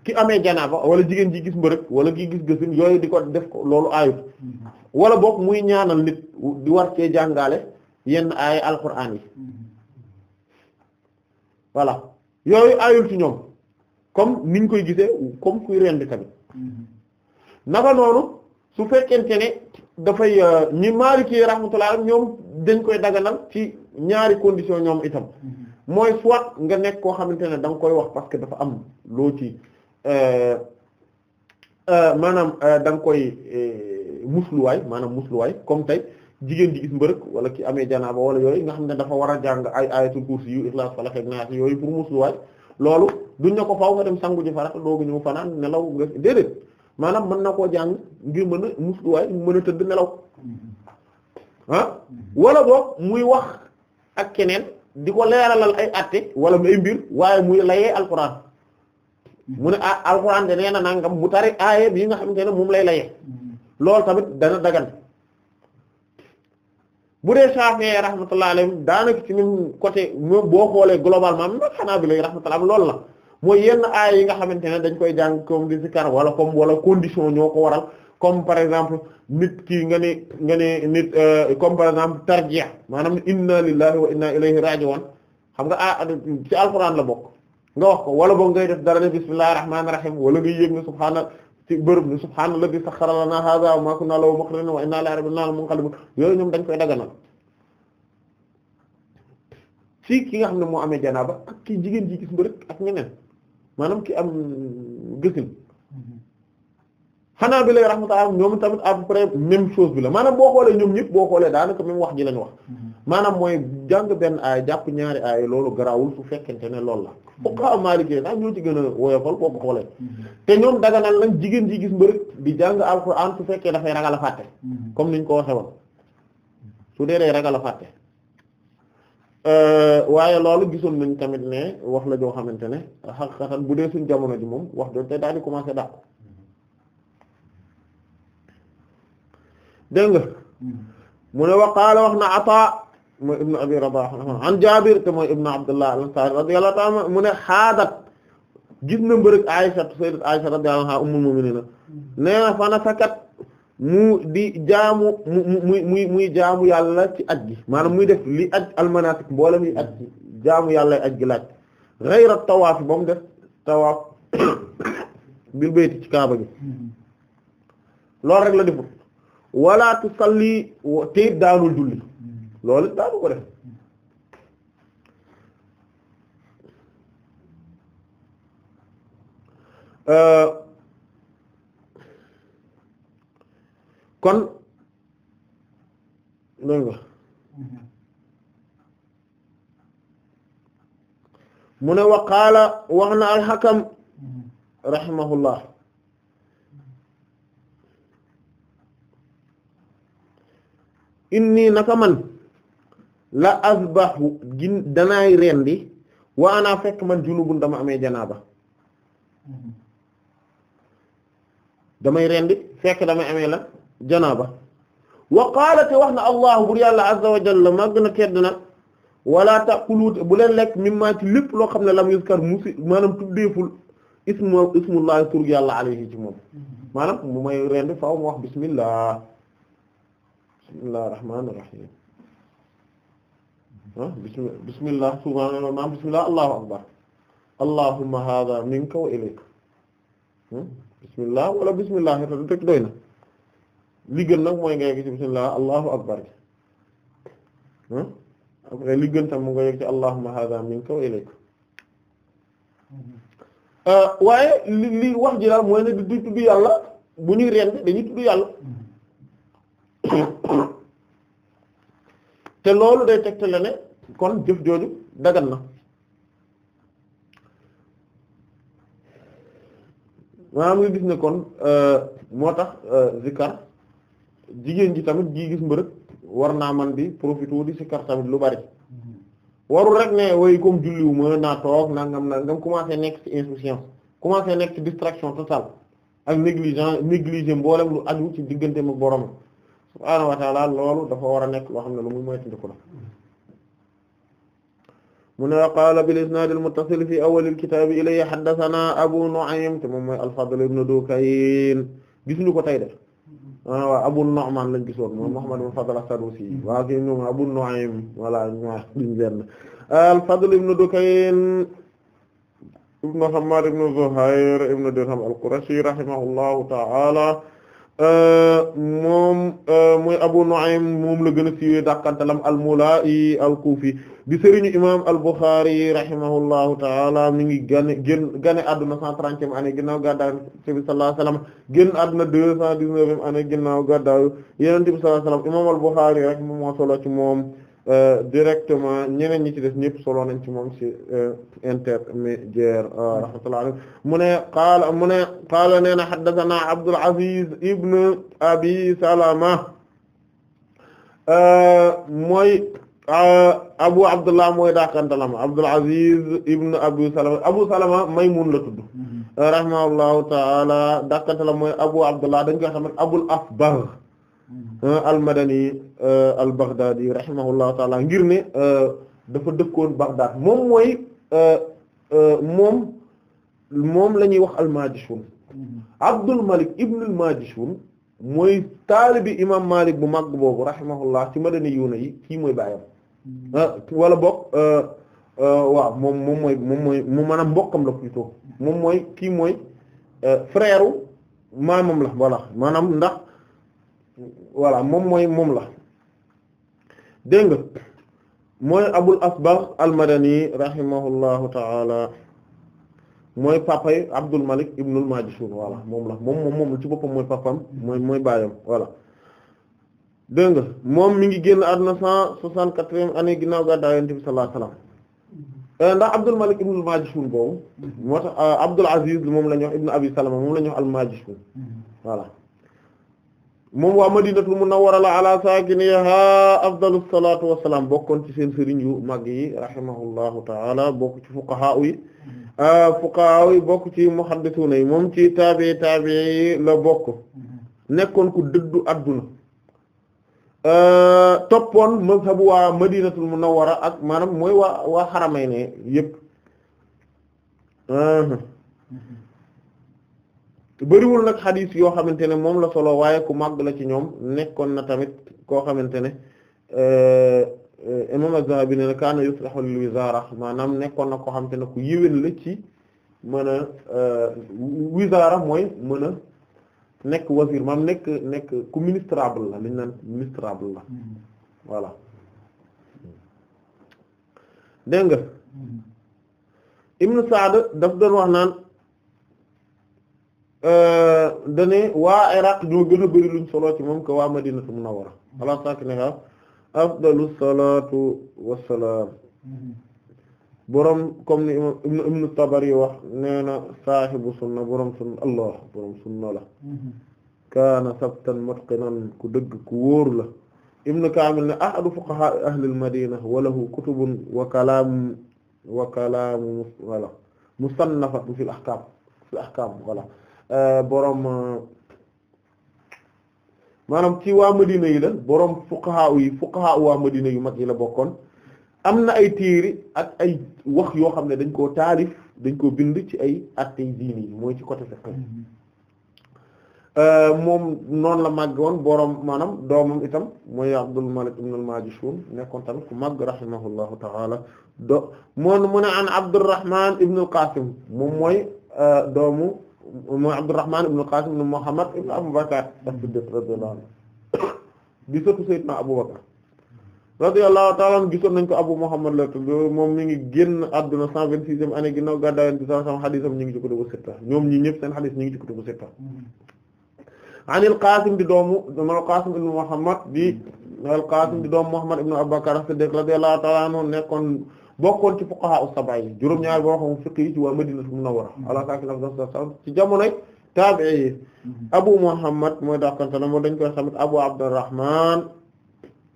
ki amee janaaba wala jigéen ji gis mbërëg wala ki gis gësin yooyu di ko def ko loolu aayut wala boog muy ñaanal nit di war cee jàngaale yenn ay alquran yi voilà yooyu aayul ci ñoom comme niñ koy gisee comme kuy di tamit nafa noonu su fekkente ne dafay euh, ñi Maliki rahmatullah ñoom dañ koy daganal ci ñaari condition ñoom itam mm-hmm. mooy soit nga nekk koo xamante ne da nga koy wax parce que dafa am loo ci Euh, euh, maanaam euh, da nga koy musluwaay maanaam musluwaay comme tey jigéen di gis mbërëg wala ki amee janaaba wala yooyu nga xam ne dafa war a jàng ay ayatul kursi yu ikhlas falaq ak naas yooyu pour musluwaay loolu duñ ne ko faaw nga dem sangu ji farata doogu ñëw fanaan nelaw nga déedéet maanaam mën na koo jàng ngir mën a musluwaay mën a tëdd nelaw mm-hmm. ah wala boog muy wax ak keneen di ko leeralal ay atte wala ay mbir waaye muy layee alxuraan mu ne ah alxuraan de nee na nangam mu tari aaye bi nga xamante ne moom lay laye loolu tamit dana dagan bu dee Shafi'i rahmatullah alayhim daanaka ci même côté boo xoolee globalement même xanaa bi lay rahmatullah loolu la mooy yenn aay yi nga xamante ne dañ koy jàng comme di zikar wala comme wala condition ñoo ko waral comme par exemple nit ki nga ne nga nit euh, comme par exemple tarjiya maanaam inna lillahi wa inna ilayhi raji'un xam nga ah ci alxuraan la bokk. nga wax ko wala boog ngay def dara ne bismillahir rahmanir rahim wala ngay yéeg ne subhaana ci bërëb ne subhaana alladhi sakhkhara lana hadha wa ma kunna lahu muqrinin wa inna ila rabbina lamunqalibun yooyu ñoom dañ koy daganal ci ki nga xam ne moo amee janaaba ba ki jigéen ji gis mbërëk ak ñeneen maanaam ki am gësin xanaa bi lay rahmatullah ñoom tamit à peu près même chose bi la maanaam boo xoolee ñoom ñëpp boo xoolee daanaka même wax ji lañ wax mm-hmm. maanaam mooy jàng benn aay jàpp ñaari ay loolu garaawul su fekkente ne lool la mm-hmm. fuqaha maalikee sax ñoo ci gën a woyofal boo ko xoolee mm-hmm. te ñoom daganal lañ jigéen ji gis mbërëg di jàng alxuraan su fekkee dafay ragal a fàtte comme niñ ko waxe woon su dee ragal a fàtte euh, waaye loolu gisoon nañ tamit ne wax la joo xamante ne xan xaqatan bu dee suñ jamono ji moom wax doo te daal di commencer daa dégg nga mu ne waqaala wax na Ataa mooy ibnu abi Rabaah an Jaabir te mooy ibnu Abdullah al-Ansaari radiyallahu ta'ala mu ne xaadat gis na mbërëg Aysa sayyidat Aysa radiyallahu anha ummul mu'miniina nee na fana sakat mu di jaamu mu muy muy muy jaamu yàlla ci aj gi maanaam muy def li aj almanasik mboolem yi aj gi jaamu yàlla aj gi laaj ghayra tawaaf ba mu def tawaaf bil bayti ci kaaba gi hmm. loolu rek la defut wala tusalli te daanul julli loolu daanu ko def euh, kon dégg nga mu ne waqaala wax na alxakam inni naka man la asbahu gin danaay rendi wa ana fekk man junubun dama amee janaaba damay rendi fekk damay ame la janaaba wa qaala te wax na allahu bur yàlla azza wa jalla màgg na tedd na wala taqulu bu leen lekk mimma ci lépp loo xam ne lam yuskar musi maanaam tuddeeful ismu ismullahi tur yàlla alayhi ci moom maanaam mu may rendi faaw mu wax bismillah bismillahir rahmanir rahim ah bismillah bismillah subhanallah maam bismillah allahu akbar allahumma hadha minka wa ilayka bismillah wala bismillah rek doy na li mooy nga yegg ci bismillah allahu akbar ah après tam mu nga yegg ci allahumma hadha minka wa ilayka euh, waaye li wax ji mooy ne di tudd yàlla bu ñuy rend dañuy tudd yàlla te loolu day tegtale ne kon jëf jooju dagan na maanaam nga gis ne kon euh, moo tax euh, zikar jigéen ji tamit ji gis mbërëg war naa man bi di profité di zikar tamit lu bari warul rek ne way comme julliwuma naa toog nangam nangam commencé nekk ci insouciance commencé nekk ci distraction totale ak négligence négligé mboolem lu aju ci diggante ak boromam subhaanahu wa ta'ala loolu dafa war a nekk loo xam ne lu muy moytandiku la mu ne qaala bil isnaad al muttasil fi awwal al kitaab ilayhi haddasanaa Abu Nu'aym te moom mooy al-Fadl ibn Dukayn gisuñu ko tey de ah, waaw Abu Nu'man lañ gisoon moom Muhammad ibn Fadl as-Sadusi waaw kii moom Abu Nu'aym voilà ñaar duñ benn al-Fadl ibn Dukayn ibn Hammad ibn Zuhayr ibn Dirham al-Qurashi rahimahullahu ta'ala Euh, moom euh, mooy Abu Nu'aym moom la gën a siiwee dàqantalam al-Mula'i al-Kufi di sëriñu imam al-Bukhari rahimahullahu ta'ala mi ngi gane génn gane adduna cent trentième année ginnaaw gàddaay Yonent bi sallallahu alayhi wasallam génn àdduna deux cent dix-neuvième année ginnaaw gàddaay Yonent bi sallallahu alayhi wasallam imam al-Bukhari rek moom moo solo moom Euh, directement ñeneen ñi ci def ñëpp solo nañ ci moom ci euh, intermédiaire euh, rahmatullah alayhi mu ne qaala mu ne qaala nee na haddathana Abdul Aziz ibn Abi Salama mooy Abu Abdullah mooy daakantalama Abdul Aziz ibn Abi Salama Abu Salama Maymun la tudd mm-hmm. rahimahullahu ta'ala daakantalam mooy Abu Abdullah dañ koy xam ne Abul Euh, al-Madani euh, al-Baghdadi rahimahullahu taala ngir ne euh, dafa dëkkoon Baghdad moom mooy moom moom la ñuy wax al-Majishun mm-hmm. Abdul Malik ibn al-Majishun mooy taalibi imam Malik bu mag boobu rahimahullah ci madaniyuuna yi kii mooy baayam mm-hmm. ah, wala boog waaw moom moom mooy moom mooy mu maanaam mbokkam la plutôt moom mooy kii mooy frère maamam la voilà maanaam ndax voilà moom mooy moom la dégg nga mooy abul asbagh almadani rahimahullahu taala mooy papay abdul malik ibnul majishun voilà moom la moom moom moom ci boppam mooy papam mooy mooy baayam voilà moom mi ngi génn àdduna cent soixante quatrième année ginnaaw gàddaay yonent bi sallallahu alayhi wasallam eh, ndax abdul malik ibnul majishun boobu moo tax euh, abdul aziz moom la ñu wax ibnu abi salama moom la ñu wax al majishun voilà moom waa madinatul munawwara la ala saakiniha afdalu salaatu wassalaam bokkoon ci seen sëriñ yu mag yi rahimahullahu bokk ci fuqahaa yi mm-hmm. ah, fuqahaa yi bokk ci muhaddisuuna yi moom ci taabi taabi la bokk mm-hmm. nekkoon ku dëddu adduna ah, toppoon mazhabu waa madinatul munawwara ak maanaam mooy waa waa xaramay ne yépp bëriwul nag xadis yoo xamante ne moom la solo waaye ku màgg la ci ñoom nekkoon na tamit koo xamante ne euh, euh, imam Az-Zahabi ne kaana yuslahu lil wizaara maanaam nekkoon na koo xamante ne ku yéwén la ci mën a euh, wizaara mooy mën a nekk wazir maam nekk nekk ku ministrable la liñ naan ministrable la mm-hmm. voilà dégg nga mm-hmm. Ibn Sa'd daf doon wax naan dane waa Iraq ñoo gën a bari luñ solo ci moom que waa Madinatu Munawwara ala sakiniha afdalu salaatu wassalaam borom comme ni imam ibnu Tabari wax nee na saahibu sunna borom sunna allah borom sunna la kaana sabtan mutqinan ku dëgg ku wóor la ibnu Kaamil ne ahadu fuqahaa ahlil madina wa lahu kutubun wa kalaamu wa kalaamu wala musannafatun fil ahkaam fil ahkaam wala Euh, borom euh, maanaam ci waa Madina yi la borom fuqaha yi fuqaha waa Madina yu mag yi la bokkoon am na ay téere ak ay wax yoo xam ne dañ koo taalif dañ koo bind ci ay actes yi diini mooy ci côté fiqh euh, moom noonu la màgg woon boroom maanaam doomam itam mooy Abdul Malik ibn majishun nekkoon tamit ku màgg rahimahullahu ta'ala do moon mu ne an Abdurrahman ibn al-Qasim moom mooy doomu mooy Abdurrahman ibn Qasim ibn Muhammad ibn Abu Bakr as-Siddiq radiyallahu anhu di sëtu Seydina la tudd moom mi ngi génn àdduna cent vingt-sixième année ginnaaw gàddaay Yonent bi sallallahu alayhi wasallam xadiisam ñu ngi ci kutubu ñu ngi ci kutubu sitta anil Qasim di doomu mal Qasim ibn Muhammad di al Qasim di doomu Muhammad ibn Abu Bakr as-Siddiq radiyallahu ta'ala nekkoon bokkoon ci fuqaha as-sab'a juróom-ñaar boo xam fiqh yi ci waa Madinatu Munawwara ala sakin afdal ci jamonoy taabi'i yi mm-hmm. Abu Muhammad mooy dàqantala moo dañ koy xamit Abu Abdurrahman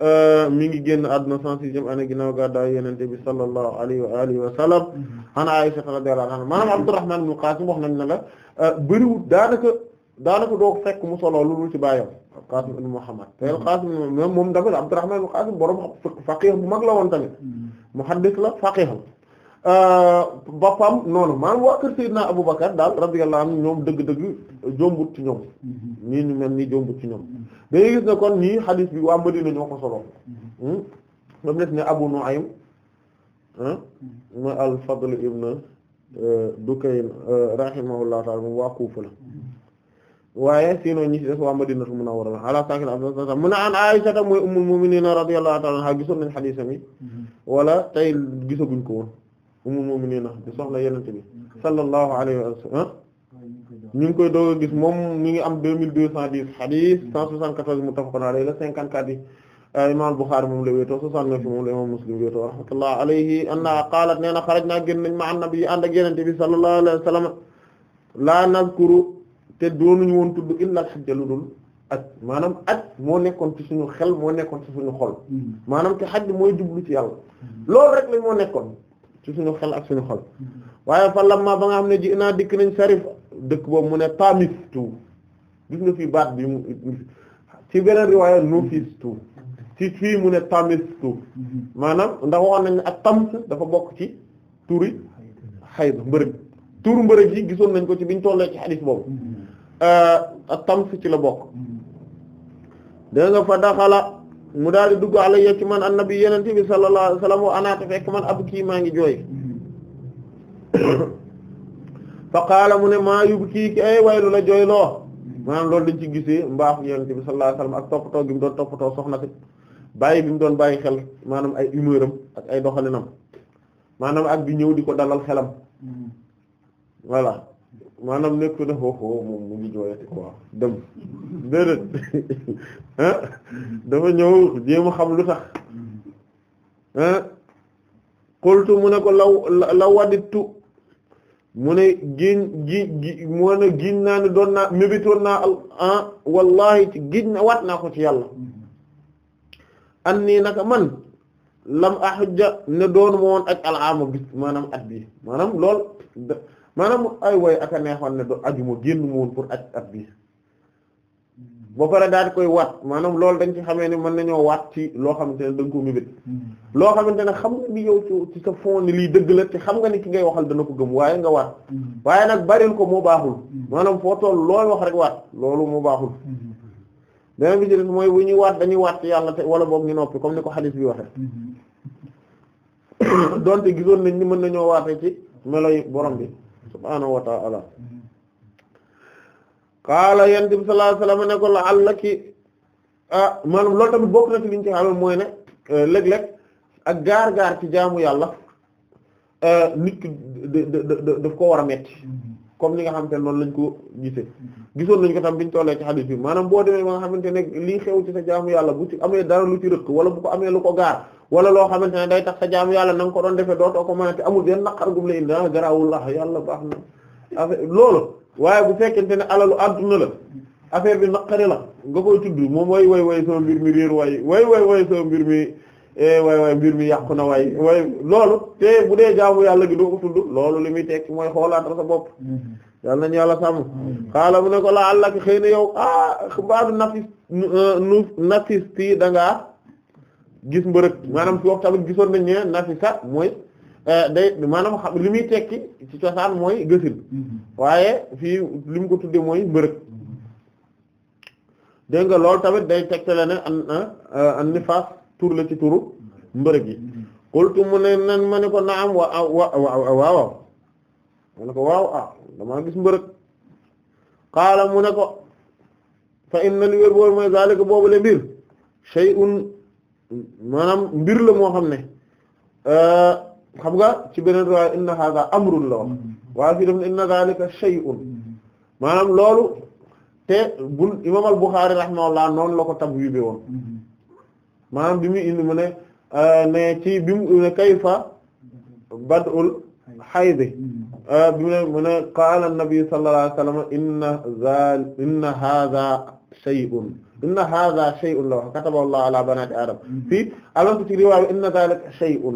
euh, mi ngi génn àdduna cent sixième année ginnaaw gàddaay Yonent bi sallallahu alayhi wa alihi wa sallam mm-hmm. an Aisha radiyallahu anha maanaam Abdurrahman ibn Qasim wax nañ ne la euh, bëriwul daanaka daanaka doo fekk mu solo lu ci bàyyam Qaasim ibn Muhammad te hmm. Qaasim moom tamit Abdurrahman ibn Qaasim borom faqih bu mag la woon tamit hmm. muhaddis la faqih euh, boppam noonu maanaam waa kër Seydina Aboubacar daal radiyallahu anhu ñoom dëgg-dëgg jombut ci ñoom hmm. nii ñu mel nii jombut ci ñoom dañuy gis ne kon nii hadith bi waa Madina ñoo ko solo ba mu des ne Abu Nu'aym ma al-Fadl ibn euh, Dukayn euh, rahimahullahu ta'ala moom waa Kufa la waaye sinon ñi ci def waa Madinatu Munawwara ala sakin afdal mu ne an Aisha ta mooy ummul mu'minin radiyallahu ta'ala anha gisoon nañ xadiis mi mm-hmm. wala tey gisaguñ ko woon ummul mu'minin di soxna yenente bi sallallahu alayhi wa sallam ah? ñu ngi koy doog a gis moom mi ngi am deux mille deux cent dix xadiis mm-hmm. cent soixante-quatorze muttafaqun alayhi la cinquante-quatre yi euh, imam Bukhari moom la wéetoo soixante-neuf moom la imam Muslim wéetoo rahmatullah alayhi anna qaalat nee na xaraj naa génn nañ ma an nabi ànd ak yenente bi sallallahu alayhi wa sallam la nazkuru te ñu woon tudd illa xajja lu dul ak maanaam aj moo nekkoon ci suñu xel moo nekkoon ci suñu xol hmm. maanaam te xaj mooy jublu ci yàlla hmm. loolu rek lañ moo nekkoon ci suñu xel ak suñu xol hmm. waaye fa lamma ba nga xam ne ji naa dikk nañ sarif dëkk boobu mu ne tamistu gis nga fii baat bi mu ci beneen riwaaya nufistu ci fii mu ne tamistu maanaam ndax am nañ ne ak tams dafa bokk ci turi xayda mbërëg tur mbërëg yi gisoon nañ ko ci biñ tollee ci xadis boobu Euh, at-tams ci la bokk dégg nga fa daxala mu daal di dugg alayya ki man annabi yenente bi sallallahu alayhi wasallam wa anaata fekk man ab kii maa ngi jooy fa qaala mu ne maa yub kii ki ay waylu la jooy loo maanaam loolu dañ ci gisee mbaaxu yenente bi sallallahu alayhi ak toppatoo gi mu doon toppatoo soxna si bàyyi bi mu doon bàyyi xel maanaam ay humeur ak ay doxalinam maanaam ak bi ñëw di ko dalal xelam mm-hmm. voilà maanaam nekk na xooxoo moom mu ngi jooyati quoi dem déedéet dafa ñëw jéem a xam lu tax qultu mu ne ko law la wadditu mu ne giñ gi gi mu ne giñ naa ne doon naa mébitoon naa ah wallahi ci giñ na waat naa ko ci yàlla an nii naka man lam ahujja ne doon moon ak alaama bis maanaam at bi maanaam lool maanaam ay way ak neexoon ne do aju ma génn ma pour aj at bi ba pare daal di koy waat maanaam loolu dañ ci xamee ne mën nañoo waat ci loo xamante ne da nga ko mébét hmm. loo xamante ne xam nga ni ci sa fond ni lii dëgg la te xam nga ni ki ngay waxal dana ko gëm waaye nga waat hmm. waaye nag baril ko mu baaxul hmm. maanaam foo toll loolu wax rek waat loolu mu baaxul beneen bi ci mooy bu ñuy waat dañuy waat ci yàlla te wala boog ñu noppi comme ni ko xadis bi waxee donte gisoon nañ ni mën nañoo waate ci melo yi borom bi subhaanahu wa ta'ala mm-hmm. qaala yonent bi sallallahu alayhi wasallam ne ko la'allaki ah maanaam lool tamit bokk na ci liñ ci xamal mooy ne euh, léeg-léeg ak gaar-gaar ci jaamu yàlla euh, nit ki daf ko war a metti mm-hmm. comme li nga xamante ne noonu lañ ko gisee mm-hmm. gisoon nañ ko tam biñ tollee ci xadiis bi maanaam boo demee ba nga xamante ne lii xew ci sa jaamu yàlla bu ci amee dara lu ci rëkk wala bu ko amee lu ko gaar wala loo xamante ne day tax sa jaamu yàlla na ko doon defee dootoo ko mën a te amul benn naqar gum lay indi ah garaawul ah yàlla baax na affaire loolu waaye bu fekkente ne alalu adduna la affaire bi naqari la nga koy tudd moom way way way sama mbir mi réer way way way mi eh, way way yàqu na way way loolu te bu dee jaamu yàlla gi doo ko tudd loolu li muy tekki mooy xoolaatal sa bopp mm-hmm. yàlla nañu yàlla sàmm mm-hmm. xaala mu ne ko laa àllaki xëy na yow ah baadu nafis nafis tii dangaa gis mbërëg maanaam foofu tamit gisoon nañ ne nafisa mooy euh, day maanaam xam li muy tekki ci cosaan mooy gësin mm-hmm. waaye fii li ko tudde mooy mbërëg dégg nga loolu tamit day tegtale ne an euh, nifaas tur la ci turu mbërëg yi mm-hmm. qultu mu ne nan ma ne ko naam wa wa waaw ma ne ko waaw ah damaa gis mbërëg qaala mu ne ko fa inna li wér bool mooy zalika boobu le mbir shay'un maanaam mbir la moo xam ne euh, xam nga ci beneen riwaaya inna hadha amrun la wax waaye fii def ne inna dhalika shay'un maanaam loolu te bu imam al-Bukhari rahimahullah noonu la ko tab yube woon maanaam bi mu indi mu ne euh, ne ci bi mu ne kayfa bad'ul hayd euh, bi mu ne mu ne qaala an-nabi sallallahu alayhi wa sallam inna zal inna hadha shay'un inna hadha shay'un la kataba Allah ala banati adam fii alors que ci riwaaya bi inna dhalika shay'un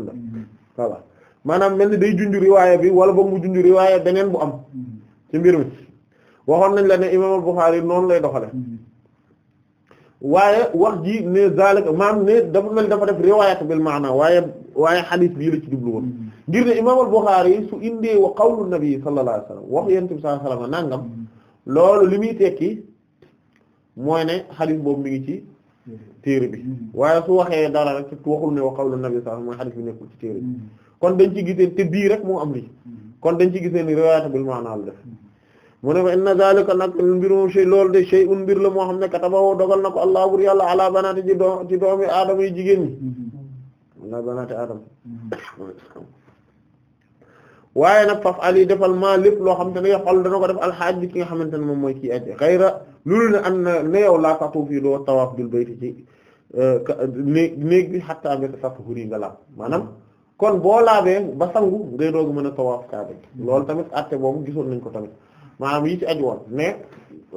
la maanaam mel ni day junj riwaaya bi wala boog mu junj riwaaya beneen bu am ci mbir mi waxoon nañ la ne imam al-Bukhari noonu lay doxale waaye wax ji ne zalika maam ne dafa mel dafa def riwaayat bil maana waaye waaye xadiis bii la ci jublu woon ngir ne imam al su indee wa qawlu nabi sallallahu alayhi wasallam wax yent bi sallallahu alayhi wasallam nangam loolu li mooy ne xadis boobu mi ngi ci téere bi waaye su waxee dara rek waxul ne wa qawlu nabi sallallahu alayhi wasallam mooy xadis bi nekkul ci téere bi kon dañ ci gisee te bii rek moo am lii kon dañ ci gisee ni riwaayat bil maana la def mu ne fa inna zalika nag mbir moom shay loolu de shay un mbir la moo xam ne katabahu dogal na ko allah bur yàlla ala banaati ci doomi aadama yi jigéen ñi mm-hmm. ala banaati waaye nag faf ali defal maa lépp loo xamante ne xol dana ko def alxaaj bi ki nga xamante ne moom mooy kii aji xayra loolu ne am na ne yow laa tatu fii doo tawaaf dul bayti ci euh, néeg néeg bi xattaa nga saf huri nga laab maanaam kon boo laabee ba sangu ngay doogu mën a tawaaf kaaba loolu tamit atte boobu gisoon nañ ko tamit maanaam yi ci aju woon mais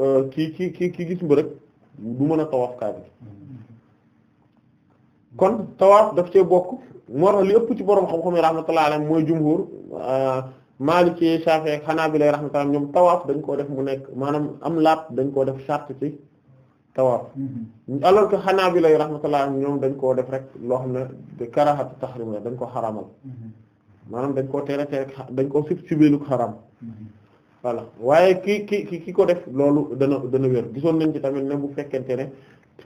euh, ki ki ki ki gis mba rek du mën a tawaaf kaaba kon tawaaf daf cee bokk moo tax li ëpp ci borom xam-xam yi rahmatullahi alayhi mooy jumhur euh, Maliki Shafi ak Hanabila rahmatullahi ñoom tawaaf dañ koo def mu nekk maanaam am dañ koo def charte ci tawaaf mm-hmm. alors que Hanabila rahmatullahi ñoom dañ koo def rek loo xam ne de tax tahrim la dañ ko xaramal mm-hmm. maanaam dañ koo tere tere dañ koo sib sibéelu xaram voilà waaye ki ki ki ko def loolu dana dana wér gisoon nañ ci tamit ne bu fekkente ne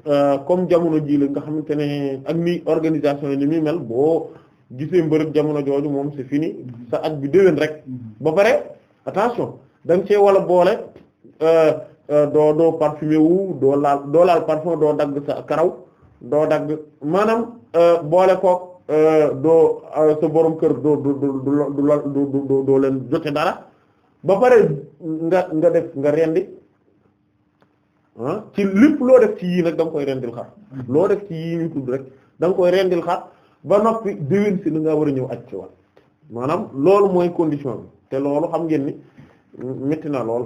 Euh, comme jamono jii la nga xamante ne ak ni organisation yi ni muy mel boo gisee mbërëg jamono jooju moom c'est fini sa ak bi déwén rek mm-hmm. ba pare attention da nga cee wala boole euh, euh, doo doo wu doo laal doo laal doo dagg sa karaw doo dagg maanaam boole kook doo sa borom kër doo du du du doo leen jote dara ba pare nga nga def nga rendi Ah ci lépp loo def ci yii nag da nga koy rendil xar loo def ci yii ñu tudd rek danga nga koy rendil xa ba noppi déwén si li nga war a ñëw aj ci wat maanaam loolu mooy condition bi te loolu xam ngeen ni métti na lool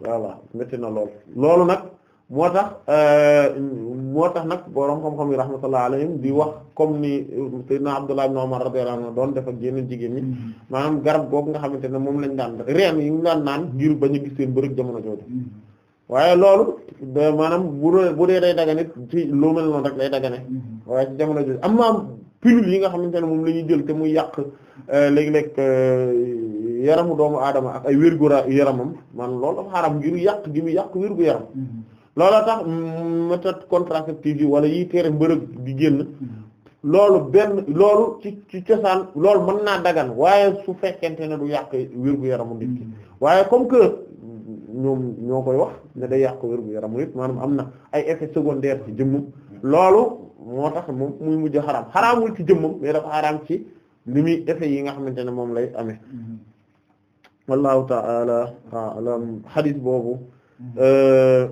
voilà métti na lool loolu nag moo tax euh, moo tax nag borom xam-xam yi rahmatullah alayhim di wax comme ni euh, sayyidina Abdullah ibn Umar radiyallahu anhu doon def ak yeneen jigéen ñi maanaam garab googu nga xamante ne moom lañ daan reen yi ñu daan naan ngir ba ñu ngi seen bërëg jamono jooju waaye loolu maanaam bu dee day dagane ci loo mel noonu rek lay dagane mm-hmm. waaye ci jamono jooju am naa pilule yi nga xamante ne moom la ñuy jël te muy yàq euh, léeg-léeg euh, yaramu doomu aadama ak ay wérgu yaramam man loolu xarab xaram ngir yàq gi mu yàq wérgu yaram mm-hmm. loola tax méthode contraceptive yi wala yiy tere mbërëg di génn mm-hmm. loolu benn loolu ci ci cosaan lool mën naa dagan waaye su fekkente ne du yàq wérgu yaramu nit waaye comme que ñoom ñoo koy wax ne da yàq wér gu yaram nit maanaam am na ay effets secondaires ci jëmmum loolu moo tax moom muy mujj xaraam ci jëmmam mais dafa xaraam ci li muy effets yi nga xamante ne moom lay amee mm-hmm. wallahu ta'ala a'lam xadis boobu mm-hmm. euh,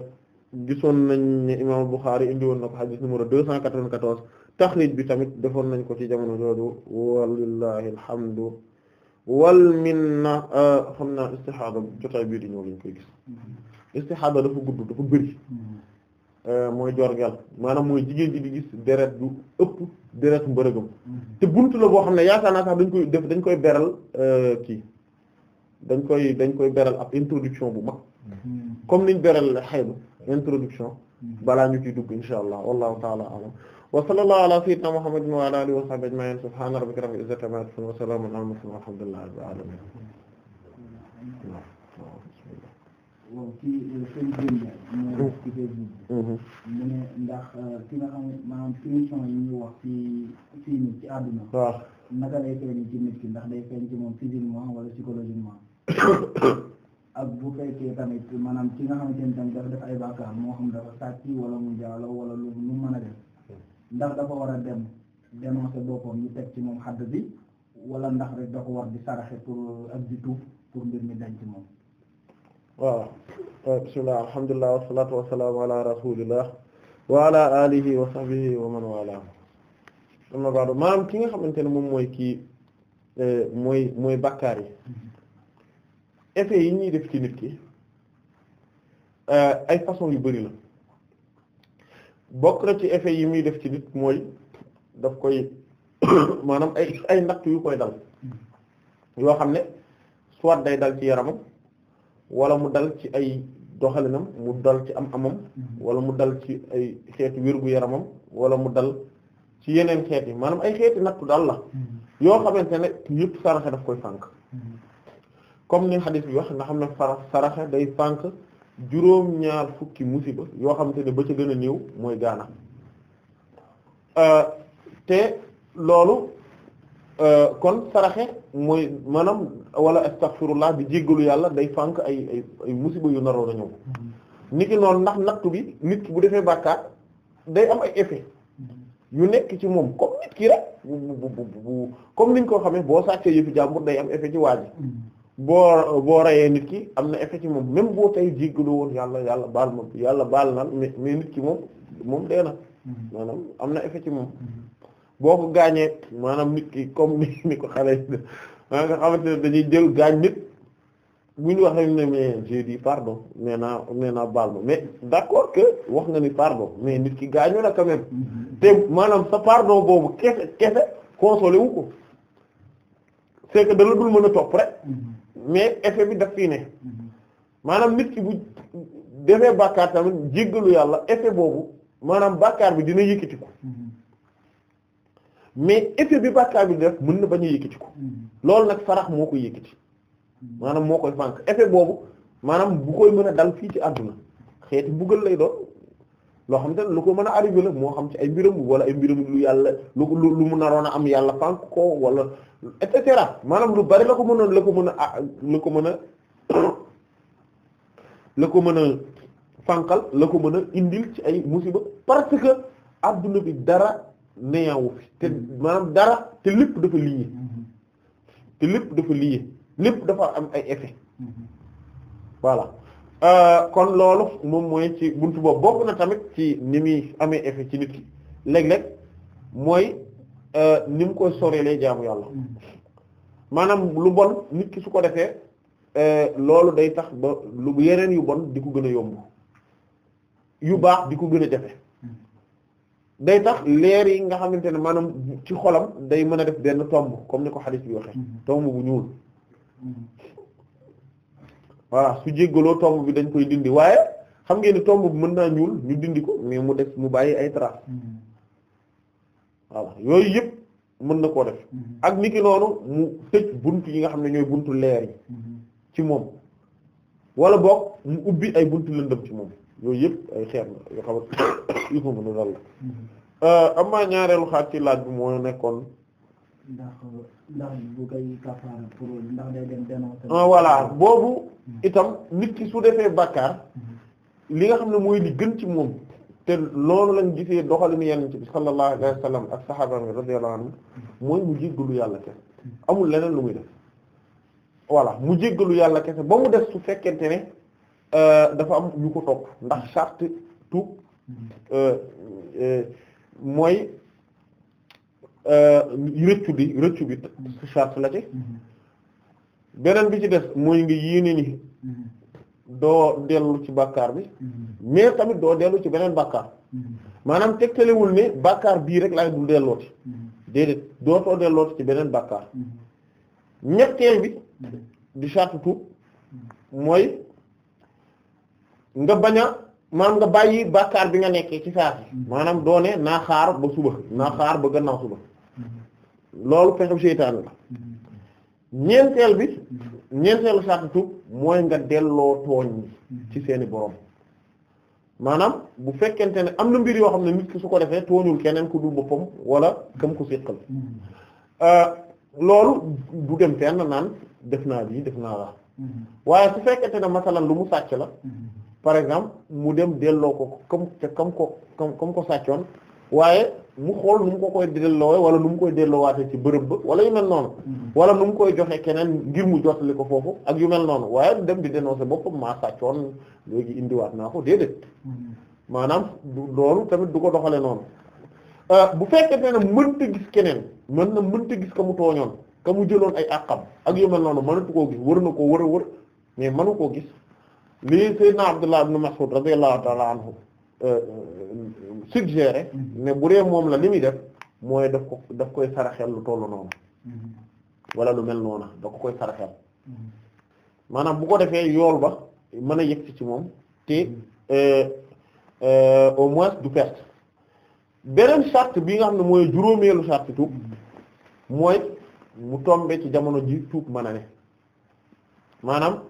gisoon nañ ne imam Bukhari i woon na ko xadis numéro deux cent quatre vingt bi tamit defoon nañ ko ci jamono jooju walillahi alhamdu wal minna euh, xam naa istihada jotaay bii di ñëw lañ koy gis mm-hmm. istihada dafa gudd dafa bëri mm-hmm. euh, mooy jorgel maanaam mooy jigéen ji di gis deret du ëpp deret mbërëgam mm-hmm. te buntu la boo xam ne yaakaar naa sax dañ koy def dañ koy beral euh, kii dañ koy dañ koy beral ab introduction bu mag comme niñ beral xayma introduction balaa ñu ciy dugg insha allah wallahu taala alam wa sallallahu ala sayyidina muhammadin wa ala alihi wa sahbihi ajma'in subhana rabbika rabbil izzati amma yasifun wa salamun ala mursalin walhamdulillahi rabbil alamin waaw ci seen jëm la ñu ci Facebook bi mu ne ndax ki nga xam maanaam émission yi ñuy wax ci fii nii ci àdduna waaw naka lay feeñ ci nit ki ndax day feeñ ci moom physiquement wala psychologiquement ak bu fekkee tamit maanaam ki nga xamante ni tamit dafa def ay bàkkaar moo xam dafa sàcc wala mu jaalo wala lu mu mën a def ndax dafa war a dem dénoncer boppam ñu teg ci moom xadd bi wala ndax rek da ko war di saraxe pour euh, ak di tuub pour mbir mi dañ ci moom waaw bismillah alhamdulilah wasalatu wa ala wa sahbihi wa man wala amma ba'du maanaam ki nga xamante ni moom mooy kii euh, mooy mooy bàkkaar yi mm-hmm. effet yi ñuy def ci nit ki euh, ay façon yu bari la bokk na ci effet yi muy def ci nit mooy daf koy maanaam ay ay natt yu koy dal yoo xam ne soit day dal ci yaramam wala mu dal ci ay doxalinam mu dal ci am amam wala mu dal ci ay xeeti wérgu yaramam wala mu dal ci yeneen xeet yi maanaam ay xeeti nattu dal la yoo xamante ne yëpp saraxe daf koy fànk mm-hmm. comme ni xadis bi wax nga xam ne fara saraxe day fànk juróom ñaar fukki musiba yoo xamante ne ba ci gën a néew mooy gaana euh, te loolu euh, kon saraxe mooy maanaam wala astaghfirullah bi jéggalu yàlla day fànk ay ay ay musiba yu naroon a ñëw niki noonu ndax nattu bi nit ki bu defee bàkkaar day am ay effet yu nekk ci moom comme nit ki rek bu bu bu comme niñ ko xamee boo sàccee yëfi jàmbur day am effet ci waa ji boo boo rayee nit ki am na effet ci moom même boo tey jéggalu woon yàlla yàlla baal moom yàlla baal na mais mais nit ki moom moom dee na mm-hmm. maanaam am na effet ci moom mm-hmm. boo ko gaañee maanaam nit ki comme ni ni ko xale maa nga xamante dañuy jël gaañ nit bu ñu waxee ne nee naa nee naa baal ma mais d'accord que wax nga ni pardon mais nit ki gaañu na quand même mm-hmm. te maanaam sa pardon boobu kese kese consolé ko c'est que da dul mën a topp rek mais effet bi daf fii ne mhm. maanaam nit ki bu defee bàkkaar tamit jéggalu yàlla efe boobu maanaam bàkkaar bi dina yëkkati ko mhm. mais effet bi bàkkaar bi def mën na bañ a yëkkati ko mhm. loolu nag farax moo koy yëkkati maanaam moo koy fànk effet boobu maanaam bu koy mën a dal fii ci àdduna xeeti mbugal lay doon loo xam ne lu ko mën a arrivé la moo xam ci ay mbiram wala ay mbiram lu yàlla lu lu mu naroon a am yàlla fànk ko wala et cetera maanaam lu bari la ko mënoon la ko mën a la ko mën a ah la ko mën a fànqal la ko mën a indil ci ay musiba parce que adduna bi dara neewu fi te maanaam dara te lépp dafa lié mm-hmm. te lépp dafa lié lépp dafa am ay effet mm-hmm. voilà Euh, kon loolu moom mooy ci buntu boobu bokk na tamit ci ni muy amee effet ci nit ki léeg-léeg mooy euh, ni mu koy soreelee jaamu yàlla mm. maanaam lu bon nit ki su ko defee euh, loolu day tax ba lu yeneen yu bon di ko gën a yomb yu baax di ko gën a jafe mm. day tax leer yi nga xamante ne maanaam ci xolam day mën a def benn tomb comme ni ko hadith bi waxee mm-hmm. tomb bu ñuul mm-hmm. voilà su jéggaloo tomb bi dañ koy dindi waaye xam ngeen ni tomb bi mën naa ñuul ñu dindi ko mais mu def mu bàyyi ay traces voilà yooyu yëpp mën na koo def mm-hmm. ak niki mu tëj bunt yi nga xam ne ñooy buntu leer yi mm-hmm. ci moom wala boog mu ubbi ay buntu lëndëm ci moom yooyu yëpp ay xeer na yoo xamante ne il faut la mm-hmm. euh, am na ñaareelu xaat ci laaj bi moo nekkoon. ndax ndax ah, boobu itam nit ki su defee bàkkaar li nga xam ne mooy li gën ci moom te loolu lañ gisee doxalinu yeneen ci bi sallallahu ak wa sallam ak sahaaba radiyallahu anhum mooy mu jéggalu yàlla kese amul leneen lu muy def voilà mu jéggalu yàlla kese ba mu def su fekkente ne euh, dafa am ñu ko topp ndax charte tuub euh, euh, mooy rëccu bi rëccu bi charte la ci beneen bi ci des mooy nga yéene ni doo dellu ci bàkkaar bi mais tamit doo dellu ci beneen bàkkaar maanaam tegtalewul ne bàkkaar bii rek laay dul dellooti doo dootoo dellooti ci beneen bàkkaar ñetteel bi di charte mooy nga bañ a maanaam nga bàyyi bàkkaar bi nga nekkee saa si maanaam doo ne naa xaar ba suba naa xaar ba gannaaw suba loolu pexeb seytaane la ñeenteel bi mm-hmm. ñeenteelu sartu tuub mooy nga delloo tooñ mm-hmm. ci seeni boroom maanaam bu fekkente ne am na mbir yoo xam ne nit ki su ko defee tooñul keneen ku du boppam wala këm ko séqal mm-hmm. euh, loolu du dem fenn naan def naa lii def naa la waaye su fekkente ne masalan lu mu sàcc la par exemple mu dem delloo ko comme ca comme ko comme comme ko sàccoon waaye mu xool nu mu ko koy delloo wala nu mu koy delloowaatee ci bërëb ba wala yu mel noonu mm-hmm. wala nu mu koy joxee keneen ngir mu jotali ko foofu ak yu mel noonu waaye dem di dénoncer boppam maa sàccoon léegi indiwaat naa ko déedéet mm-hmm. maanaam doolu tamit du ko doxale noonu euh, bu fekkee ne mënta gis keneen mën na mënta gis kamu mu tooñoon ka mu jëloon ay àqam ak yu mel noonu mënatu koo gis wër na ko wër a wër mais mënu koo gis lii Seydina Abdullah ibn Mas'ud radiyallahu ta'ala anhu Euh, euh, suggéré ne bu dee moom la li muy def mooy daf ko daf koy saraxel lu tollu noonu mm-hmm. wala lu mel noona da ko koy saraxel mm-hmm. maanaam bu ko defee yool ba mën a yegg ci moom te mm-hmm. euh, au moins du perte beneen charte bi nga xam ne mooy juróomeelu charte tuub mooy mu tombe ci jamono ji tuub mën a ne maanaam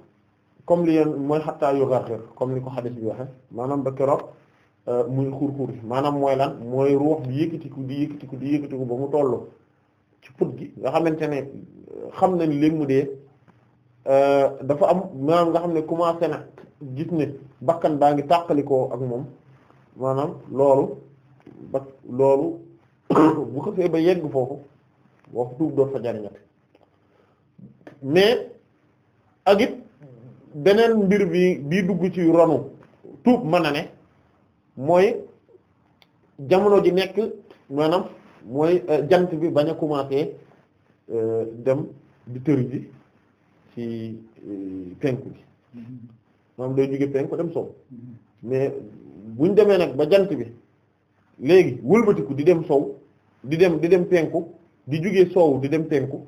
comme li yeen mooy xattaa yogarxir comme ni ko xadis bi waxe maanaam ba keroog Euh, muy xur-xuri maanaam mooy lan mooy ruux di yëkkatiku di yëkkatiku di yëkkatiku ba mu tollu ci put gi nga xamante ne xam na ni léegi mu dee euh, dafa am maanaam nga xam ne commencé na gis ne bakkan baa ngi tàqalikoo ak moom maanaam loolu ba loolu bu ko fee ba yegg foofu wax tuub doot fa mais ak it beneen mbir bi bii dugg ci ronu tuub mën a ne mooy jamono ji nekk maanaam mooy euh, jant bi bañ a commencé euh, dem di tëri ji ci euh, penku bi moom mm-hmm. day jóge penku dem sow mm-hmm. mais buñ demee nag ba jant bi léegi wëlbatiku di dem sow di dem di dem penku di jóge sow di dem penku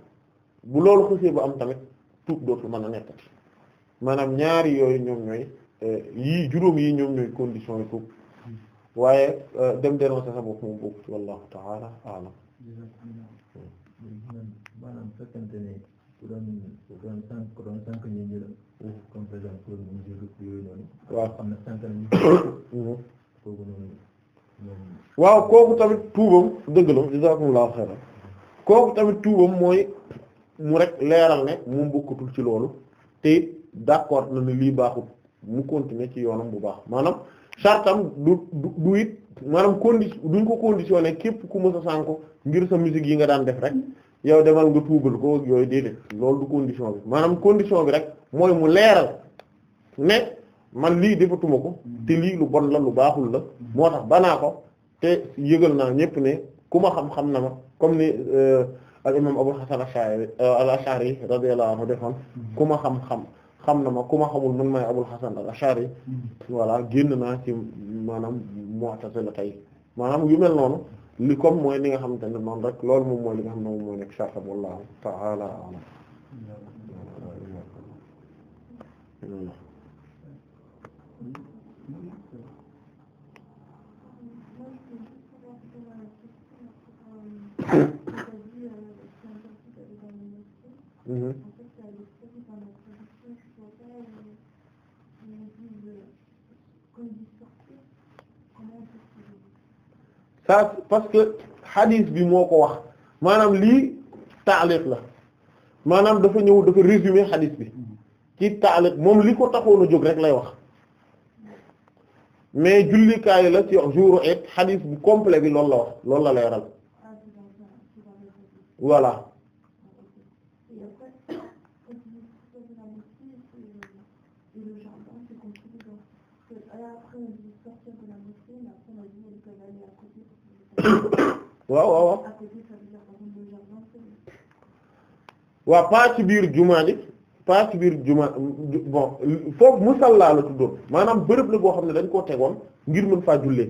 bu loolu xësee ba am tamit tuub dootul mën a nekkati maanaam ñaari yooyu ñoom ñooy yii juróom yi ñoom ñooy condition yi tuub waaye euh, dem delloo sa bopp moom bokk ci wallahu ta'ala a'lam maanaam fekkante ne ku doon ku doon sànq ku doon sànq waaw mm-hmm. kooku noonu kooku tamit tuubam dëgg la jazakumullahu xayran kooku tamit tuubam mooy mu rek leeral ne moom bokkatul ci loolu te d'accord na ne lii baaxul mu continuer ci yoonam bu baax maanaam sartam du du it maanaam condition duñ ko conditionné képp ku mës a sànko ngir sa musique yi nga daan def rek yow demal nga tuubal ko yooyu déedéet loolu du condition bi maanaam condition bi rek mooy mu leeral ne man lii defatuma ko te lii lu bon la lu baaxul la moo tax banaa ko te yëgal naa ñépp ne ku ma xam-xam na ma comme ni euh, al imam Abul Hasan euh, al-Ash'ari radiyallahu anhu defoon ku ma xam-xam xam na ma ku ma xamul man may Abul Hasan al-Ash'ari mm-hmm. voilà génn naa ci maanaam Mu'tazila tey maanaam yu mel noonu li comme mooy li nga xamante ne noonu rek loolu moom mooy li nga xam ne moom mooy nekk sharh wallahu ta'ala a'lam mm-hmm. ça parce que hadith bi moo ko wax maanaam lii taaliq la maanaam dafa ñëw dafa résumer hadith bi ci taaliq moom li ko taxoon a jóg rek lay wax mais jullikaayu la ci jour et hadith bu complet bi loolu la wax loolu la leeral voilà waaw waaw waaw waaw ci biir jumaa ji paa ci biir jumaa bon foofu musalla la tuddoon maanaam bërëb la boo xam ne dañ koo tegoon ngir mën faa jullee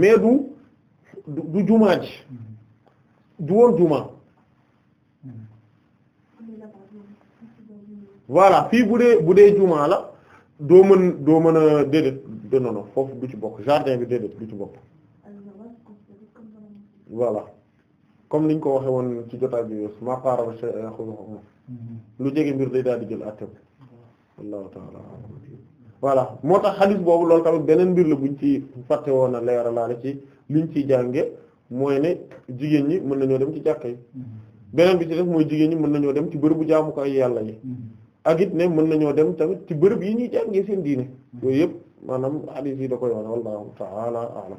mais du du jumaa ji du woon jumaa voilà fii bu dee bu dee jumaa la doo mën doo mën a déedéet non non foofu du ci bokk jardin bi déedéet du ci bokk voilà comme niñ ko waxe woon ci jotaay bi maa qaaraba mm-hmm. lu jege mbir day daal di jël atteb wallahu mm-hmm. ta'ala moo tax xadis boobu loolu tamit beneen mbir la buñ ci fàtte woon a leeralaale ci liñ ciy jànge mooy ne jigéen ñi mën nañoo dem ci jàkka yi mm-hmm. beneen bi ci def mooy jigéen ñi mën nañoo dem ci bërëbu jaamukaay yàlla yi ak ne mën nañoo dem tamit ci bërëb yi ñuy jàngee seen diine yooyu yëpp maanaam xadis yi da koy wane wallahu ta'ala a'lam